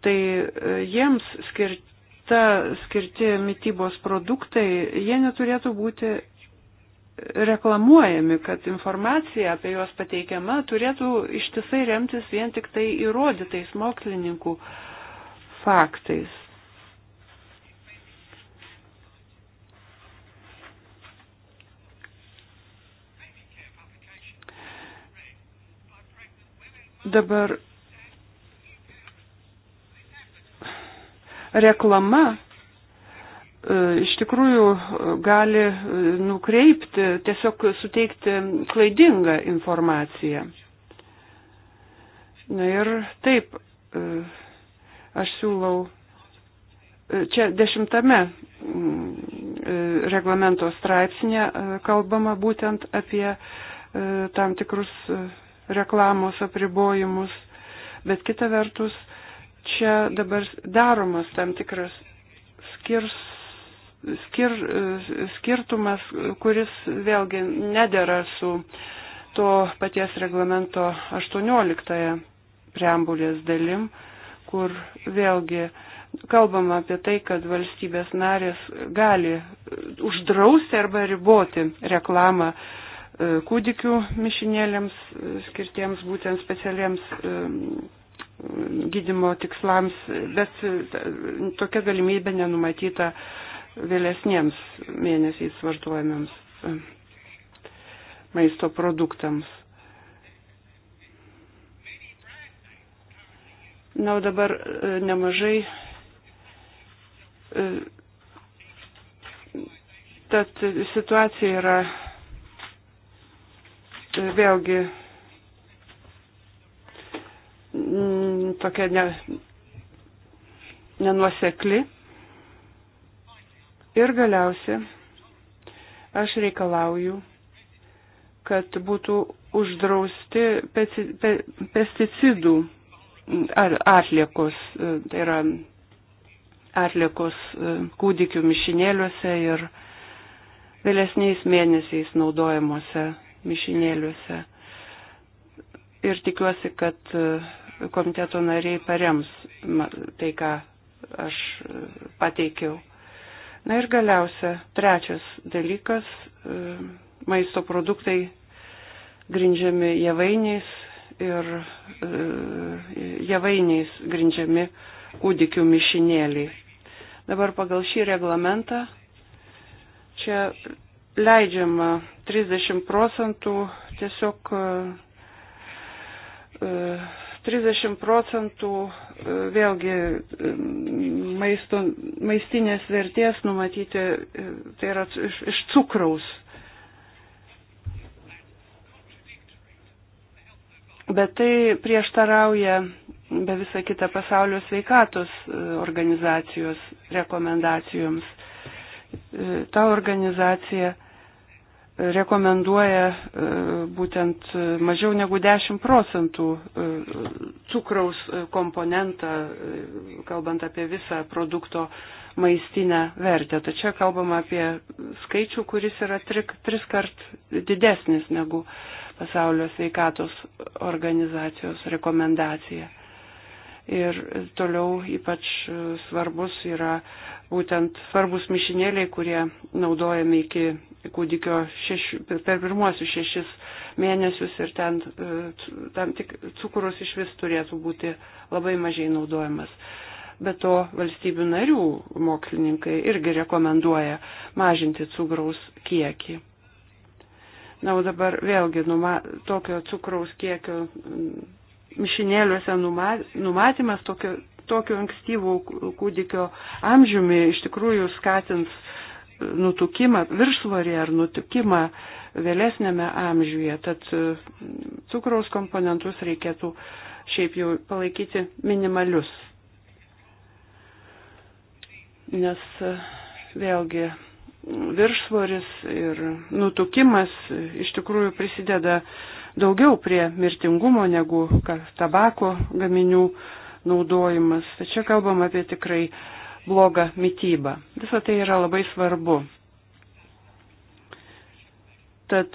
Tai e, jiems skirta, skirti mytybos produktai, jie neturėtų būti reklamuojami, kad informacija apie juos pateikiama turėtų ištisai remtis vien tik tai įrodytais mokslininkų faktais. Dabar reklama e, iš tikrųjų e, gali e, nukreipti, tiesiog suteikti klaidingą informaciją. Na ir taip, aš siūlau, čia dešimtame mm, reglamento straipsnė kalbama būtent apie tam tikrus reklamos apribojimus, bet kita vertus čia dabar daromas tam tikras skirs, skir, skirtumas, kuris vėlgi nedėra su to paties reglamento 18 preambulės dalim, kur vėlgi kalbama apie tai, kad valstybės narės gali uždrausti arba riboti reklamą E, kūdikių mišinėlėms e, skirtiems būtent specialiems e, gydimo tikslams, bet tokia galimybė nenumatyta vėlesniems mėnesiais vartojamiams maisto produktams. Na, o dabar nemažai. Tad situacija yra vėlgi mm, tokia ne, nenuosekli. Ir galiausia, aš reikalauju, kad būtų uždrausti pesticidų atliekos, tai yra atliekos kūdikių mišinėliuose ir vėlesniais mėnesiais naudojimuose mišinėliuose. Ir tikiuosi, kad e, komiteto nariai parems tai, ką aš e, pateikiau. Na ir galiausia, trečias dalykas e, - maisto produktai grindžiami javainiais ir javainiais grindžiami kūdikių mišinėliai. Dabar pagal šį reglamentą čia leidžiama 30 procentų tiesiog 30 e, e, procentų e, vėlgi maisto, maistinės vertės numatyti, tai yra iš, iš cukraus. Bet tai prieštarauja be visą kitą pasaulio sveikatos organizacijos rekomendacijoms. Ta organizacija rekomenduoja e, būtent mažiau negu 10 procentų e, cukraus e, komponentą, kalbant apie visą produkto maistinę vertę. Tačiau kalbama apie skaičių, kuris yra trik, tris kart didesnis negu pasaulio sveikatos organizacijos rekomendacija. Ir toliau ypač svarbus yra būtent svarbus mišinėliai, kurie naudojami iki kūdikio šeši, per pirmuosius šešis mėnesius ir ten e, tam tik cukrus iš vis turėtų būti labai mažai naudojamas. Be to valstybių narių mokslininkai irgi rekomenduoja mažinti cukraus kiekį. Na, o dabar vėlgi numa, tokio cukraus kiekio mišinėliuose numatymas, tokio tokiu ankstyvu kūdikio amžiumi iš tikrųjų skatins nutukimą, viršsvorį ar nutukimą vėlesnėme amžiuje. Tad mm, cukraus komponentus reikėtų šiaip jau palaikyti minimalius. Nes e, vėlgi viršsvoris ir nutukimas iš tikrųjų prisideda daugiau prie mirtingumo negu tabako gaminių uh, naudojimas. Tačiau kalbam apie tikrai blogą mytybą. Visą tai yra labai svarbu. Tad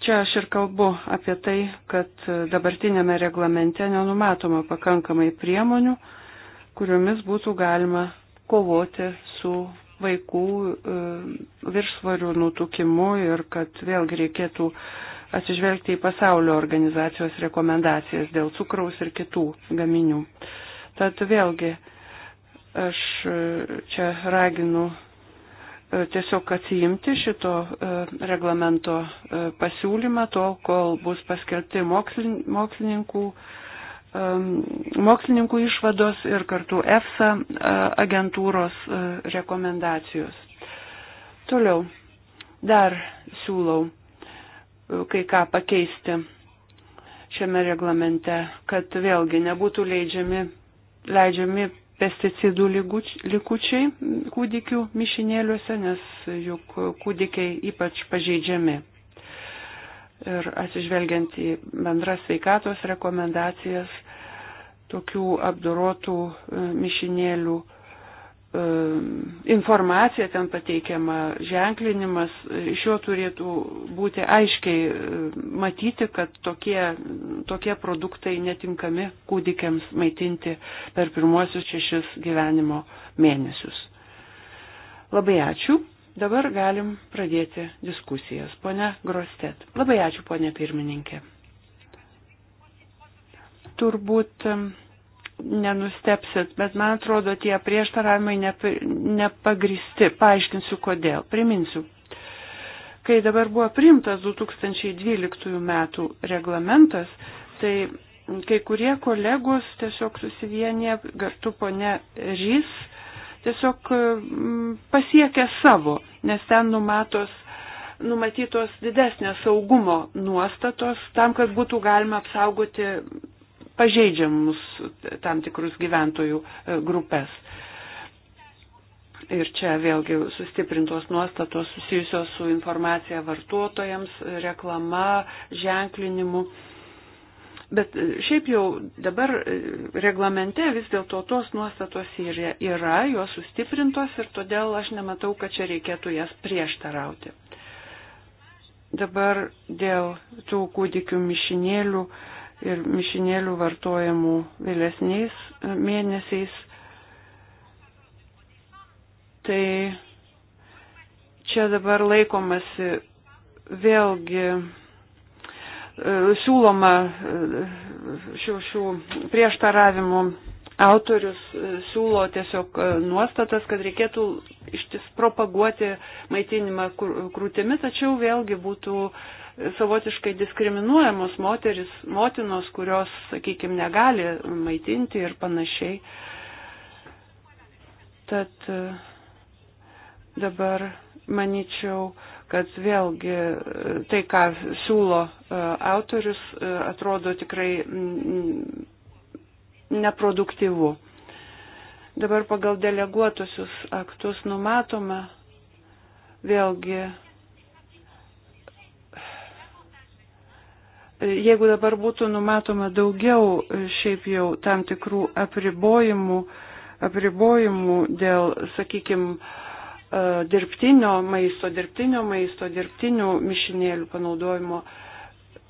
čia aš ir kalbu apie tai, kad dabartinėme reglamente nenumatoma pakankamai priemonių, kuriomis būtų galima kovoti su vaikų e, viršsvarių nutukimu ir kad vėlgi reikėtų uh, atsižvelgti į pasaulio organizacijos rekomendacijas dėl cukraus ir kitų gaminių. Tad vėlgi aš e, čia raginu e, tiesiog atsijimti šito e, reglamento pasiūlymą tol, kol bus paskelbti mokslininkų, mokslininkų išvados ir kartu EFSA agentūros rekomendacijos. Toliau dar siūlau kai ką pakeisti šiame reglamente, kad vėlgi nebūtų leidžiami, leidžiami pesticidų likučiai kūdikių mišinėliuose, nes juk kūdikiai ypač pažeidžiami. Ir atsižvelgiant į bendras veikatos rekomendacijas, tokių apdorotų e, mišinėlių Ehm, informacija ten pateikiama, ženklinimas, iš jo turėtų būti aiškiai ehm, matyti, kad tokie, tokie produktai netinkami kūdikiams maitinti per pirmuosius šešis gyvenimo mėnesius. Labai ačiū. Dabar galim pradėti diskusijas. Pone Grostet. Labai ačiū, ponė pirmininkė. Turbūt ehm, nenustepsit, bet man atrodo, tie prieštaravimai nepagristi. Paaiškinsiu kodėl. Priminsiu. Kai dabar buvo priimtas 2012 metų reglamentas, tai kai kurie kolegos tiesiog susivienė, kartu ponė Rys, tiesiog mm, pasiekė savo, nes ten numatos numatytos didesnės saugumo nuostatos tam, kad būtų galima apsaugoti pažeidžiamus tam tikrus gyventojų e, grupės. Ir čia vėlgi sustiprintos nuostatos susijusios su informacija vartotojams, reklama, ženklinimu. Bet e, šiaip jau dabar e, reglamente vis dėlto tos nuostatos yra, jos sustiprintos ir todėl aš nematau, kad čia reikėtų jas prieštarauti. Dabar dėl tų kūdikių mišinėlių ir mišinėlių vartojamų vėlesniais e, mėnesiais. Tai čia dabar laikomasi vėlgi e, siūloma e, šių, šių prieštaravimų autorius siūlo tiesiog nuostatas, kad reikėtų ištis propaguoti maitinimą krūtimi, tačiau vėlgi būtų uh, savotiškai diskriminuojamos moteris, motinos, kurios, sakykime, negali maitinti ir panašiai. Tad e, dabar manyčiau, kad vėlgi e, tai, ką siūlo e, autorius, atrodo tikrai mm, neproduktyvu. Dabar pagal deleguotusius aktus numatoma vėlgi jeigu dabar būtų numatoma daugiau e, šiaip jau tam tikrų apribojimų, apribojimų dėl, sakykime, dirbtinio maisto, dirbtinio maisto, dirbtinių mišinėlių panaudojimo, e,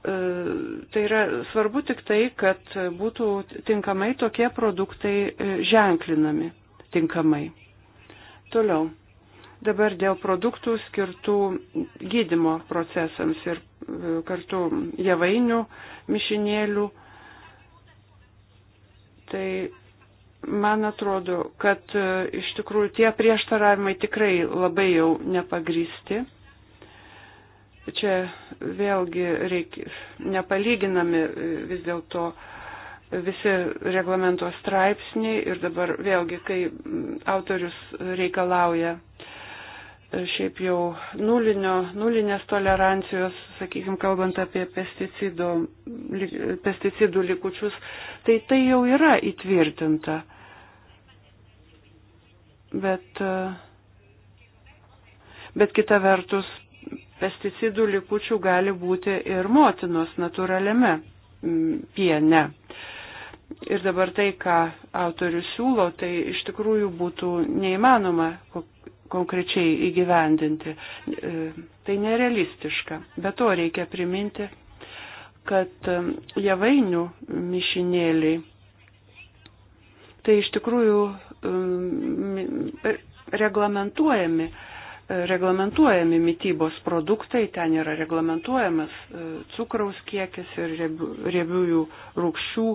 tai yra svarbu tik tai, kad būtų tinkamai tokie produktai e, ženklinami tinkamai. Toliau. Dabar dėl produktų skirtų gydimo procesams ir e, kartu javainių mišinėlių. Tai man atrodo, kad e, iš tikrųjų tie prieštaravimai tikrai labai jau nepagristi čia vėlgi reikia, nepalyginami e, vis dėlto visi reglamento straipsniai ir dabar vėlgi, kai autorius reikalauja uh, šiaip jau nulinio, nulinės tolerancijos, sakykime, kalbant apie pesticidų, pesticidų likučius, tai tai jau yra įtvirtinta. Bet, bet kita vertus, pesticidų likučių gali būti ir motinos natūraliame piene. Ir dabar tai, ką autorius siūlo, tai iš tikrųjų būtų neįmanoma konkrečiai įgyvendinti. E, tai nerealistiška. Be to reikia priminti, kad e, javainių mišinėliai tai iš tikrųjų e, reglamentuojami reglamentuojami mytybos produktai, ten yra reglamentuojamas cukraus kiekis ir riebiųjų rūkščių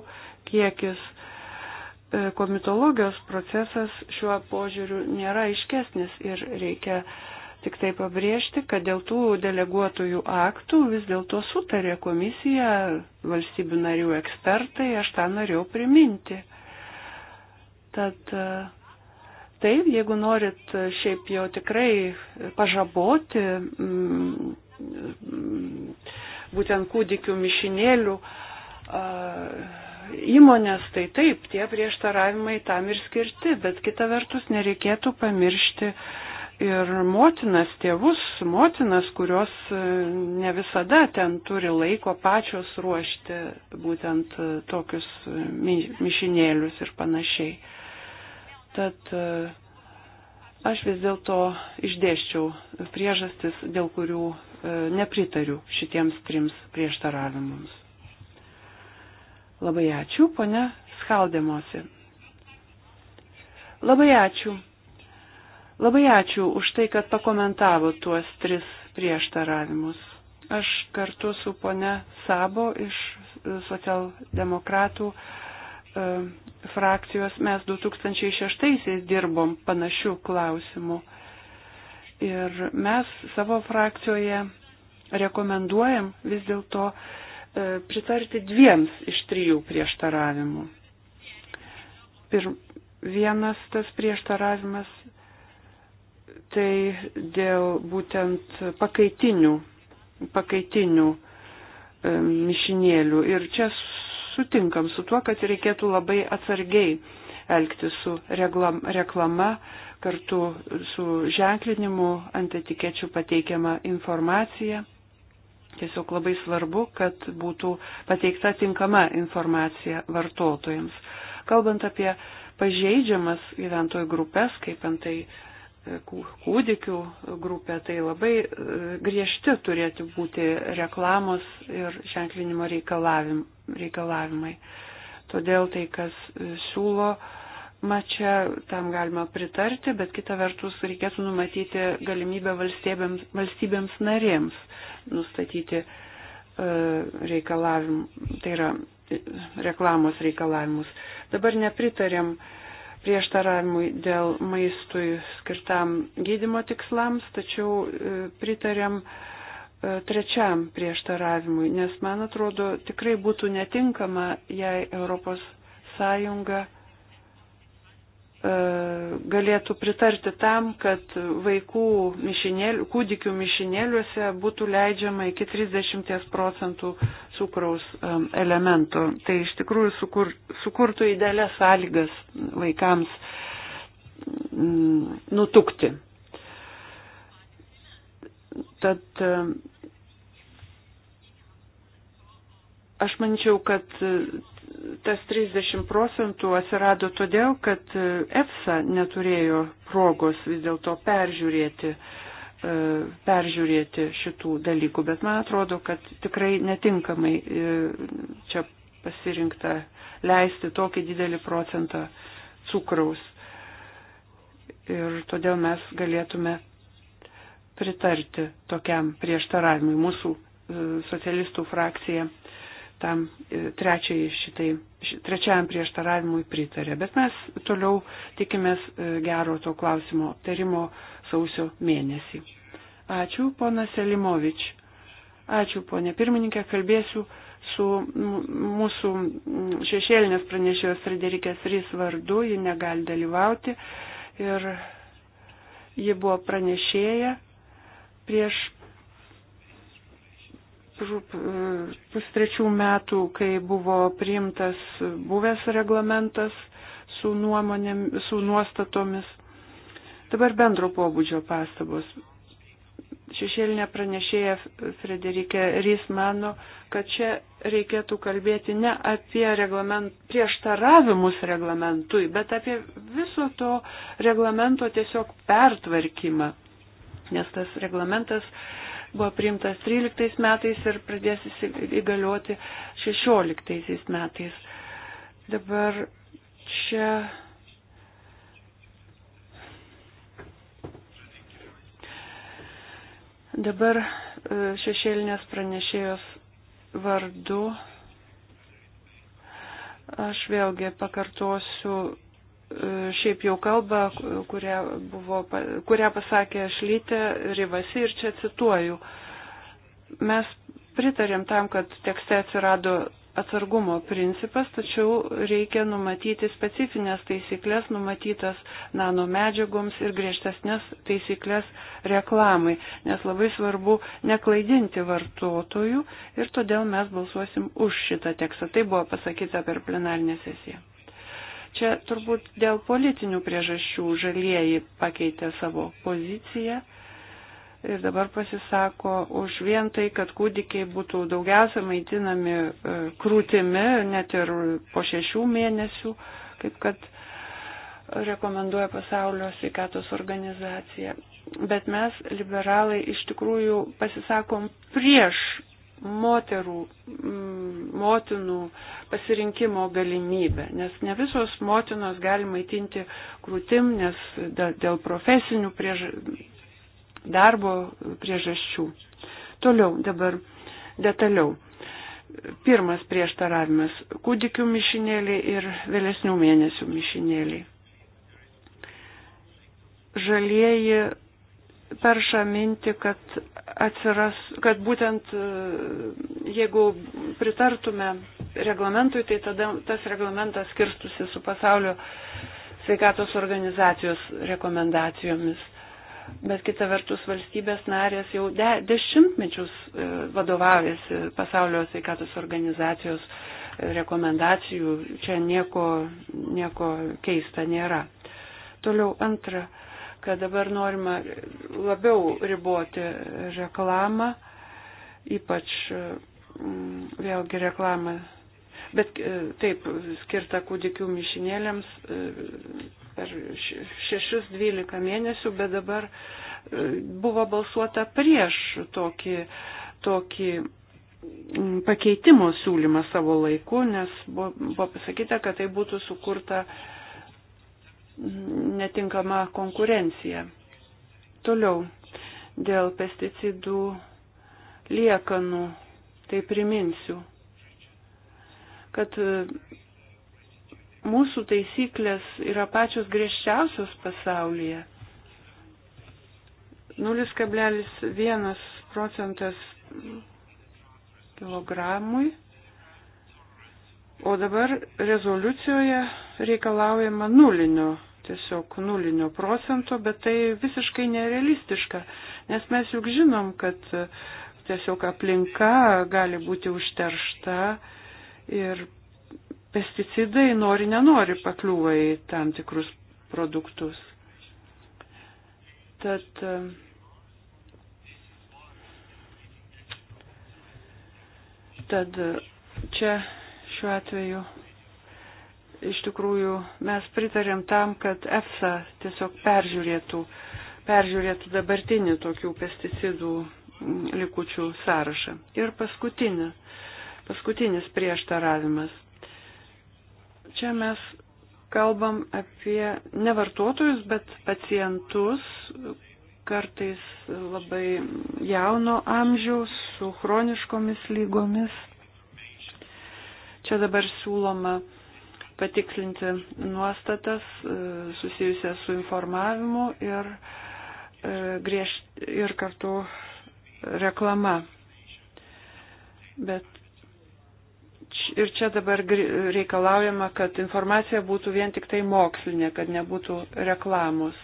kiekis. E, komitologijos procesas šiuo požiūriu nėra aiškesnis ir reikia tik tai pabrėžti, kad dėl tų deleguotųjų aktų vis dėlto sutarė komisija, valstybių narių ekspertai, aš tą norėjau priminti. Tad e, taip, jeigu norit šiaip jau tikrai pažaboti mm, mm, būtent kūdikių mišinėlių, įmonės, tai taip, tie prieštaravimai tam ir skirti, bet kita vertus nereikėtų pamiršti ir motinas, tėvus, motinas, kurios e, ne visada ten turi laiko pačios ruošti būtent e, tokius e, mišinėlius ir panašiai. Tad aš vis dėlto išdėščiau priežastis, dėl kurių nepritariu šitiems trims prieštaravimams. Labai ačiū, ponia Skaldemosi. Labai ačiū. Labai ačiū už tai, kad pakomentavo tuos tris prieštaravimus. Aš kartu su ponia Sabo iš socialdemokratų e, frakcijos mes 2006-aisiais dirbom panašių klausimų. Ir mes savo frakcijoje rekomenduojam vis dėlto e, E, pritarti dviems iš trijų prieštaravimų. Ir vienas tas prieštaravimas tai dėl būtent pakaitinių, pakaitinių e, mišinėlių. Ir čia sutinkam su tuo, kad reikėtų labai atsargiai elgti su reklama, kartu su ženklinimu ant etikečių pateikiama informacija Tiesiog labai svarbu, kad būtų pateikta tinkama informacija vartotojams. Kalbant apie pažeidžiamas gyventojų grupės, kaip antai e, kūdikių grupė, tai labai e, griežti turėtų būti reklamos ir ženklinimo reikalavim, reikalavimai. Todėl tai, kas e, siūlo, Ma čia tam galima pritarti, bet kita vertus reikėtų numatyti galimybę valstybėms, valstybėms narėms nustatyti e, reikalavimus, tai yra e, reklamos reikalavimus. Dabar nepritarėm prieštaravimui dėl maistui skirtam gydimo tikslams, tačiau e, pritarėm e, trečiam prieštaravimui, nes man atrodo tikrai būtų netinkama, jei Europos Sąjunga E, galėtų pritarti tam, kad vaikų mišinėlių, kūdikių mišinėliuose būtų leidžiama iki 30 procentų cukraus e, elementų. Tai iš tikrųjų sukur, sukurtų idealias sąlygas vaikams mm, nutukti. Tad e, aš manyčiau, kad tas 30 procentų atsirado todėl, kad e, EFSA neturėjo progos vis dėlto peržiūrėti, e, peržiūrėti šitų dalykų, bet man atrodo, kad tikrai netinkamai e, čia pasirinkta leisti tokį didelį procentą cukraus. Ir todėl mes galėtume pritarti tokiam prieštaravimui. Mūsų socialistų frakcija uh, tam e, trečiai šitai, trečiajam prieštaravimui pritarė. Bet mes toliau tikimės e, gero to klausimo aptarimo sausio mėnesį. Ačiū, ponas Elimovič. Ačiū, ponė pirmininkė, kalbėsiu su mūsų šešėlinės pranešėjos Frederikės Rys vardu, ji negali dalyvauti ir ji buvo pranešėja prieš pustrečių metų, kai buvo priimtas buvęs reglamentas su, nuomonėm, su nuostatomis. Dabar bendro pobūdžio pastabos. Šešėlinė pranešėja Frederikė Rys mano, kad čia reikėtų kalbėti ne apie reglament, prieštaravimus reglamentui, bet apie viso to reglamento tiesiog pertvarkymą. Nes tas reglamentas uh, buvo priimtas 13 metais ir pradės įgalioti 16 metais. Dabar čia. Dabar e, šešėlinės pranešėjos vardu aš vėlgi pakartosiu šiaip jau kalbą, kurią, buvo, kurią pasakė Šlytė Rivasi ir čia cituoju. Mes pritarėm tam, kad tekste atsirado atsargumo principas, tačiau reikia numatyti specifines taisyklės numatytas nanomedžiagoms ir griežtesnės taisyklės reklamai, nes labai svarbu neklaidinti vartotojų ir todėl mes balsuosim už šitą tekstą. Tai buvo pasakyta per plenarinę sesiją. Čia turbūt dėl politinių priežasčių žalieji pakeitė savo poziciją ir dabar pasisako už vien tai, kad kūdikiai būtų daugiausia maitinami e, krūtimi, net ir po šešių mėnesių, kaip kad rekomenduoja pasaulio sveikatos organizacija. Bet mes, liberalai, iš tikrųjų pasisakom prieš moterų, mm, motinų pasirinkimo galimybę, nes ne visos motinos gali maitinti krūtim, nes dėl profesinių priež... darbo priežasčių. Toliau, dabar detaliau. Pirmas prieštaravimas - kūdikių mišinėliai ir vėlesnių mėnesių mišinėliai. Žalieji perša minti, kad atsiras, kad būtent e, jeigu pritartume reglamentui, tai tada tas reglamentas skirstusi su pasaulio sveikatos organizacijos rekomendacijomis. Bet kita vertus valstybės narės jau de, dešimtmečius e, vadovavėsi pasaulio sveikatos organizacijos e, rekomendacijų. Čia nieko, nieko keista nėra. Toliau antra kad dabar norima labiau riboti reklamą, ypač mm, vėlgi reklamą, bet e, taip skirta kūdikių mišinėlėms e, per 6-12 mėnesių, bet dabar e, buvo balsuota prieš tokį, tokį mm, pakeitimo siūlymą savo laiku, nes buvo, buvo pasakyta, kad tai būtų sukurta mm, netinkama konkurencija. Toliau, dėl pesticidų liekanų, tai priminsiu, kad e, mūsų taisyklės yra pačios griežčiausios pasaulyje. 0,1 procentas kilogramui, o dabar rezoliucijoje reikalaujama nulinio tiesiog nulinio procento, bet tai visiškai nerealistiška, nes mes juk žinom, kad e, tiesiog aplinka gali būti užteršta ir pesticidai nori nenori pakliūva į tam tikrus produktus. Tad e, Tad e, čia šiuo atveju iš tikrųjų mes pritarėm tam, kad EFSA tiesiog peržiūrėtų, peržiūrėtų dabartinį tokių pesticidų mm, likučių sąrašą. Ir paskutinė, paskutinis prieštaravimas. Čia mes kalbam apie ne vartotojus, bet pacientus, kartais labai jauno amžiaus, su chroniškomis lygomis. Čia dabar siūloma patikslinti nuostatas e, susijusias su informavimu ir, e, griež, ir kartu reklama. Bet ir čia dabar reikalaujama, kad informacija būtų vien tik tai mokslinė, kad nebūtų reklamos.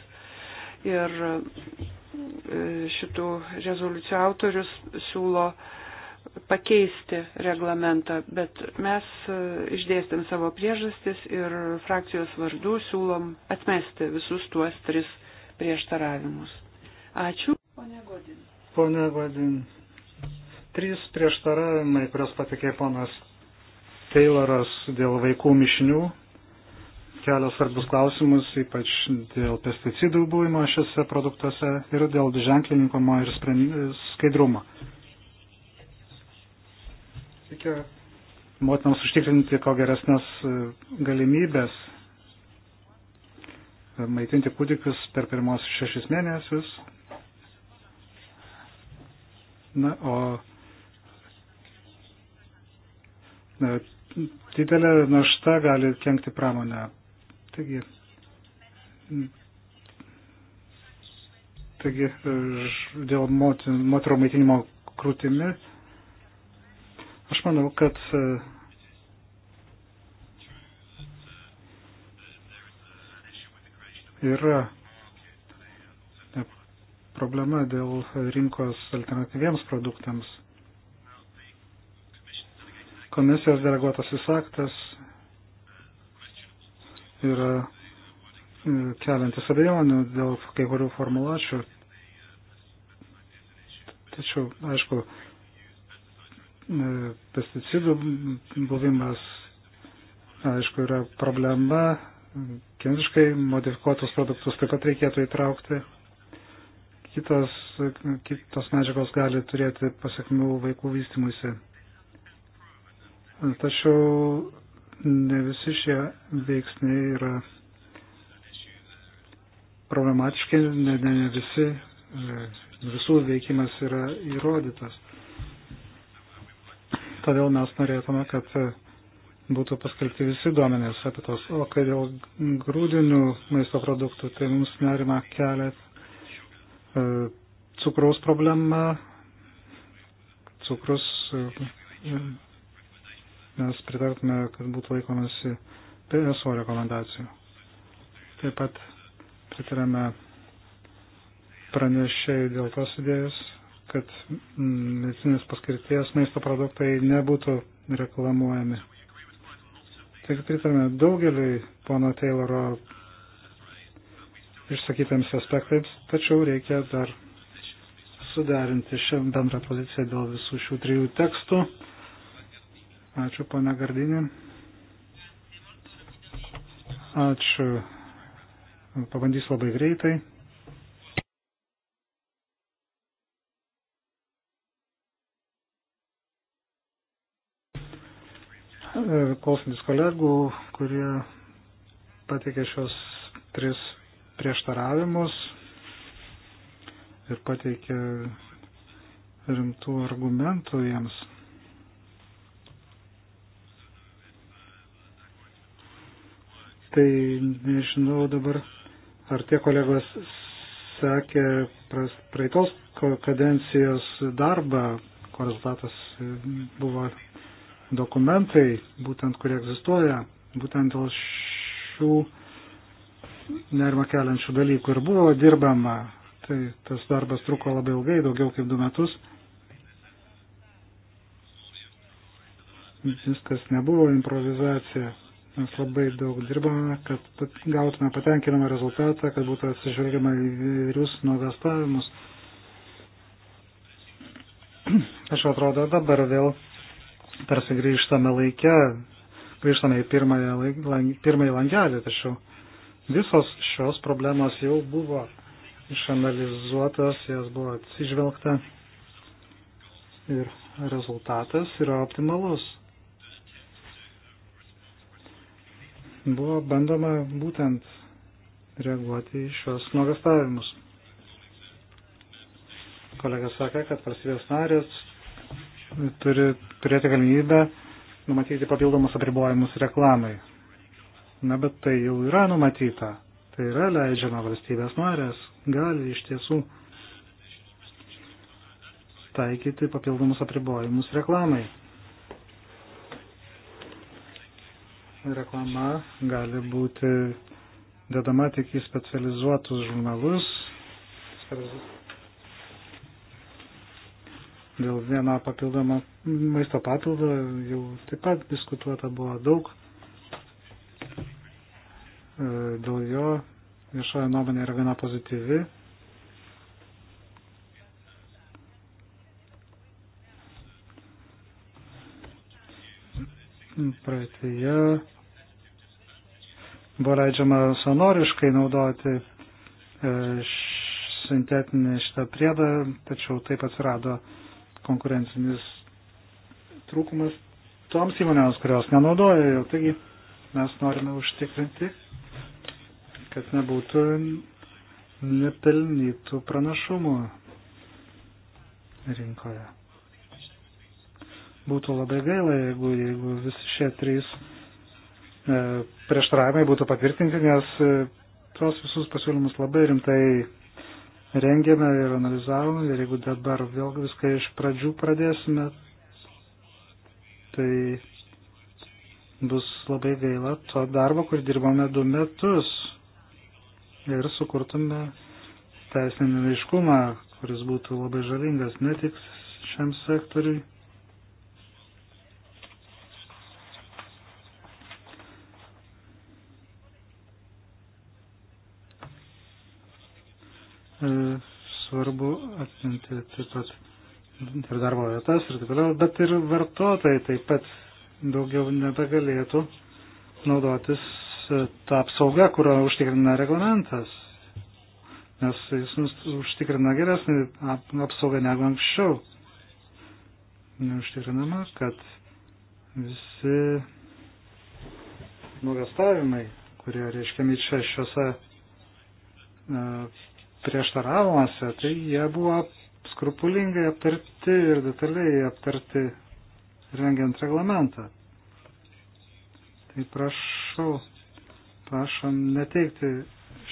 Ir e, šitų rezoliucijų autorius siūlo uh, pakeisti reglamentą, bet mes e, išdėstėm savo priežastis ir frakcijos vardu siūlom atmesti visus tuos tris prieštaravimus. Ačiū. Pone Godin. Pone Godin. Trys prieštaravimai, kurios patikė ponas Tayloras dėl vaikų mišinių, kelios svarbus klausimus, ypač dėl pesticidų buvimo šiuose produktuose ir dėl ženklininkumo ir skaidrumo. Reikia motinams užtikrinti ko geresnės e, galimybės e, maitinti kūdikius per pirmos šešis mėnesius. Na, o na, didelė našta gali kenkti pramonę. Taigi, taigi e, dėl moterų maitinimo krūtimi Aš manau, kad e, yra e, problema dėl rinkos alternatyviems produktams. Komisijos deleguotasis aktas yra e, keliantis abejonių dėl kai kurių formulačių. Tačiau, aišku, E, pesticidų buvimas, aišku, yra problema. Kiniškai modifikuotus produktus taip pat reikėtų įtraukti. Kitos, kitos medžiagos gali turėti pasiekmių vaikų vystimuisi. Tačiau ne visi šie veiksniai yra problematiški, ne, ne, ne visi, visų veikimas yra įrodytas. Todėl mes norėtume, kad būtų paskelbti visi duomenės apie tos. O kai dėl grūdinių maisto produktų, tai mums nerima kelia e, cukraus problema, cukrus, e, mes pritartume, kad būtų laikomasi PSO rekomendacijų. Taip pat pritarame pranešėjai dėl tos idėjos kad medicinės paskirties maisto produktai nebūtų reklamuojami. Taigi pritarime daugeliui pono Tayloro išsakytams aspektams, tačiau reikia dar suderinti šią bendrą poziciją dėl visų šių trijų tekstų. Ačiū, pana Gardinė. Ačiū. Pabandysiu labai greitai. klausantis kolegų, kurie pateikė šios tris prieštaravimus ir pateikė rimtų argumentų jiems. Tai nežinau dabar, ar tie kolegos sekė praeitos kadencijos darbą, ko rezultatas buvo dokumentai, būtent kurie egzistuoja, būtent dėl šių nerima keliančių dalykų ir buvo dirbama. Tai tas darbas truko labai ilgai, daugiau kaip du metus. Viskas nebuvo improvizacija. Mes labai daug dirbame, kad gautume patenkinamą rezultatą, kad būtų atsižvelgiama į vyrius nuogastavimus. Aš atrodo, dabar vėl tarsi grįžtame laike, grįžtame į pirmąją, lang, pirmąjį langelį, tačiau visos šios problemos jau buvo išanalizuotas, jas buvo atsižvelgta ir rezultatas yra optimalus. Buvo bandoma būtent reaguoti į šios nuogastavimus. Kolega sakė, kad valstybės narės turi turėti galimybę numatyti papildomus apribojimus reklamai. Na, bet tai jau yra numatyta. Tai yra leidžiama valstybės narės, gali iš tiesų taikyti papildomus apribojimus reklamai. Reklama gali būti dedama tik į specializuotus žurnalus, dėl vieno papildomo maisto papildo jau taip pat diskutuota buvo daug. E, dėl jo viešoje nuomonė yra gana pozityvi. Praeitėje buvo leidžiama sonoriškai naudoti e, sintetinį šitą priedą, tačiau taip atsirado e, konkurencinis trūkumas toms įmonėms, kurios nenaudoja jo. Taigi mes norime užtikrinti, kad nebūtų nepelnytų pranašumų rinkoje. Būtų labai gaila, jeigu, jeigu visi šie trys e, prieštaravimai būtų patvirtinti, nes e, tos visus pasiūlymus labai rimtai rengėme ir analizavome ir jeigu dabar vėl viską iš pradžių pradėsime, tai bus labai gaila to darbo, kur dirbome du metus ir sukurtume teisinį neiškumą, kuris būtų labai žalingas ne tik šiam sektoriui, E, svarbu atminti taip pat ir darbo vietas ir taip toliau, bet ir vartotojai taip pat daugiau nebegalėtų naudotis e, tą apsaugą, kurio užtikrina reglamentas, nes jis užtikrina geresnį apsaugą negu anksčiau. Neužtikrinama, kad visi nuogastavimai, kurie reiškiami čia šiuose e, prieštaravimuose, tai jie buvo skrupulingai aptarti ir detaliai aptarti rengiant reglamentą. Tai prašau, prašom neteikti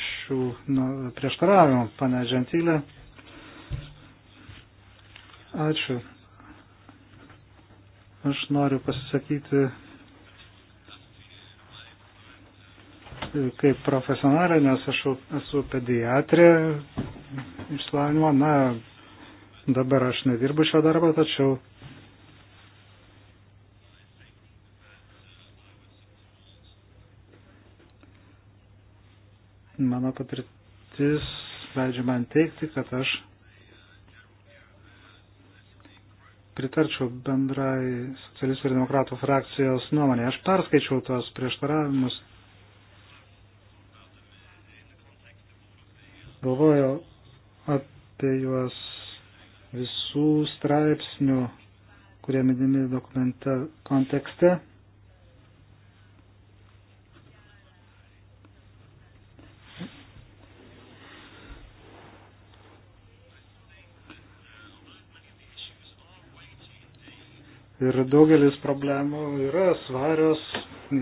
šių nu, prieštaravimų, pane Džentylė. Ačiū. Aš noriu pasisakyti kaip profesionalė, nes aš esu pediatrė išsilavinimo. Na, dabar aš nedirbu šio darbo, tačiau mano patirtis leidžia man teikti, kad aš pritarčiau bendrai socialistų ir demokratų frakcijos nuomonė. Aš perskaičiau tuos prieštaravimus Galvojau apie juos visų straipsnių, kurie minimi dokumente kontekste. Ir daugelis problemų yra svarios,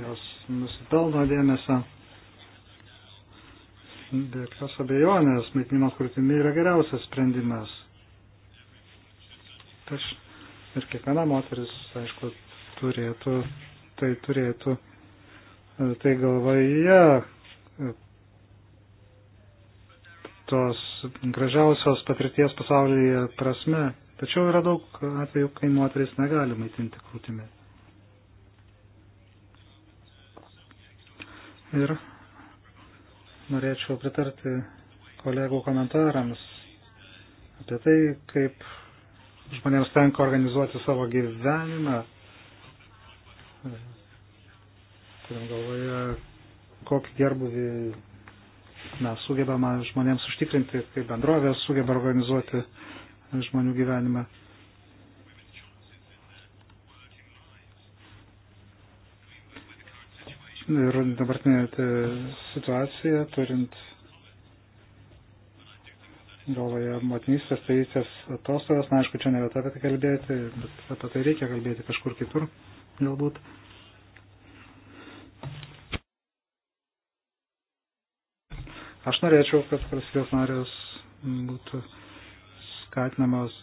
jos nusipelno dėmesio be jokios abejonės maitinimas krūtimi yra geriausias sprendimas. Taš, ir kiekviena moteris, aišku, turėtų, tai turėtų, e, tai galvoje e, tos gražiausios patirties pasaulyje prasme. Tačiau yra daug atvejų, kai moteris negali maitinti krūtimi. Ir norėčiau pritarti kolegų komentarams apie tai, kaip žmonėms tenka organizuoti savo gyvenimą. Turim galvoje, kokį gerbuvį mes sugebama žmonėms užtikrinti, kaip bendrovės sugeba organizuoti žmonių gyvenimą. ir dabartinė e, situacija, turint galvoje motinystės, teisės atostogas, na aišku, čia ne vieta apie tai kalbėti, bet apie tai reikia kalbėti kažkur kitur, galbūt. Aš norėčiau, kad valstybės narės būtų skatinamos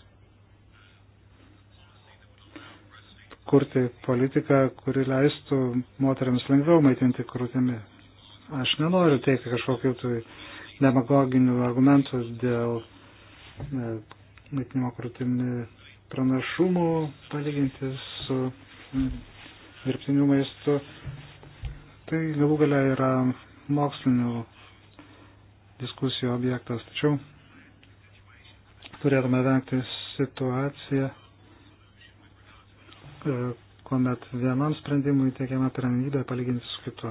kurti politiką, kuri leistų moteriams lengviau maitinti krūtimi. Aš nenoriu teikti kažkokių tai demagoginių argumentų dėl e, maitinimo krūtimi pranašumų palyginti su dirbtiniu maistu. Tai galų galia yra mokslinių diskusijų objektas, tačiau turėtume vengti situaciją E, kuomet vienam sprendimui teikiama pirmenybė palyginti su kitu.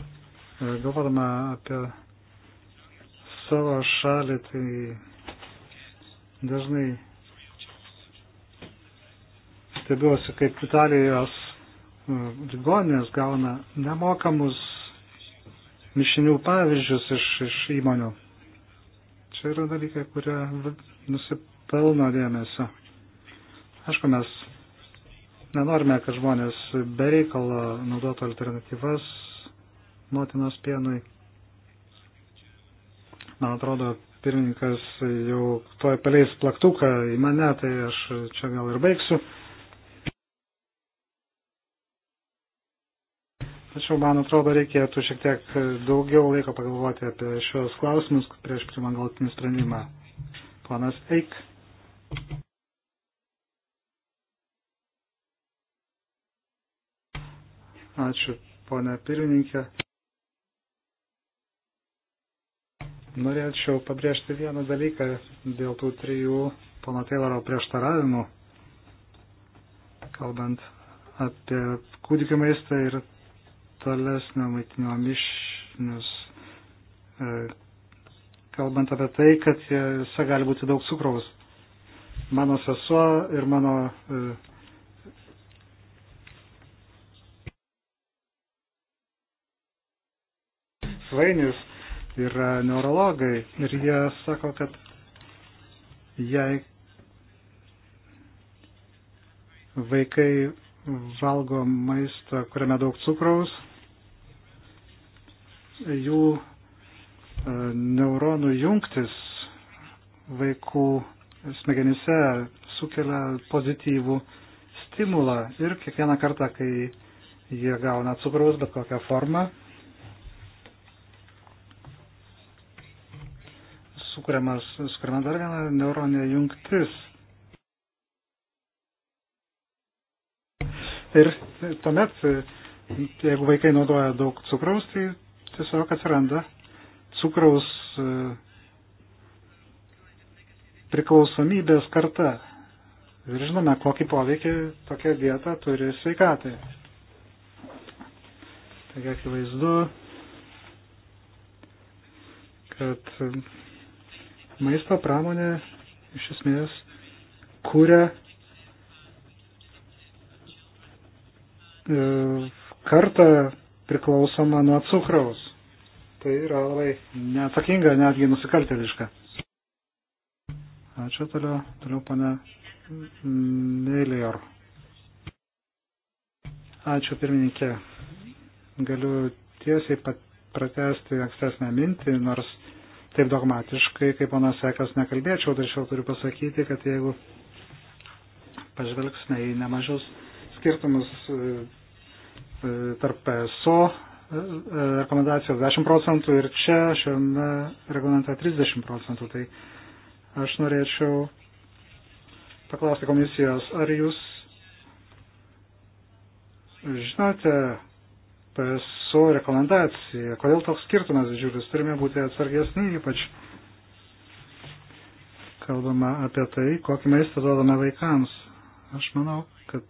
E, galvodama apie savo šalį, tai dažnai stebiuosi, kaip Italijos e, ligoninės gauna nemokamus mišinių pavyzdžius iš, iš įmonių. Čia yra dalykai, kurie nusipelno dėmesio. Aišku, mes nenorime, kad žmonės bereikalo naudotų alternatyvas motinos pienui. Man atrodo, pirmininkas jau toj paleis plaktuką į mane, tai aš čia gal ir baigsiu. Tačiau, man atrodo, reikėtų šiek tiek daugiau laiko pagalvoti apie šios klausimus prieš primant galutinį sprendimą. Planas Eik. Ačiū, ponė pirmininkė. Norėčiau pabrėžti vieną dalyką dėl tų trijų pono Tayloro prieštaravimų, kalbant apie kūdikių maistą ir tolesnio maitinio mišinius, e, kalbant apie tai, kad jose gali būti daug cukraus. Mano sesuo ir mano e, svainis yra neurologai ir jie sako, kad jei vaikai valgo maistą, kuriame daug cukraus, jų e, neuronų jungtis vaikų smegenyse sukelia pozityvų stimulą ir kiekvieną kartą, kai jie gauna cukraus bet kokią formą, sukuriama sukuriama dar viena neuroninė jungtis. Ir tuomet, jeigu vaikai naudoja daug cukraus, tai tiesiog atsiranda cukraus e, priklausomybės karta. Ir žinome, kokį poveikį tokia dieta turi sveikatai. Taigi akivaizdu, kad maisto pramonė iš esmės kūrė e, kartą priklausomą nuo cukraus. Tai yra labai neatsakinga, netgi nusikaltėliška. Ačiū toliau, toliau pane Melior. Ačiū pirmininkė. Galiu tiesiai pratesti ankstesnę mintį, nors taip dogmatiškai, kaip panas Sekas, nekalbėčiau, tačiau turiu pasakyti, kad jeigu pažvelgsime į nemažus skirtumus e, e, tarp PSO rekomendacijos 10 procentų ir čia šiame reglamente 30 procentų. Tai aš norėčiau paklausti komisijos, ar jūs žinote PSO rekomendaciją, kodėl toks skirtumas didžiulis, turime būti atsargesni ypač. Kalbama apie tai, kokį maistą duodame vaikams. Aš manau, kad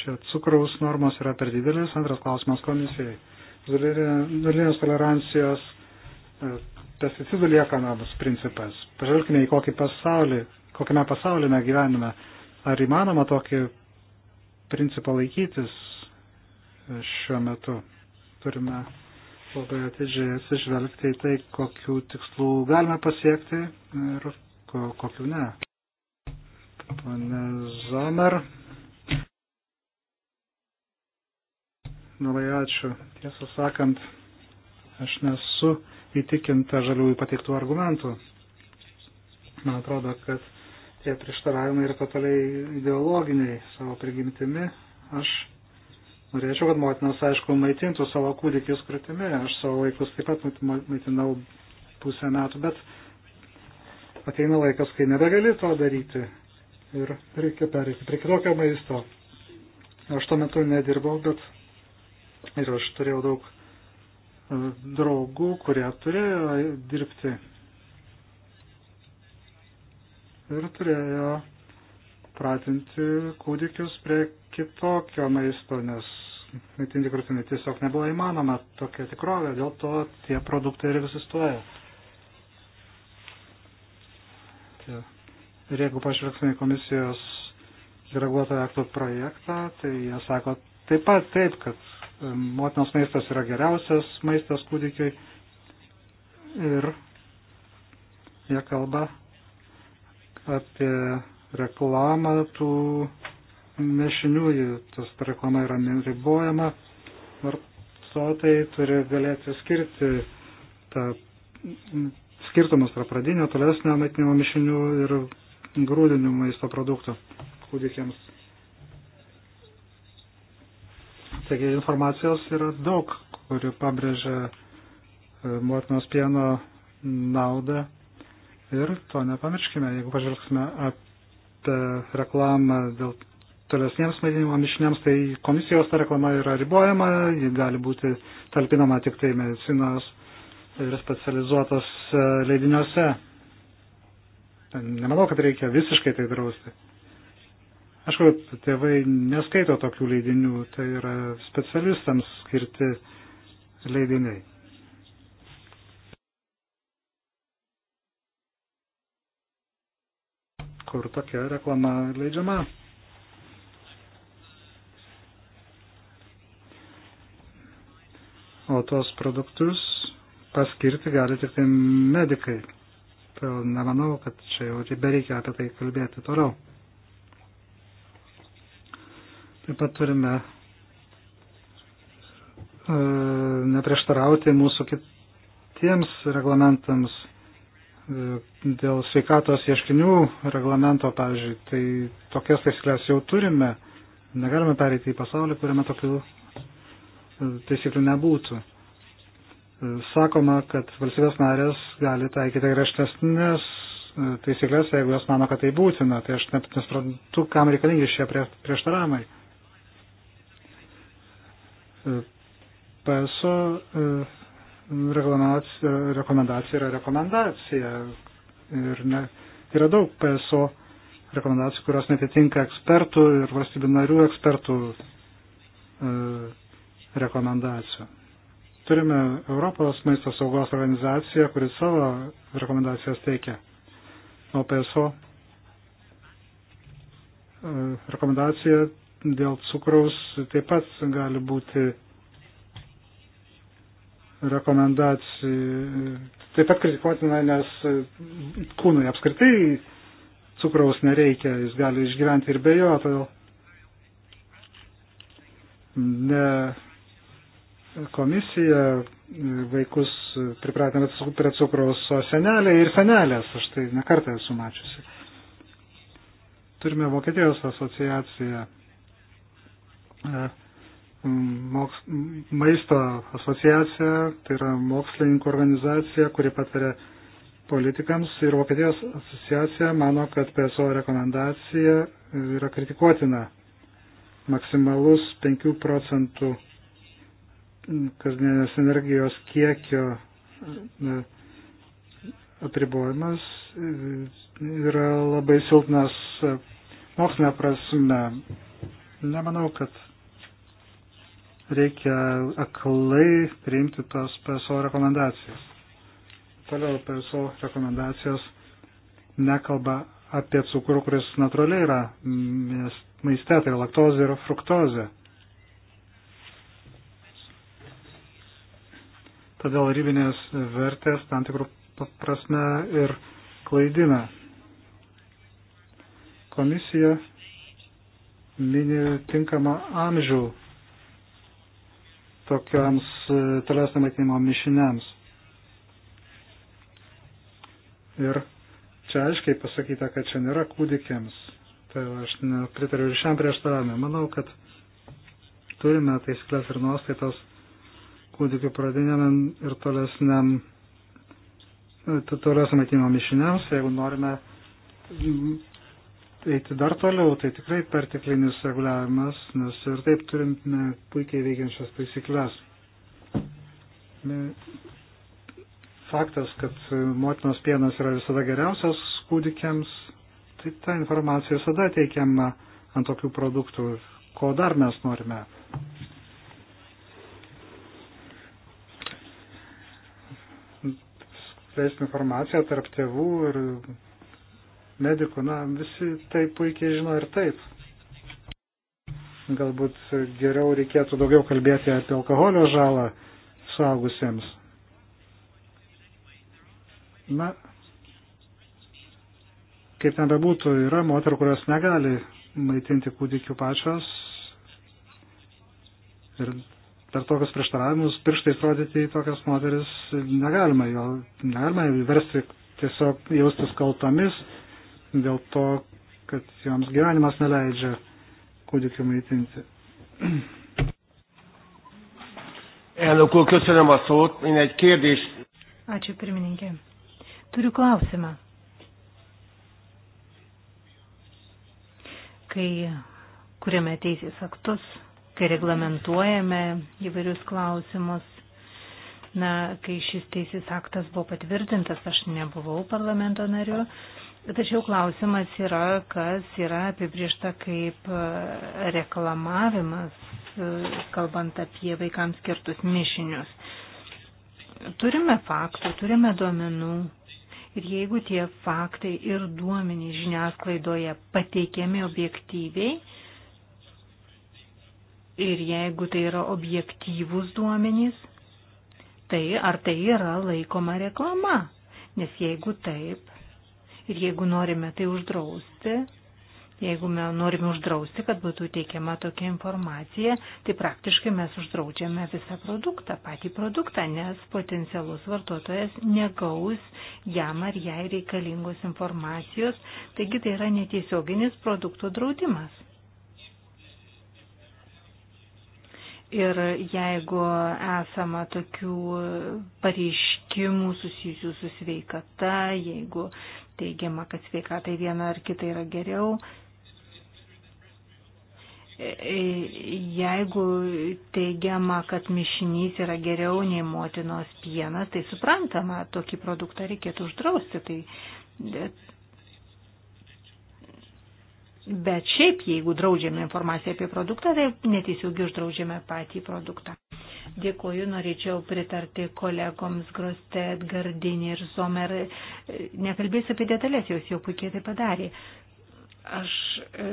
šie cukraus normos yra per didelis. Antras klausimas komisijai nulinės tolerancijos e, pesticidų liekanamas principas. Pažvelkime į kokį pasaulį, kokiame pasaulyme gyvenime. Ar įmanoma tokį principą laikytis e, šiuo metu? Turime labai atidžiai atsižvelgti į tai, kokių tikslų galime pasiekti ir kokių ne. Pane Zomer. Labai ačiū. Tiesą sakant, aš nesu įtikinta žaliųjų pateiktų argumentų. Man atrodo, kad tie prieštaravimai yra totaliai ideologiniai savo prigimtimi. Aš norėčiau, kad motinos, aišku, maitintų savo kūdikius krūtimi. Aš savo vaikus taip pat maitinau pusę metų, bet ateina laikas, kai nebegali to daryti ir reikia perėti prie kitokio maisto. Aš tuo metu nedirbau, bet Ir aš turėjau daug e, draugų, kurie turėjo dirbti ir turėjo pratinti kūdikius prie kitokio maisto, nes maitinti krūtinį tiesiog nebuvo įmanoma tokia tikrovė, dėl to tie produktai ir egzistuoja. Ir jeigu pažvelgsime į komisijos reaguotojo akto projektą, tai jie sako taip pat taip, kad motinos maistas yra geriausias maistas kūdikiai ir jie kalba apie reklamą tų mišinių, tas reklama yra ribojama, vartotojai turi galėti skirti tą skirtumus tarp pradinio, tolesnio maitinimo mišinių ir grūdinių maisto produktų kūdikiams. Taigi informacijos yra daug, kuri pabrėžia e, motinos pieno naudą. Ir to nepamirškime, jeigu pažvelgsime apie reklamą dėl tolesniems maitinimo mišiniams, tai komisijos ta reklama yra ribojama, ji gali būti talpinama tik tai medicinos ir specializuotos e, leidiniuose. Nemanau, kad reikia visiškai tai drausti. Aišku, tėvai neskaito tokių leidinių, tai yra specialistams skirti leidiniai. kur tokia reklama leidžiama. O tos produktus paskirti gali tik tai medikai. Tai nemanau, kad čia jau bereikia apie tai kalbėti toliau taip pat turime e, neprieštarauti mūsų kitiems reglamentams e, dėl sveikatos ieškinių reglamento, pavyzdžiui, tai tokias taisyklės jau turime, negalime pereiti į pasaulį, kuriame tokių e, taisyklių nebūtų. E, sakoma, kad valstybės narės gali taikyti griežtesnės e, taisyklės, jeigu jos mano, kad tai būtina. Tai aš net nesuprantu, kam reikalingi šie prieštaravimai. PSO e, e, rekomendacija yra rekomendacija. Ir ne, yra daug PSO rekomendacijų, kurios netitinka ekspertų ir valstybių narių ekspertų e, rekomendacijų. Turime Europos maisto saugos organizaciją, kuri savo rekomendacijas teikia. O PSO rekomendacija dėl cukraus taip pat gali būti rekomendacijų. Taip pat kritikuotina, nes kūnui apskritai cukraus nereikia, jis gali išgyventi ir be jo, todėl ne komisija vaikus pripratina prie cukraus, o senelė ir senelės, aš tai nekartą esu mačiusi. Turime Vokietijos asociaciją E, moks, maisto asociacija, tai yra mokslininkų organizacija, kuri pataria politikams ir Vokietijos asociacija mano, kad PSO rekomendacija yra kritikuotina. Maksimalus 5 procentų kasdienės energijos kiekio e, apribojimas yra labai silpnas mokslinė prasme. Nemanau, kad reikia aklai priimti tos PSO rekomendacijas. Toliau PSO rekomendacijos nekalba apie cukrų, kuris natūraliai yra maiste, tai yra laktozė ir fruktozė. Todėl rybinės vertės tam tikrų prasme ir klaidina. Komisija mini tinkamą amžių tokiams e, tolesnio maitinimo mišiniams. Ir čia aiškiai pasakyta, kad čia nėra kūdikiams. Tai aš pritariu ir šiam prieštaravimui. Manau, kad turime taisyklės ir nuostatos kūdikių pradiniam ir tolesniam e, tolesnio maitinimo mišiniams, jeigu norime eiti dar toliau, tai tikrai perteklinis reguliavimas, nes ir taip turime puikiai veikiančias taisyklės. Faktas, kad motinos pienas yra visada geriausias kūdikiams, tai ta informacija visada teikiama ant tokių produktų, ko dar mes norime. Skleisti informaciją tarp tėvų ir medikų, na, visi tai puikiai žino ir taip. Galbūt geriau reikėtų daugiau kalbėti apie alkoholio žalą suaugusiems. Na, kaip ten bebūtų, yra moterų, kurios negali maitinti kūdikių pačios ir per tokius prieštaravimus pirštais rodyti į tokias moteris negalima, jo negalima versti tiesiog jaustis kaltomis dėl to, kad joms gyvenimas neleidžia kūdikiu maitinti. Elnök úr, köszönöm a szót. Én egy kérdést... Ačiū pirmininkė. Turiu klausimą. Kai kuriame teisės aktus, kai reglamentuojame įvairius klausimus, na, kai šis teisės aktas buvo patvirtintas, aš nebuvau parlamento nariu, Tačiau klausimas yra, kas yra apibriešta kaip e, reklamavimas, e, kalbant apie vaikams skirtus mišinius. Turime faktų, turime duomenų. Ir jeigu tie faktai ir duomenys žiniasklaidoje pateikiami objektyviai, ir jeigu tai yra objektyvus duomenys, tai ar tai yra laikoma reklama? Nes jeigu taip, Ir jeigu norime tai uždrausti, jeigu norime uždrausti, kad būtų teikiama tokia informacija, tai praktiškai mes uždraudžiame visą produktą, patį produktą, nes potencialus vartotojas negaus jam ar jai reikalingos informacijos, taigi tai yra netiesioginis produktų draudimas. Ir jeigu esama tokių pareiškimų susijusių su sveikata, jeigu teigiama, kad sveikatai viena ar kita yra geriau. E, e, jeigu teigiama, kad mišinys yra geriau nei motinos pienas, tai suprantama, tokį produktą reikėtų uždrausti. Tai, bet, bet šiaip, jeigu draudžiame informaciją apie produktą, tai netiesiogiai uždraudžiame patį produktą. Dėkuoju, norėčiau pritarti kolegoms Grosted, Gardinį ir Somer. Nekalbėsiu apie detalės, jos jau puikiai tai padarė. Aš e,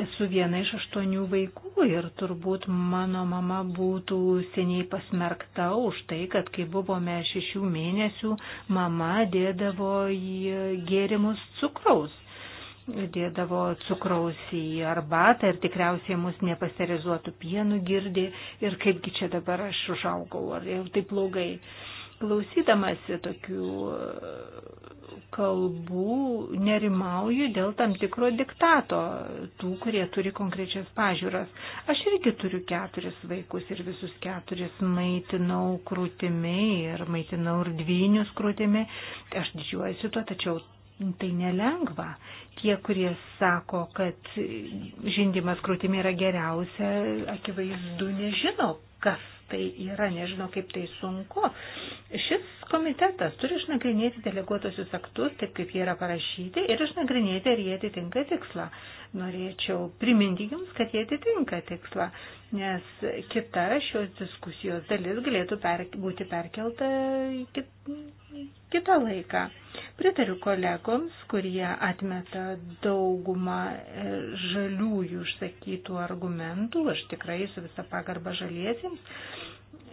esu viena iš aštuonių vaikų ir turbūt mano mama būtų seniai pasmerkta už tai, kad kai buvome šešių mėnesių, mama dėdavo į gėrimus cukraus dėdavo cukraus į arbatą ir tikriausiai mus nepasterizuotų pienų girdė ir kaipgi čia dabar aš užaugau, ar jau taip blogai. Klausydamasi tokių e, kalbų nerimauju dėl tam tikro diktato tų, kurie turi konkrečias pažiūras. Aš irgi turiu keturis vaikus ir visus keturis maitinau krūtimi ir maitinau ir dvynius krūtimi. Aš didžiuojuosi tuo, tačiau Tai nelengva. Tie, kurie sako, kad žindimas krūtimi yra geriausia, akivaizdu nežino, kas tai yra, nežino, kaip tai sunku. Šis komitetas turi išnagrinėti deleguotusius aktus, taip kaip jie yra parašyti, ir išnagrinėti, ar jie atitinka tikslą. Norėčiau priminti Jums, kad jie atitinka tikslą, nes kita šios diskusijos dalis galėtų per, būti perkelta kit, kitą laiką. Pritariu kolegoms, kurie atmeta daugumą e, žaliųjų išsakytų argumentų, aš tikrai su visa pagarba žaliesiems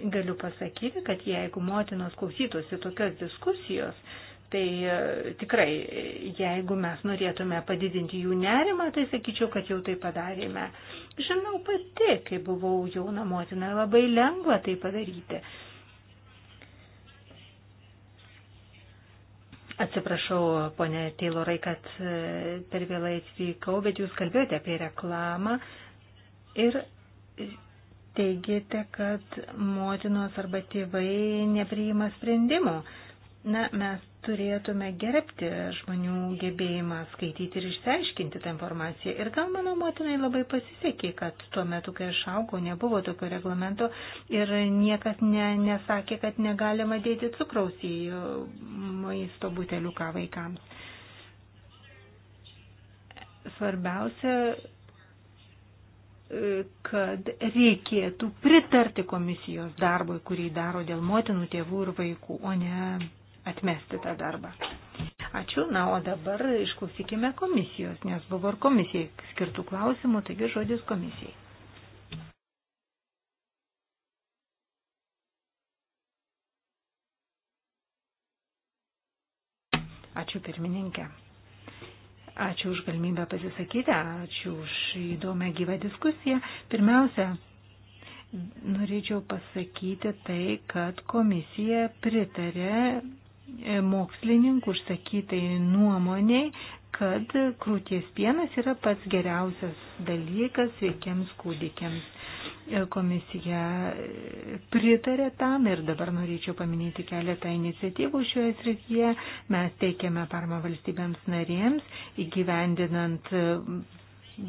Galiu pasakyti, kad jeigu motinos klausytųsi tokios diskusijos, Tai e, tikrai, jeigu mes norėtume padidinti jų nerimą, tai sakyčiau, kad jau tai padarėme. Žinau pati, kai buvau jauna motina, labai lengva tai padaryti. Atsiprašau, ponė Taylorai, kad e, per vėlai atvykau, bet jūs kalbėjote apie reklamą ir teigiate, kad motinos arba tėvai nepriima sprendimų. Na, mes turėtume gerbti žmonių gebėjimą skaityti ir išsiaiškinti tą informaciją. Ir gal mano motinai labai pasisekė, kad tuo metu, kai aš augau, nebuvo tokio reglamento ir niekas ne, nesakė, kad negalima dėti cukraus į maisto buteliuką vaikams. Svarbiausia kad reikėtų pritarti komisijos darbui, kurį daro dėl motinų, tėvų ir vaikų, o ne atmesti tą darbą. Ačiū, na, o dabar išklausykime komisijos, nes buvo ir komisijai skirtų klausimų, taigi žodis komisijai. Ačiū pirmininkė. Ačiū už galimybę pasisakyti, ačiū už įdomią gyvą diskusiją. Pirmiausia, norėčiau pasakyti tai, kad komisija pritarė e, mokslininkų užsakytai nuomoniai, kad krūties pienas yra pats geriausias dalykas sveikiams kūdikiams. Komisija pritarė tam ir dabar norėčiau paminėti keletą iniciatyvų šioje srityje. Mes teikiame parmą valstybėms narėms įgyvendinant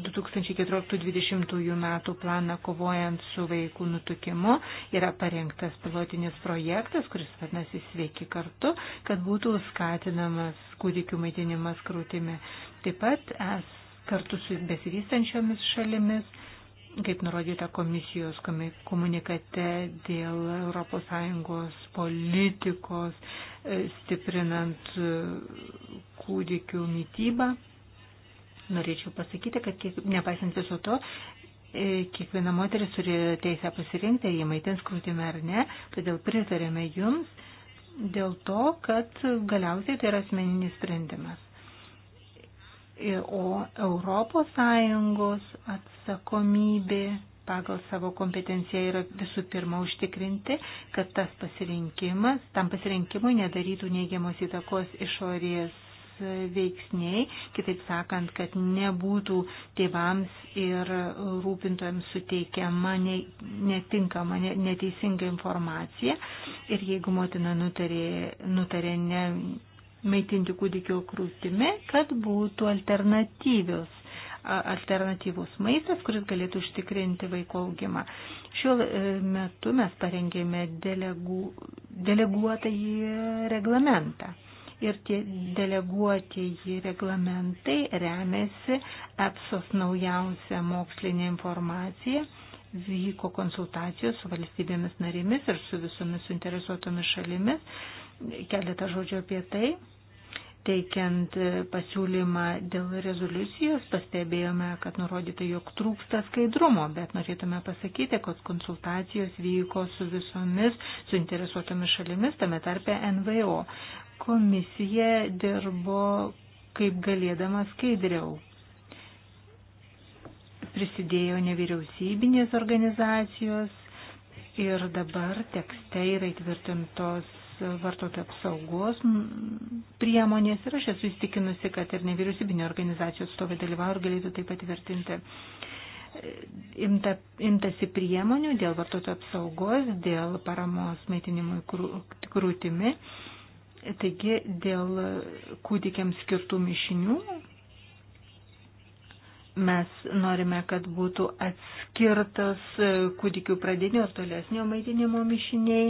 2014-2020 metų planą kovojant su vaikų nutukimu yra parengtas pilotinis projektas, kuris vadinasi Sveiki kartu, kad būtų skatinamas kūdikių maitinimas krūtimi. Taip pat es kartu su besivystančiomis šalimis kaip nurodyta komisijos komunikate dėl ES politikos e, stiprinant e, kūdikių mytybą. Norėčiau pasakyti, kad kiek, nepaisant viso to, e, kiekviena moteris turi teisę pasirinkti, jį maitins krūtime ar ne, todėl pritarėme jums dėl to, kad galiausiai tai yra asmeninis sprendimas o ES atsakomybė pagal savo kompetenciją yra visų pirma užtikrinti, kad tas pasirinkimas, tam pasirinkimui nedarytų neigiamos įtakos išorės veiksniai, kitaip sakant, kad nebūtų tėvams ir rūpintojams suteikiama netinkama, neteisinga informacija. Ir jeigu motina nutarė, nutarė ne, maitinti kūdikio krūtimi, kad būtų alternatyvios alternatyvus maistas, kuris galėtų užtikrinti vaiko augimą. Šiuo e, metu mes parengėme delegu, deleguotąjį reglamentą. Ir tie deleguotieji reglamentai remiasi EPSOS naujausią mokslinę informaciją vyko konsultacijos su valstybėmis narimis ir su visomis suinteresuotomis šalimis, keletą žodžių apie tai. Teikiant pasiūlymą dėl rezoliucijos, pastebėjome, kad nurodyta, jog trūksta skaidrumo, bet norėtume pasakyti, kad konsultacijos vyko su visomis suinteresuotomis šalimis, tame tarpe NVO. Komisija dirbo kaip galėdama skaidriau. Prisidėjo nevyriausybinės organizacijos ir dabar tekste yra įtvirtintos vartotojų apsaugos priemonės ir aš esu įstikinusi, kad ir nevyriausybinio organizacijų atstovai dalyvauja ir galėtų tai patvirtinti. Imta, imtasi priemonių dėl vartotojų apsaugos, dėl paramos maitinimui krūtimi, taigi dėl kūdikiams skirtų mišinių mes norime, kad būtų atskirtas kūdikių pradinio ir tolesnio maitinimo mišiniai,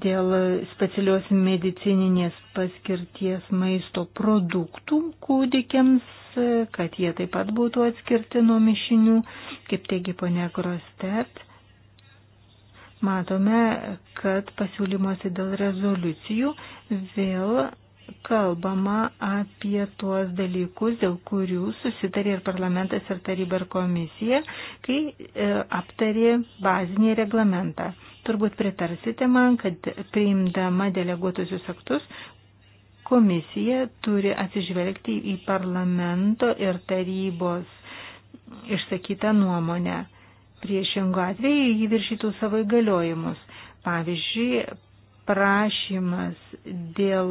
dėl specialios medicininės paskirties maisto produktų kūdikiams, kad jie taip pat būtų atskirti nuo mišinių, kaip teigia ponia Grostet. Matome, kad pasiūlymuose dėl rezoliucijų vėl kalbama apie tuos dalykus, dėl kurių susitarė ir parlamentas, ir taryba, ir komisija, kai e, aptarė bazinį reglamentą. Turbūt pritarsite man, kad priimdama deleguotusius aktus, komisija turi atsižvelgti į parlamento ir tarybos išsakytą nuomonę. Priešingų atveju jį viršytų savo įgaliojimus. Pavyzdžiui, prašymas dėl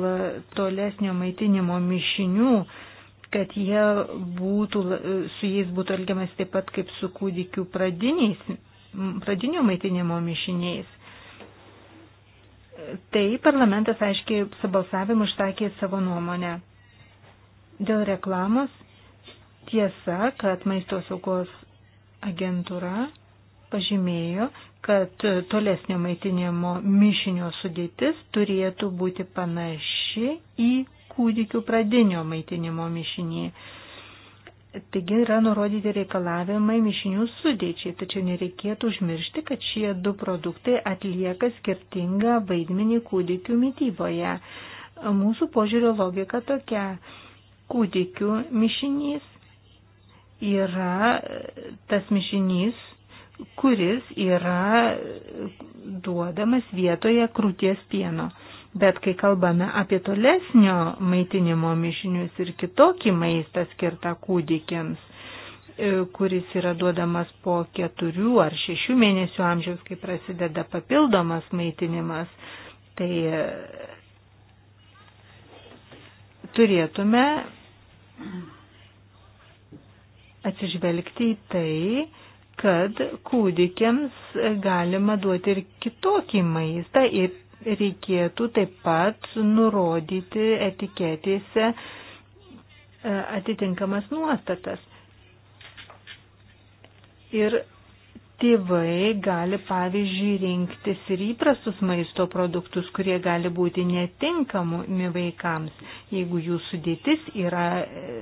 tolesnio maitinimo mišinių, kad jie būtų, su jais būtų elgiamas taip pat kaip su kūdikiu pradiniais, pradinio maitinimo mišiniais. Tai parlamentas aiškiai su balsavimu išsakė savo nuomonę. Dėl reklamos tiesa, kad maisto saugos agentūra pažymėjo, kad tolesnio maitinimo mišinio sudėtis turėtų būti panaši į kūdikių pradinio maitinimo mišinį. Taigi yra nurodyti reikalavimai mišinių sudėčiai, tačiau nereikėtų užmiršti, kad šie du produktai atlieka skirtingą vaidmenį kūdikių mytyboje. Mūsų požiūrio logika tokia. Kūdikių mišinys yra tas mišinys, kuris yra duodamas vietoje krūties pieno. Bet kai kalbame apie tolesnio maitinimo mišinius ir kitokį maistą skirtą kūdikiams, e, kuris yra duodamas po keturių ar šešių mėnesių amžiaus, kai prasideda papildomas maitinimas, tai e, turėtume atsižvelgti į tai, kad kūdikiams galima duoti ir kitokį maistą ir reikėtų taip pat nurodyti etiketėse e, atitinkamas nuostatas. Ir tėvai gali, pavyzdžiui, rinktis ir įprastus maisto produktus, kurie gali būti netinkami vaikams, jeigu jų sudėtis yra e,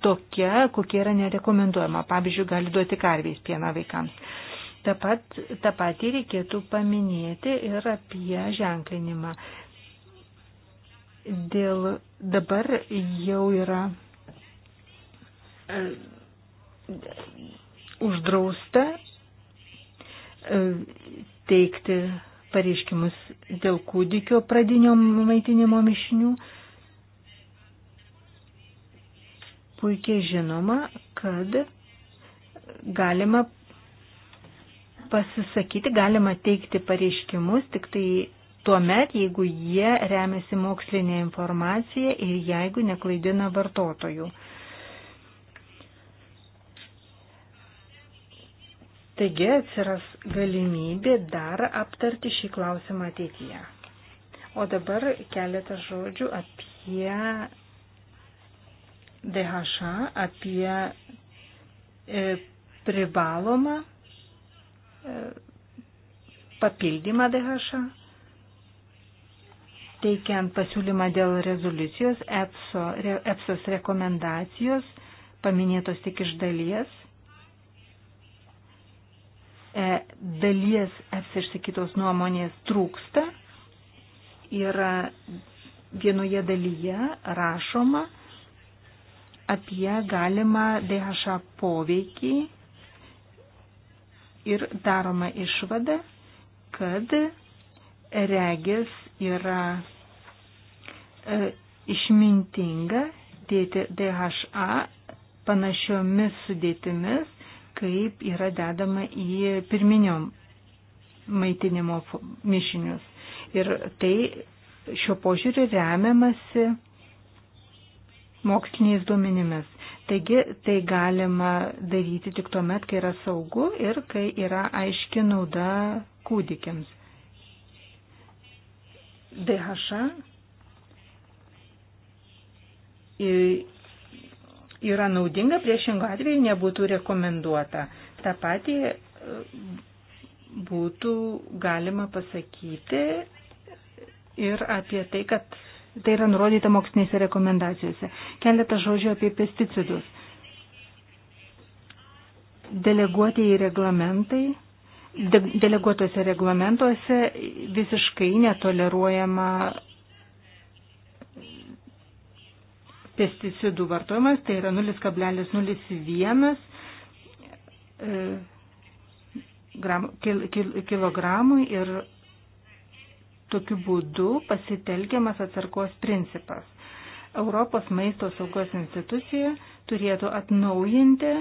tokia, kokia yra nerekomenduojama. Pavyzdžiui, gali duoti karvės pieną vaikams. Taip pat tą patį reikėtų paminėti ir apie ženklinimą. Dėl dabar jau yra e, uždrausta e, teikti pareiškimus dėl kūdikio pradinio maitinimo mišinių. E, puikiai žinoma, kad galima pasisakyti, galima teikti pareiškimus tik tai tuo met, jeigu jie remiasi mokslinė informacija ir jeigu neklaidina vartotojų. Taigi atsiras galimybė dar aptarti šį klausimą ateityje. O dabar keletą žodžių apie DHA apie e, privalomą e, papildymą DHA. Teikiant pasiūlymą dėl rezoliucijos, EPSO, EPSOS rekomendacijos paminėtos tik iš dalies. E, dalies EPS išsakytos nuomonės trūksta. Yra vienoje dalyje rašoma, apie galimą DHA poveikį ir daroma išvada, kad regis yra e, išmintinga dėti DHA panašiomis sudėtimis, kaip yra dedama į pirminio maitinimo mišinius. Ir tai šiuo požiūriu remiamasi moksliniais duomenimis. Taigi tai galima daryti tik tuo met, kai yra saugu ir kai yra aiški nauda kūdikiams. DHA yra naudinga, priešingą atveju nebūtų rekomenduota. Ta pati e, būtų galima pasakyti ir apie tai, kad Tai yra nurodyta mokslinėse rekomendacijose. Keletą žodžių apie pesticidus. Deleguotieji reglamentai. De, deleguotose reglamentuose visiškai netoleruojama pesticidų vartojimas, tai yra 0,01 e, kilogramui ir tokiu būdu pasitelkiamas atsargos principas. Europos maisto saugos institucija turėtų atnaujinti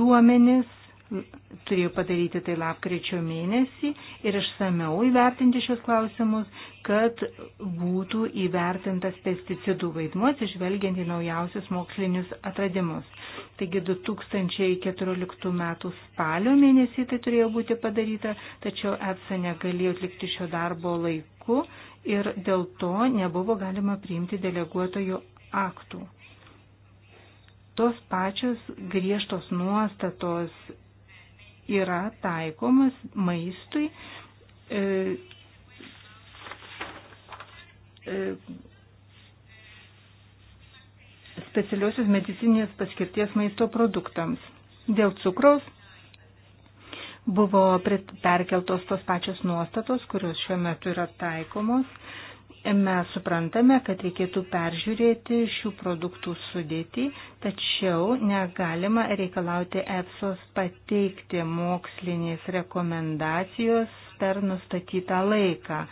duomenis turėjo padaryti tai lapkričio mėnesį ir išsameu įvertinti šios klausimus, kad būtų įvertintas pesticidų vaidmuo atsižvelgiant į naujausius mokslinius atradimus. Taigi 2014 m. spalio mėnesį tai turėjo būti padaryta, tačiau ETSA negalėjo atlikti šio darbo laiku ir dėl to nebuvo galima priimti deleguotojų aktų tos pačios griežtos nuostatos yra taikomas maistui e, e, specialiosios medicinės paskirties maisto produktams. Dėl cukraus buvo perkeltos tos pačios nuostatos, kurios šiuo metu yra taikomos Mes suprantame, kad reikėtų peržiūrėti šių produktų sudėtį, tačiau negalima reikalauti EPSOS pateikti mokslinės rekomendacijos per nustatytą laiką.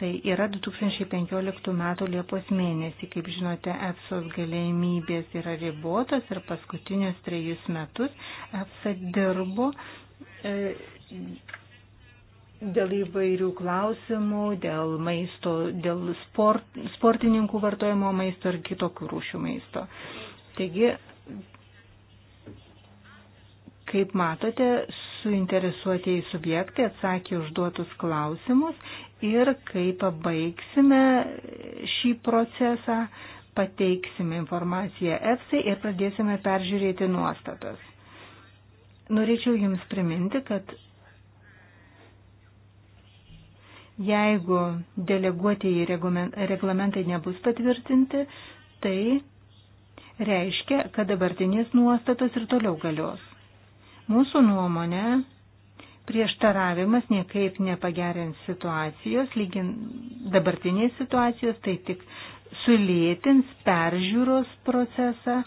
Tai yra 2015 m. Liepos mėnesį. Kaip žinote, EPSOS galimybės yra ribotos ir paskutinius trejus metus EPSA dirbo. E, dėl įvairių klausimų, dėl maisto, dėl sport, sportininkų vartojimo maisto ir kitokių rūšių maisto. Taigi, kaip matote, suinteresuotieji subjektai atsakė užduotus klausimus ir kai pabaigsime šį procesą, pateiksime informaciją EFSA ir pradėsime peržiūrėti nuostatas. Norėčiau Jums priminti, kad Jeigu deleguotieji reglamentai nebus patvirtinti, tai reiškia, kad dabartinės nuostatos ir toliau galios. Mūsų nuomonė, prieštaravimas niekaip nepagerins situacijos, lygin dabartinės situacijos, tai tik sulėtins peržiūros procesą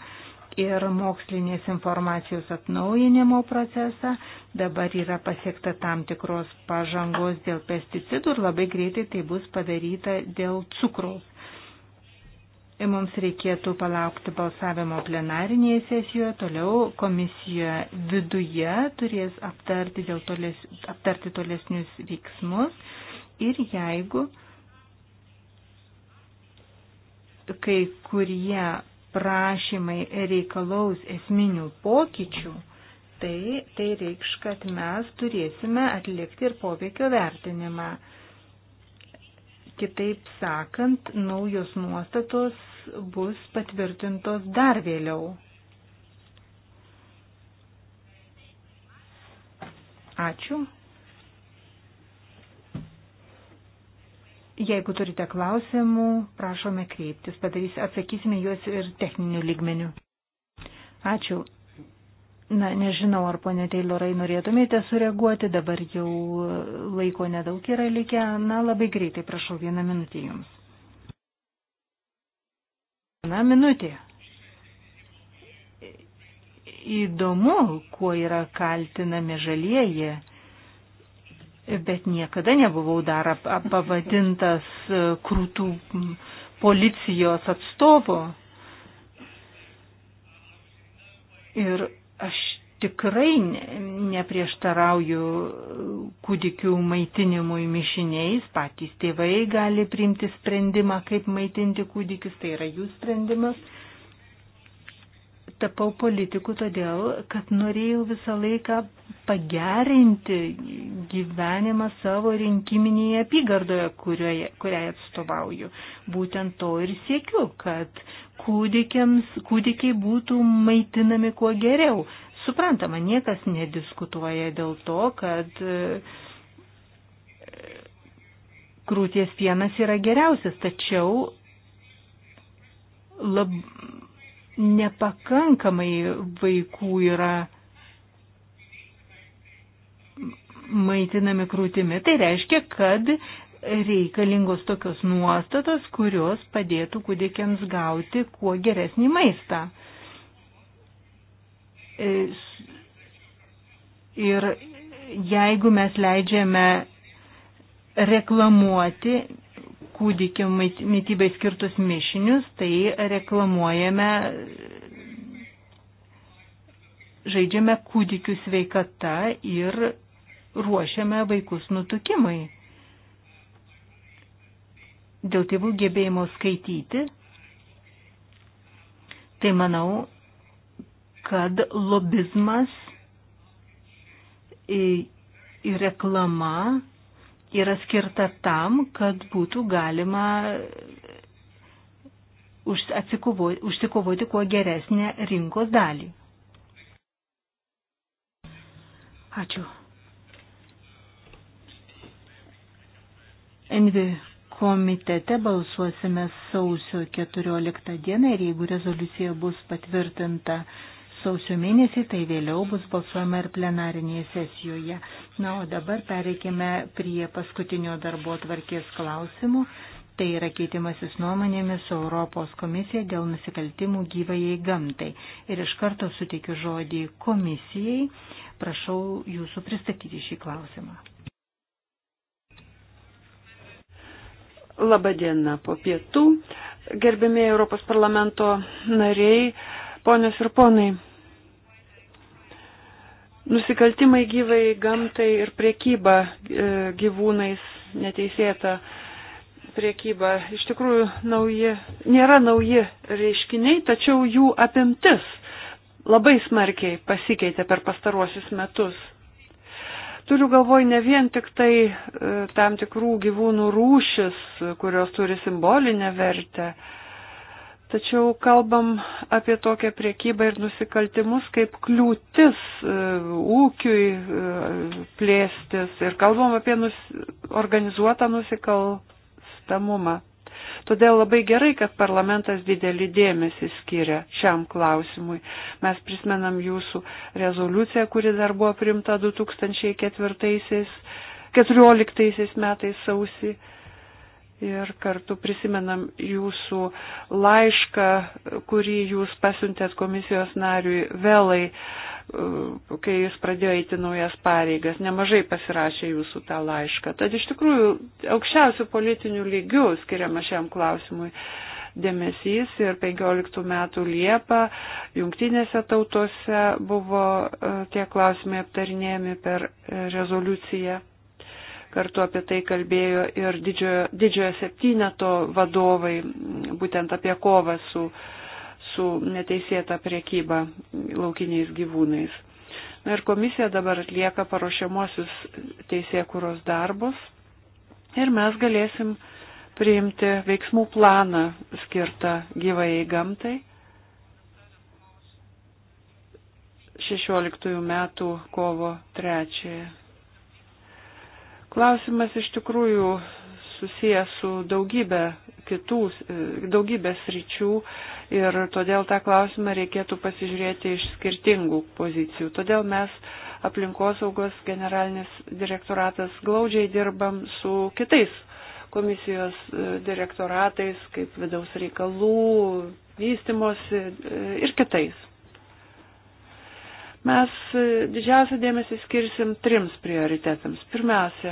ir mokslinės informacijos atnaujinimo procesą. Dabar yra pasiekta tam tikros pažangos dėl pesticidų ir labai greitai tai bus padaryta dėl cukraus. Ir mums reikėtų palaukti balsavimo plenarinėje sesijoje, toliau komisija viduje turės aptarti, toles, aptarti tolesnius veiksmus ir jeigu kai kurie prašymai reikalaus esminių pokyčių, tai, tai reikš, kad mes turėsime atlikti ir poveikio vertinimą. Kitaip sakant, naujos nuostatos bus patvirtintos dar vėliau. Ačiū. Jeigu turite klausimų, prašome kreiptis, padarys, atsakysime juos ir techninių lygmenių. Ačiū. Na, nežinau, ar ponė Teilorai norėtumėte sureaguoti, dabar jau laiko nedaug yra likę. Na, labai greitai, prašau, vieną minutę jums. Na, minutė. Įdomu, kuo yra kaltinami žalieji bet niekada nebuvau dar pavadintas e, krūtų policijos atstovu. Ir aš tikrai neprieštarauju kūdikių maitinimui mišiniais, patys tėvai gali priimti sprendimą, kaip maitinti kūdikius, tai yra jų sprendimas tapau politiku todėl, kad norėjau visą laiką pagerinti gyvenimą savo rinkiminėje apygardoje, kurioje, kuriai atstovauju. Būtent to ir siekiu, kad kūdikiai būtų maitinami kuo geriau. Suprantama, niekas nediskutuoja dėl to, kad e, krūties pienas yra geriausias, tačiau lab, nepakankamai vaikų yra maitinami krūtimi. Tai reiškia, kad reikalingos tokios nuostatos, kurios padėtų kūdikiams gauti kuo geresnį maistą. E, ir jeigu mes leidžiame reklamuoti kūdikio mytybai skirtus mišinius, tai reklamuojame, žaidžiame kūdikių sveikata ir ruošiame vaikus nutukimai. Dėl tėvų gebėjimo skaityti, tai manau, kad lobizmas ir reklama yra skirta tam, kad būtų galima užsikovoti kuo geresnę rinkos dalį. Ačiū. Envi komitete balsuosime sausio 14 dieną ir jeigu rezoliucija bus patvirtinta sausio mėnesį, tai vėliau bus balsuojama ir plenarinėje sesijoje. Na, o dabar pereikime prie paskutinio darbo tvarkės klausimų. Tai yra keitimasis nuomonėmis su Europos komisija dėl nusikaltimų gyvajai gamtai. Ir iš karto suteikiu žodį komisijai. Prašau jūsų pristatyti šį klausimą. Labadiena po pietų, gerbėmėjai Europos parlamento nariai, ponios ir ponai. Nusikaltimai gyvai gamtai ir priekyba e, gyvūnais neteisėta priekyba iš tikrųjų nauji, nėra nauji reiškiniai, tačiau jų apimtis labai smarkiai pasikeitė per pastaruosius metus. Turiu galvoj ne vien tik tai e, tam tikrų gyvūnų rūšis, kurios turi simbolinę vertę, Tačiau kalbam apie tokią priekybą ir nusikaltimus kaip kliūtis e, ūkiui e, plėstis ir kalbam apie nus, organizuotą nusikalstamumą. Todėl labai gerai, kad parlamentas didelį dėmesį skiria šiam klausimui. Mes prismenam jūsų rezoliuciją, kuri dar buvo primta 2014 metais sausį ir kartu prisimenam jūsų laišką, kurį jūs pasiuntėt komisijos nariui vėlai, e, kai jis pradėjo eiti naujas pareigas. Nemažai pasirašė jūsų tą laišką. Tad iš tikrųjų aukščiausių politinių lygių skiriama šiam klausimui dėmesys ir 15 metų Liepą jungtinėse tautose buvo e, tie klausimai aptarinėjami per e, rezoliuciją kartu apie tai kalbėjo ir didžiojo, didžiojo septyneto vadovai, būtent apie kovą su, su neteisėta priekyba laukiniais gyvūnais. Na ir komisija dabar atlieka paruošiamuosius teisėkuros darbus ir mes galėsim priimti veiksmų planą skirtą gyvai gamtai 16 metų kovo 3. Klausimas iš tikrųjų susijęs su daugybė kitų, daugybės ryčių ir todėl tą klausimą reikėtų pasižiūrėti iš skirtingų pozicijų. Todėl mes aplinkosaugos generalinis direktoratas glaudžiai dirbam su kitais komisijos e, direktoratais, kaip vidaus reikalų, vystimosi e, ir kitais. Mes e, didžiausią dėmesį skirsim trims prioritetams. Pirmiausia,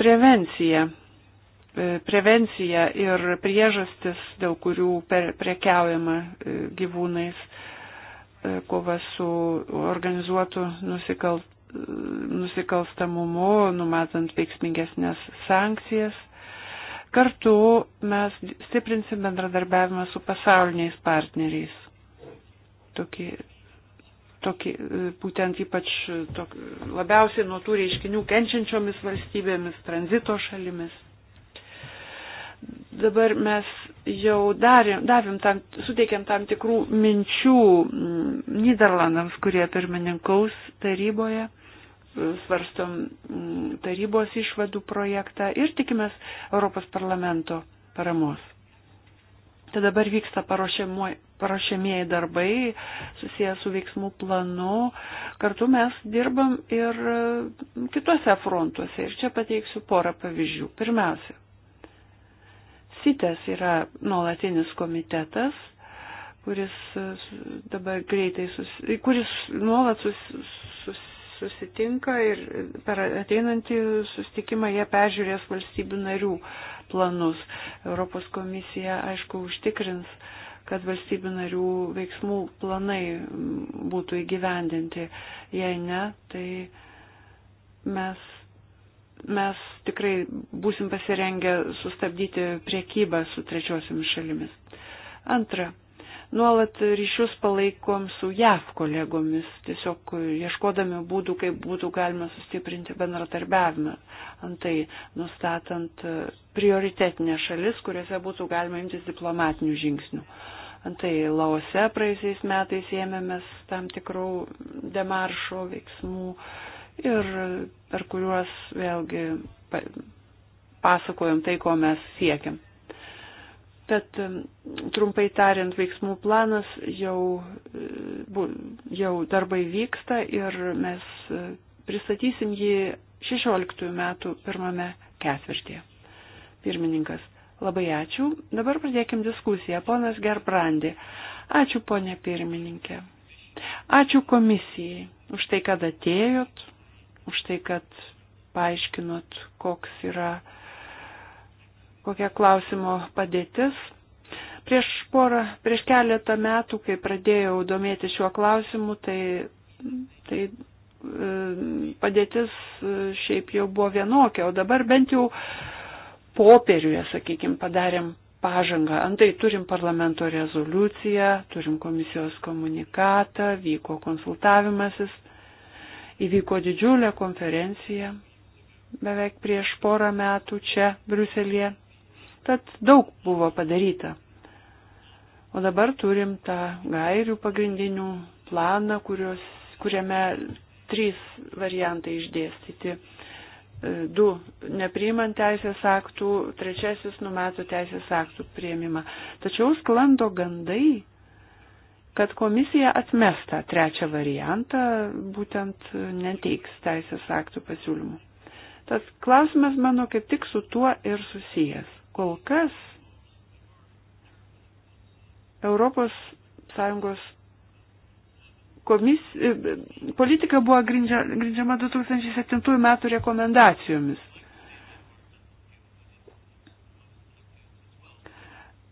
prevencija. E, prevencija ir priežastis, dėl kurių prekiaujama e, gyvūnais, kova su organizuotu nusikal, nusikalstamumu, numatant veiksmingesnės sankcijas. Kartu mes stiprinsim bendradarbiavimą su pasauliniais partneriais. Tokie, tokį, e, būtent ypač e, tok, labiausiai nuo tų reiškinių kenčiančiomis valstybėmis, tranzito šalimis. Dabar mes jau darėm, davėm tam, suteikėm tam tikrų minčių mm, Niderlandams, kurie pirmininkaus taryboje, e, svarstom mm, tarybos išvadų projektą ir tikimės Europos parlamento paramos. Tai dabar vyksta paruošiamieji darbai susijęs su veiksmų planu. Kartu mes dirbam ir e, kituose frontuose. Ir čia pateiksiu porą pavyzdžių. Pirmiausia, SITES yra nuolatinis komitetas, kuris e, dabar greitai, sus, kuris nuolat sus, sus, susitinka ir per ateinantį sustikimą jie peržiūrės valstybių narių planus. Europos komisija, aišku, užtikrins, kad valstybių narių veiksmų planai būtų įgyvendinti. Jei ne, tai mes, mes tikrai būsim pasirengę sustabdyti priekybą su trečiosiomis šalimis. Antra, nuolat ryšius palaikom su JAV kolegomis, tiesiog ieškodami būdų, kaip būtų galima sustiprinti bendratarbiavimą. Antai, nustatant e, prioritetinės šalis, kuriuose būtų galima imtis diplomatinių žingsnių. Antai, Laose praėjusiais metais ėmėmės tam tikrų demaršo veiksmų ir per kuriuos vėlgi pasakojom tai, ko mes siekiam. Tad um, trumpai tariant, veiksmų planas jau, uh, jau darbai vyksta ir mes uh, pristatysim jį 16 metų pirmame ketvirtyje. Pirmininkas, labai ačiū. Dabar pradėkim diskusiją. Ponas Gerbrandi, ačiū ponė pirmininkė. Ačiū komisijai už tai, kad atėjot, už tai, kad paaiškinot, koks yra kokia klausimo padėtis. Prieš porą, prieš keletą metų, kai pradėjau domėti šiuo klausimu, tai, tai e, padėtis e, šiaip jau buvo vienokia, o dabar bent jau popieriuje, sakykime, padarėm pažangą. Antai turim parlamento rezoliuciją, turim komisijos komunikatą, vyko konsultavimasis, įvyko didžiulė konferencija beveik prieš porą metų čia, Bruselėje, Tad daug buvo padaryta. O dabar turim tą gairių pagrindinių planą, kurios, kuriame trys variantai išdėstyti. E, du, nepriimant teisės aktų, trečiasis numato teisės aktų prieimimą. Tačiau sklando gandai, kad komisija atmesta trečią variantą, būtent neteiks teisės aktų pasiūlymų. Tas klausimas mano kaip tik su tuo ir susijęs. Kol kas Europos Sąjungos komis, politika buvo grindžia, grindžiama 2007 metų rekomendacijomis.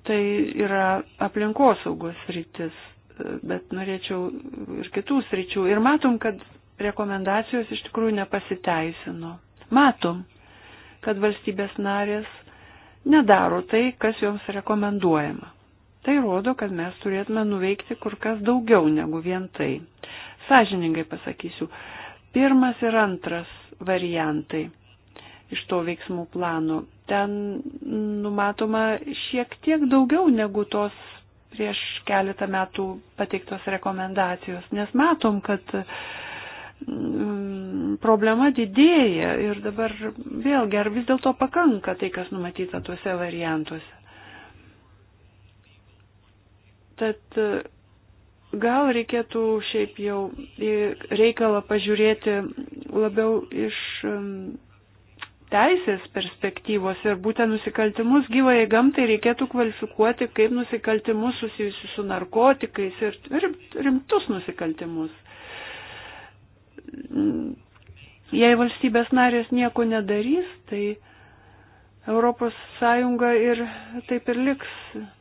Tai yra aplinkosaugos rytis, bet norėčiau ir kitų sričių. Ir matom, kad rekomendacijos iš tikrųjų nepasiteisino. Matom, kad valstybės narės nedaro tai, kas joms rekomenduojama. Tai rodo, kad mes turėtume nuveikti kur kas daugiau negu vien tai. Sažiningai pasakysiu, pirmas ir antras variantai iš to veiksmų plano. Ten numatoma šiek tiek daugiau negu tos prieš keletą metų pateiktos rekomendacijos, nes matom, kad uh, Mm, problema didėja ir dabar vėlgi, ar vis dėlto pakanka tai, kas numatyta tuose variantuose. Tad e, gal reikėtų šiaip jau į reikalą pažiūrėti labiau iš teisės perspektyvos ir būtent nusikaltimus gyvai gamtai reikėtų kvalifikuoti kaip nusikaltimus susijusius su narkotikais ir rimtus nusikaltimus. Mm, jei valstybės narės nieko nedarys, tai Europos Sąjunga ir taip ir liks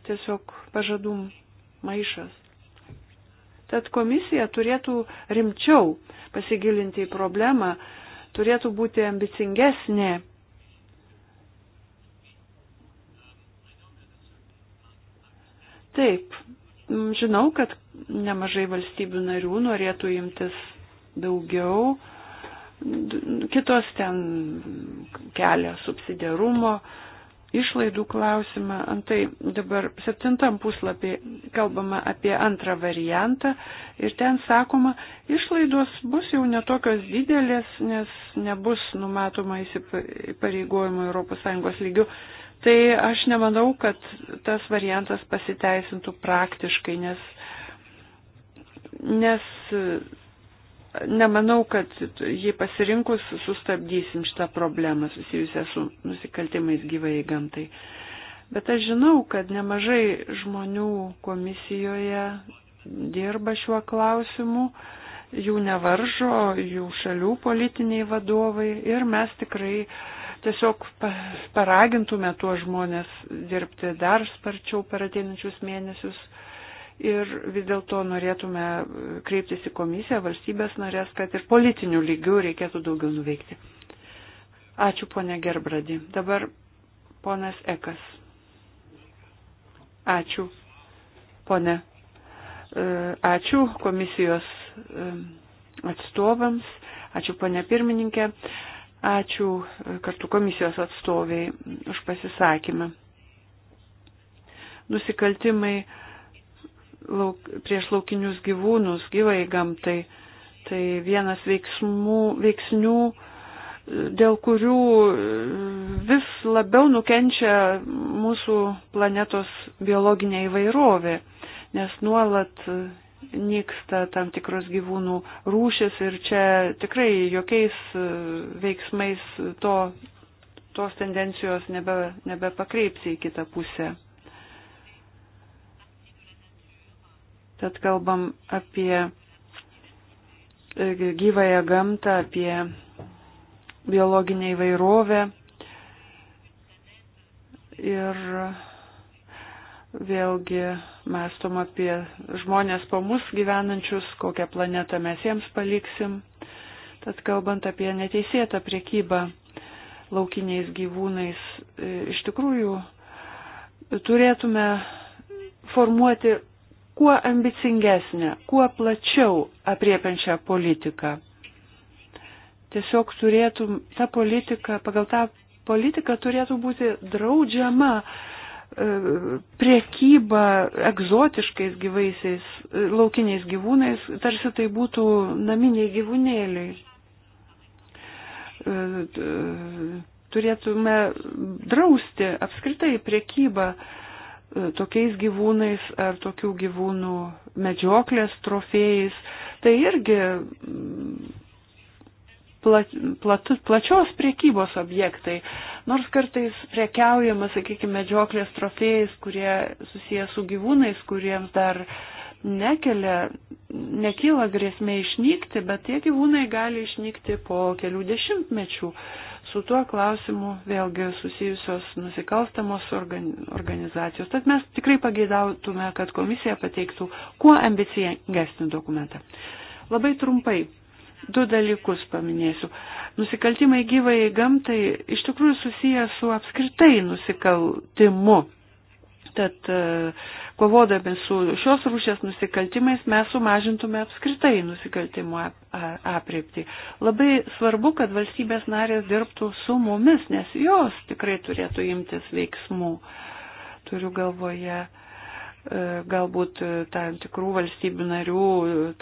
tiesiog pažadų maišas. Tad komisija turėtų rimčiau pasigilinti į problemą, turėtų būti ambicingesnė. Taip, žinau, kad nemažai valstybių narių norėtų imtis daugiau. Kitos ten kelia subsidiarumo išlaidų klausimą. Antai dabar septintam puslapį kalbama apie antrą variantą ir ten sakoma, išlaidos bus jau netokios didelės, nes nebus numatoma įsipareigojimo ES lygių. Tai aš nemanau, kad tas variantas pasiteisintų praktiškai, nes, nes nemanau, kad jį pasirinkus sustabdysim šitą problemą susijusią su nusikaltimais gyvai gamtai. Bet aš žinau, kad nemažai žmonių komisijoje dirba šiuo klausimu, jų nevaržo, jų šalių politiniai vadovai ir mes tikrai tiesiog paragintume tuos žmonės dirbti dar sparčiau per ateinančius mėnesius ir vis dėlto norėtume kreiptis į komisiją, valstybės narės, kad ir politinių lygių reikėtų daugiau nuveikti. Ačiū, ponė Gerbradi. Dabar ponas Ekas. Ačiū, ponė. E, ačiū komisijos e, atstovams. Ačiū, ponė pirmininkė. Ačiū e, kartu komisijos atstoviai už pasisakymą. Nusikaltimai uh, lauk, prieš laukinius gyvūnus, gyvai gamtai. Tai vienas veiksmų, veiksnių, dėl kurių vis labiau nukenčia mūsų planetos biologinė įvairovė, nes nuolat nyksta tam tikros gyvūnų rūšis ir čia tikrai jokiais e, veiksmais to, tos tendencijos nebe, nebepakreipsi į kitą pusę. Tad kalbam apie e, gyvąją gamtą, apie biologinę įvairovę. Ir vėlgi mąstom apie žmonės po mus gyvenančius, kokią planetą mes jiems paliksim. Tad kalbant apie neteisėtą priekybą laukiniais gyvūnais, e, iš tikrųjų turėtume formuoti kuo ambicingesnę, kuo plačiau apriepiančią politiką. Tiesiog turėtų ta politika, pagal tą politiką turėtų būti draudžiama e, priekyba egzotiškais gyvaisiais e, laukiniais gyvūnais, tarsi tai būtų naminiai gyvūnėliai. E, turėtume drausti apskritai priekybą tokiais gyvūnais ar tokių gyvūnų medžioklės trofėjais, tai irgi mm, plat, plat, plačios priekybos objektai. Nors kartais prekiaujama, sakykime, medžioklės trofėjais, kurie susiję su gyvūnais, kuriems dar nekelia, nekyla grėsmė išnykti, bet tie gyvūnai gali išnykti po kelių dešimtmečių su tuo klausimu vėlgi susijusios nusikalstamos organizacijos. Tad mes tikrai pageidautume, kad komisija pateiktų kuo ambicingesnį dokumentą. Labai trumpai du dalykus paminėsiu. Nusikaltimai gyvai gamtai iš tikrųjų susiję su apskritai nusikaltimu. Tad e, kovodami su šios rūšės nusikaltimais mes sumažintume apskritai nusikaltimo apriepti. Labai svarbu, kad valstybės narės dirbtų su mumis, nes jos tikrai turėtų imtis veiksmų. Turiu galvoje e, galbūt tam tikrų valstybių narių,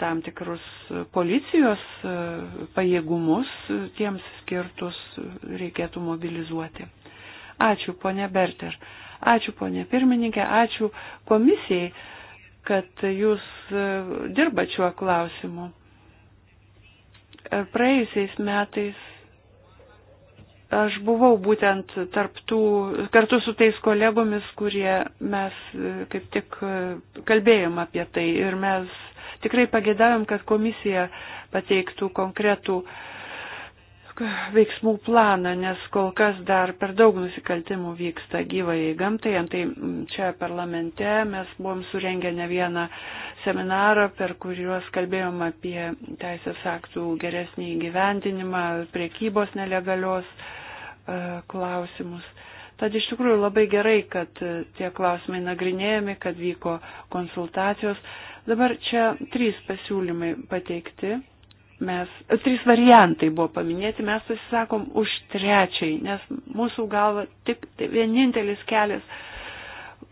tam tikrus policijos e, pajėgumus tiems skirtus reikėtų mobilizuoti. Ačiū, ponė Berter. Ačiū ponė pirmininkė, ačiū komisijai, kad jūs e, dirba šiuo klausimu. E, praėjusiais metais aš buvau būtent tarptų, kartu su tais kolegomis, kurie mes e, kaip tik kalbėjom apie tai ir mes tikrai pagėdavim, kad komisija pateiktų konkretų uh, veiksmų planą, nes kol kas dar per daug nusikaltimų vyksta gyvai gamtai. Antai čia parlamente mes buvom surengę ne vieną seminarą, per kuriuos kalbėjom apie teisės aktų geresnį įgyvendinimą, priekybos nelegalios e, klausimus. Tad iš tikrųjų labai gerai, kad e, tie klausimai nagrinėjami, kad vyko konsultacijos. Dabar čia trys pasiūlymai pateikti mes, trys variantai buvo paminėti, mes pasisakom už trečiai, nes mūsų galva tik tai vienintelis kelias,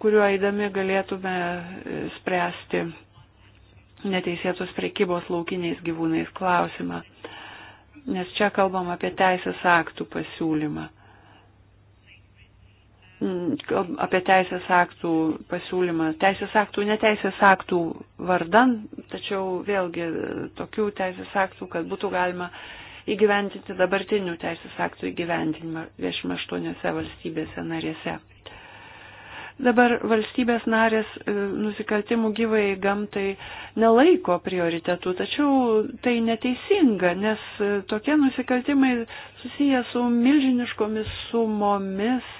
kuriuo eidami galėtume e, spręsti neteisėtos prekybos laukiniais gyvūnais klausimą. Nes čia kalbam apie teisės aktų pasiūlymą. Mm, apie teisės aktų pasiūlymą, teisės aktų, neteisės aktų vardan, tačiau vėlgi tokių teisės aktų, kad būtų galima įgyventinti dabartinių teisės aktų įgyventinimą 28 valstybėse narėse. Dabar valstybės narės e, nusikaltimų gyvai gamtai nelaiko prioritetų, tačiau tai neteisinga, nes e, tokie nusikaltimai susiję su milžiniškomis sumomis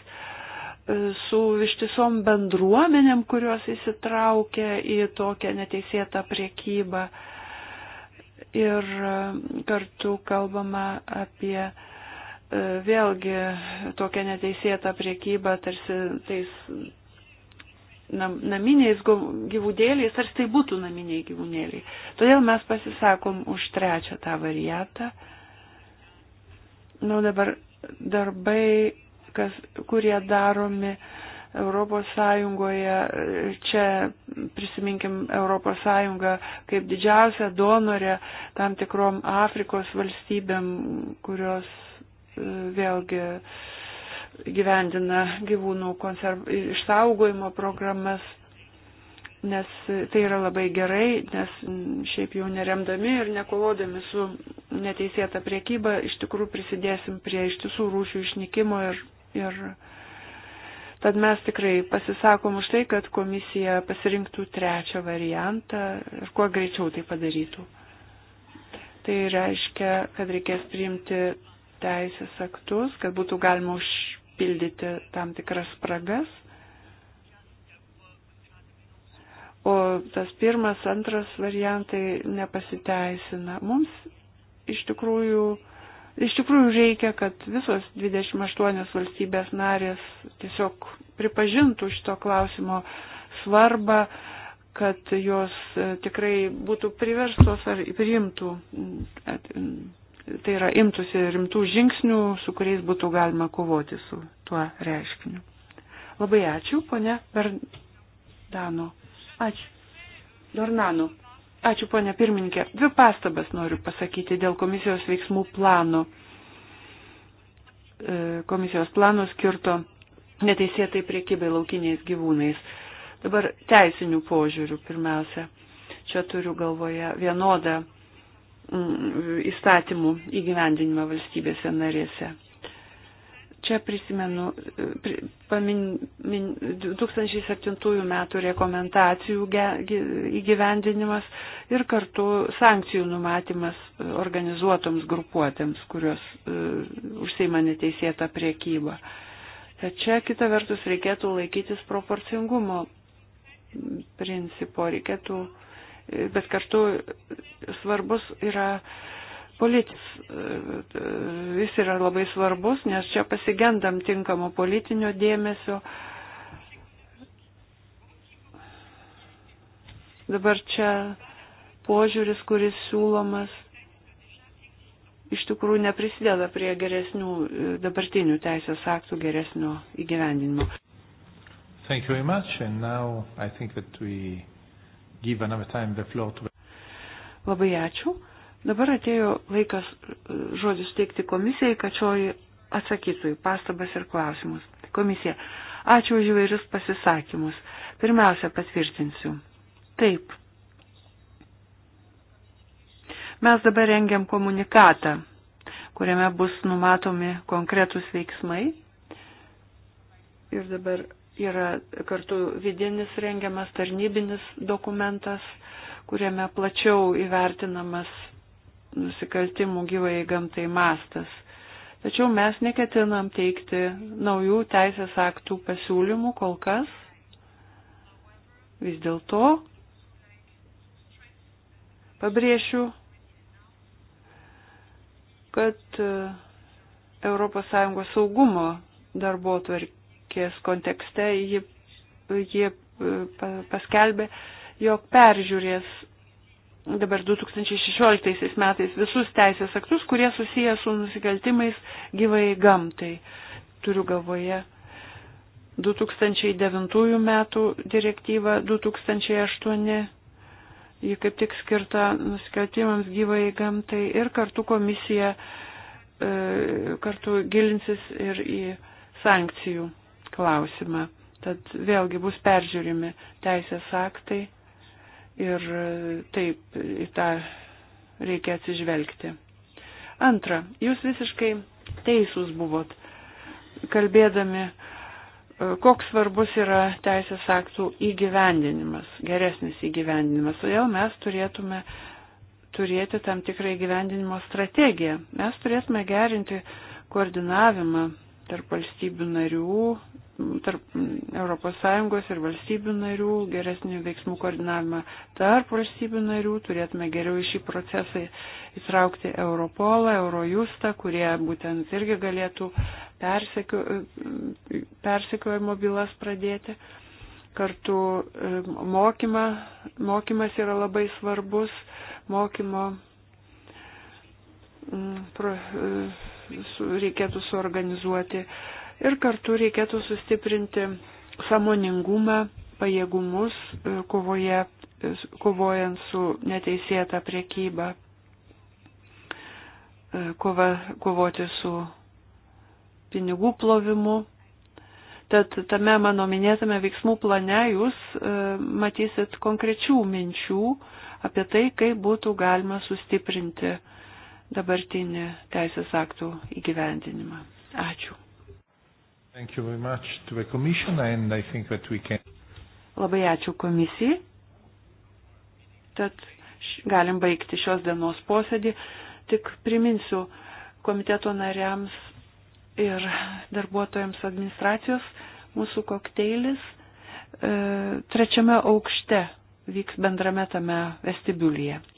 E, su ištisom bendruomenėm, kurios įsitraukia į tokią neteisėtą priekybą. Ir e, kartu kalbama apie e, vėlgi tokią neteisėtą priekybą tarsi tais nam, naminiais gyvūdėliais, tarsi tai būtų naminiai gyvūnėliai. Todėl mes pasisakom už trečią tą variantą. Na, nu, dabar darbai kas, kurie daromi Europos Sąjungoje. Čia prisiminkim Europos Sąjungą kaip didžiausią donorę tam tikrom Afrikos valstybėm, kurios e, vėlgi gyvendina gyvūnų konserv... išsaugojimo programas, nes tai yra labai gerai, nes šiaip jau neremdami ir nekovodami su neteisėta priekyba iš tikrųjų prisidėsim prie ištisų rūšių išnykimo ir Ir tad mes tikrai pasisakom už tai, kad komisija pasirinktų trečią variantą ir kuo greičiau tai padarytų. Tai reiškia, kad reikės priimti teisės aktus, kad būtų galima užpildyti tam tikras spragas. O tas pirmas, antras variantai nepasiteisina. Mums iš tikrųjų Iš tikrųjų reikia, kad visos 28 valstybės narės tiesiog pripažintų šito klausimo svarbą, kad jos e, tikrai būtų priverstos ar priimtų, tai yra imtųsi rimtų žingsnių, su kuriais būtų galima kovoti su tuo reiškiniu. Labai ačiū, ponia Berdano. Ačiū. Dornano. Ačiū, ponė pirmininkė. Dvi pastabas noriu pasakyti dėl komisijos veiksmų plano. E, komisijos plano skirto neteisėtai priekybai laukiniais gyvūnais. Dabar teisinių požiūrių pirmiausia. Čia turiu galvoje vienodą mm, įstatymų įgyvendinimą valstybėse narėse. Čia prisimenu pri, pamin, min, 2007 metų rekomendacijų įgyvendinimas ir kartu sankcijų numatymas organizuotoms grupuotėms, kurios uh, užseima neteisėtą priekybą. Tad čia kita vertus reikėtų laikytis proporcingumo principo, reikėtų, e, bet kartu svarbus yra uh, politis, jis yra labai svarbus, nes čia pasigendam tinkamo politinio dėmesio. Dabar čia požiūris, kuris siūlomas, iš tikrųjų neprisideda prie geresnių dabartinių teisės aktų geresnio įgyvendinimo. Thank you very much. And now I think that we give another time the floor to. Labai ačiū. Dabar atėjo laikas e, žodžius teikti komisijai, kad šioji atsakytų į pastabas ir klausimus. Komisija, ačiū už įvairius pasisakymus. Pirmiausia, patvirtinsiu. Taip. Mes dabar rengiam komunikatą, kuriame bus numatomi konkretūs veiksmai. Ir dabar yra kartu vidinis rengiamas tarnybinis dokumentas, kuriame plačiau įvertinamas nusikaltimų gyvai gamtai mastas. Tačiau mes neketinam teikti naujų teisės aktų pasiūlymų kol kas. Vis dėlto pabrėšiu, kad ES saugumo darbo tvarkės kontekste ji, ji e, paskelbė, jog peržiūrės dabar 2016 metais visus teisės aktus, kurie susiję su nusikaltimais gyvai gamtai. Turiu galvoje 2009 metų direktyva 2008, ji kaip tik skirta nusikaltimams gyvai gamtai ir kartu komisija e, kartu gilinsis ir į sankcijų klausimą. Tad vėlgi bus peržiūrimi teisės aktai Ir e, taip, į tą reikia atsižvelgti. Antra, jūs visiškai teisūs buvot, kalbėdami, e, koks svarbus yra teisės aktų įgyvendinimas, geresnis įgyvendinimas. Todėl mes turėtume turėti tam tikrą įgyvendinimo strategiją. Mes turėtume gerinti koordinavimą tarp valstybių narių tarp ES ir valstybių narių, geresnį veiksmų koordinavimą tarp valstybių narių, turėtume geriau į šį procesą įtraukti Europolą, Eurojustą, kurie būtent irgi galėtų persekio, persekiojimo bylas pradėti. Kartu e, mokyma, mokymas yra labai svarbus, mokymo e, reikėtų suorganizuoti uh, ir kartu reikėtų sustiprinti samoningumą, pajėgumus e, kovoje, e, kovojant su neteisėta priekyba, e, kova, kovoti su pinigų plovimu. Tad tame mano minėtame veiksmų plane jūs e, matysit konkrečių minčių apie tai, kaip būtų galima sustiprinti dabartinį teisės aktų įgyvendinimą. Ačiū. Can... Labai ačiū komisijai. Tad galim baigti šios dienos posėdį. Tik priminsiu komiteto nariams ir darbuotojams administracijos mūsų kokteilis e, trečiame aukšte vyks bendrame tame vestibiulyje.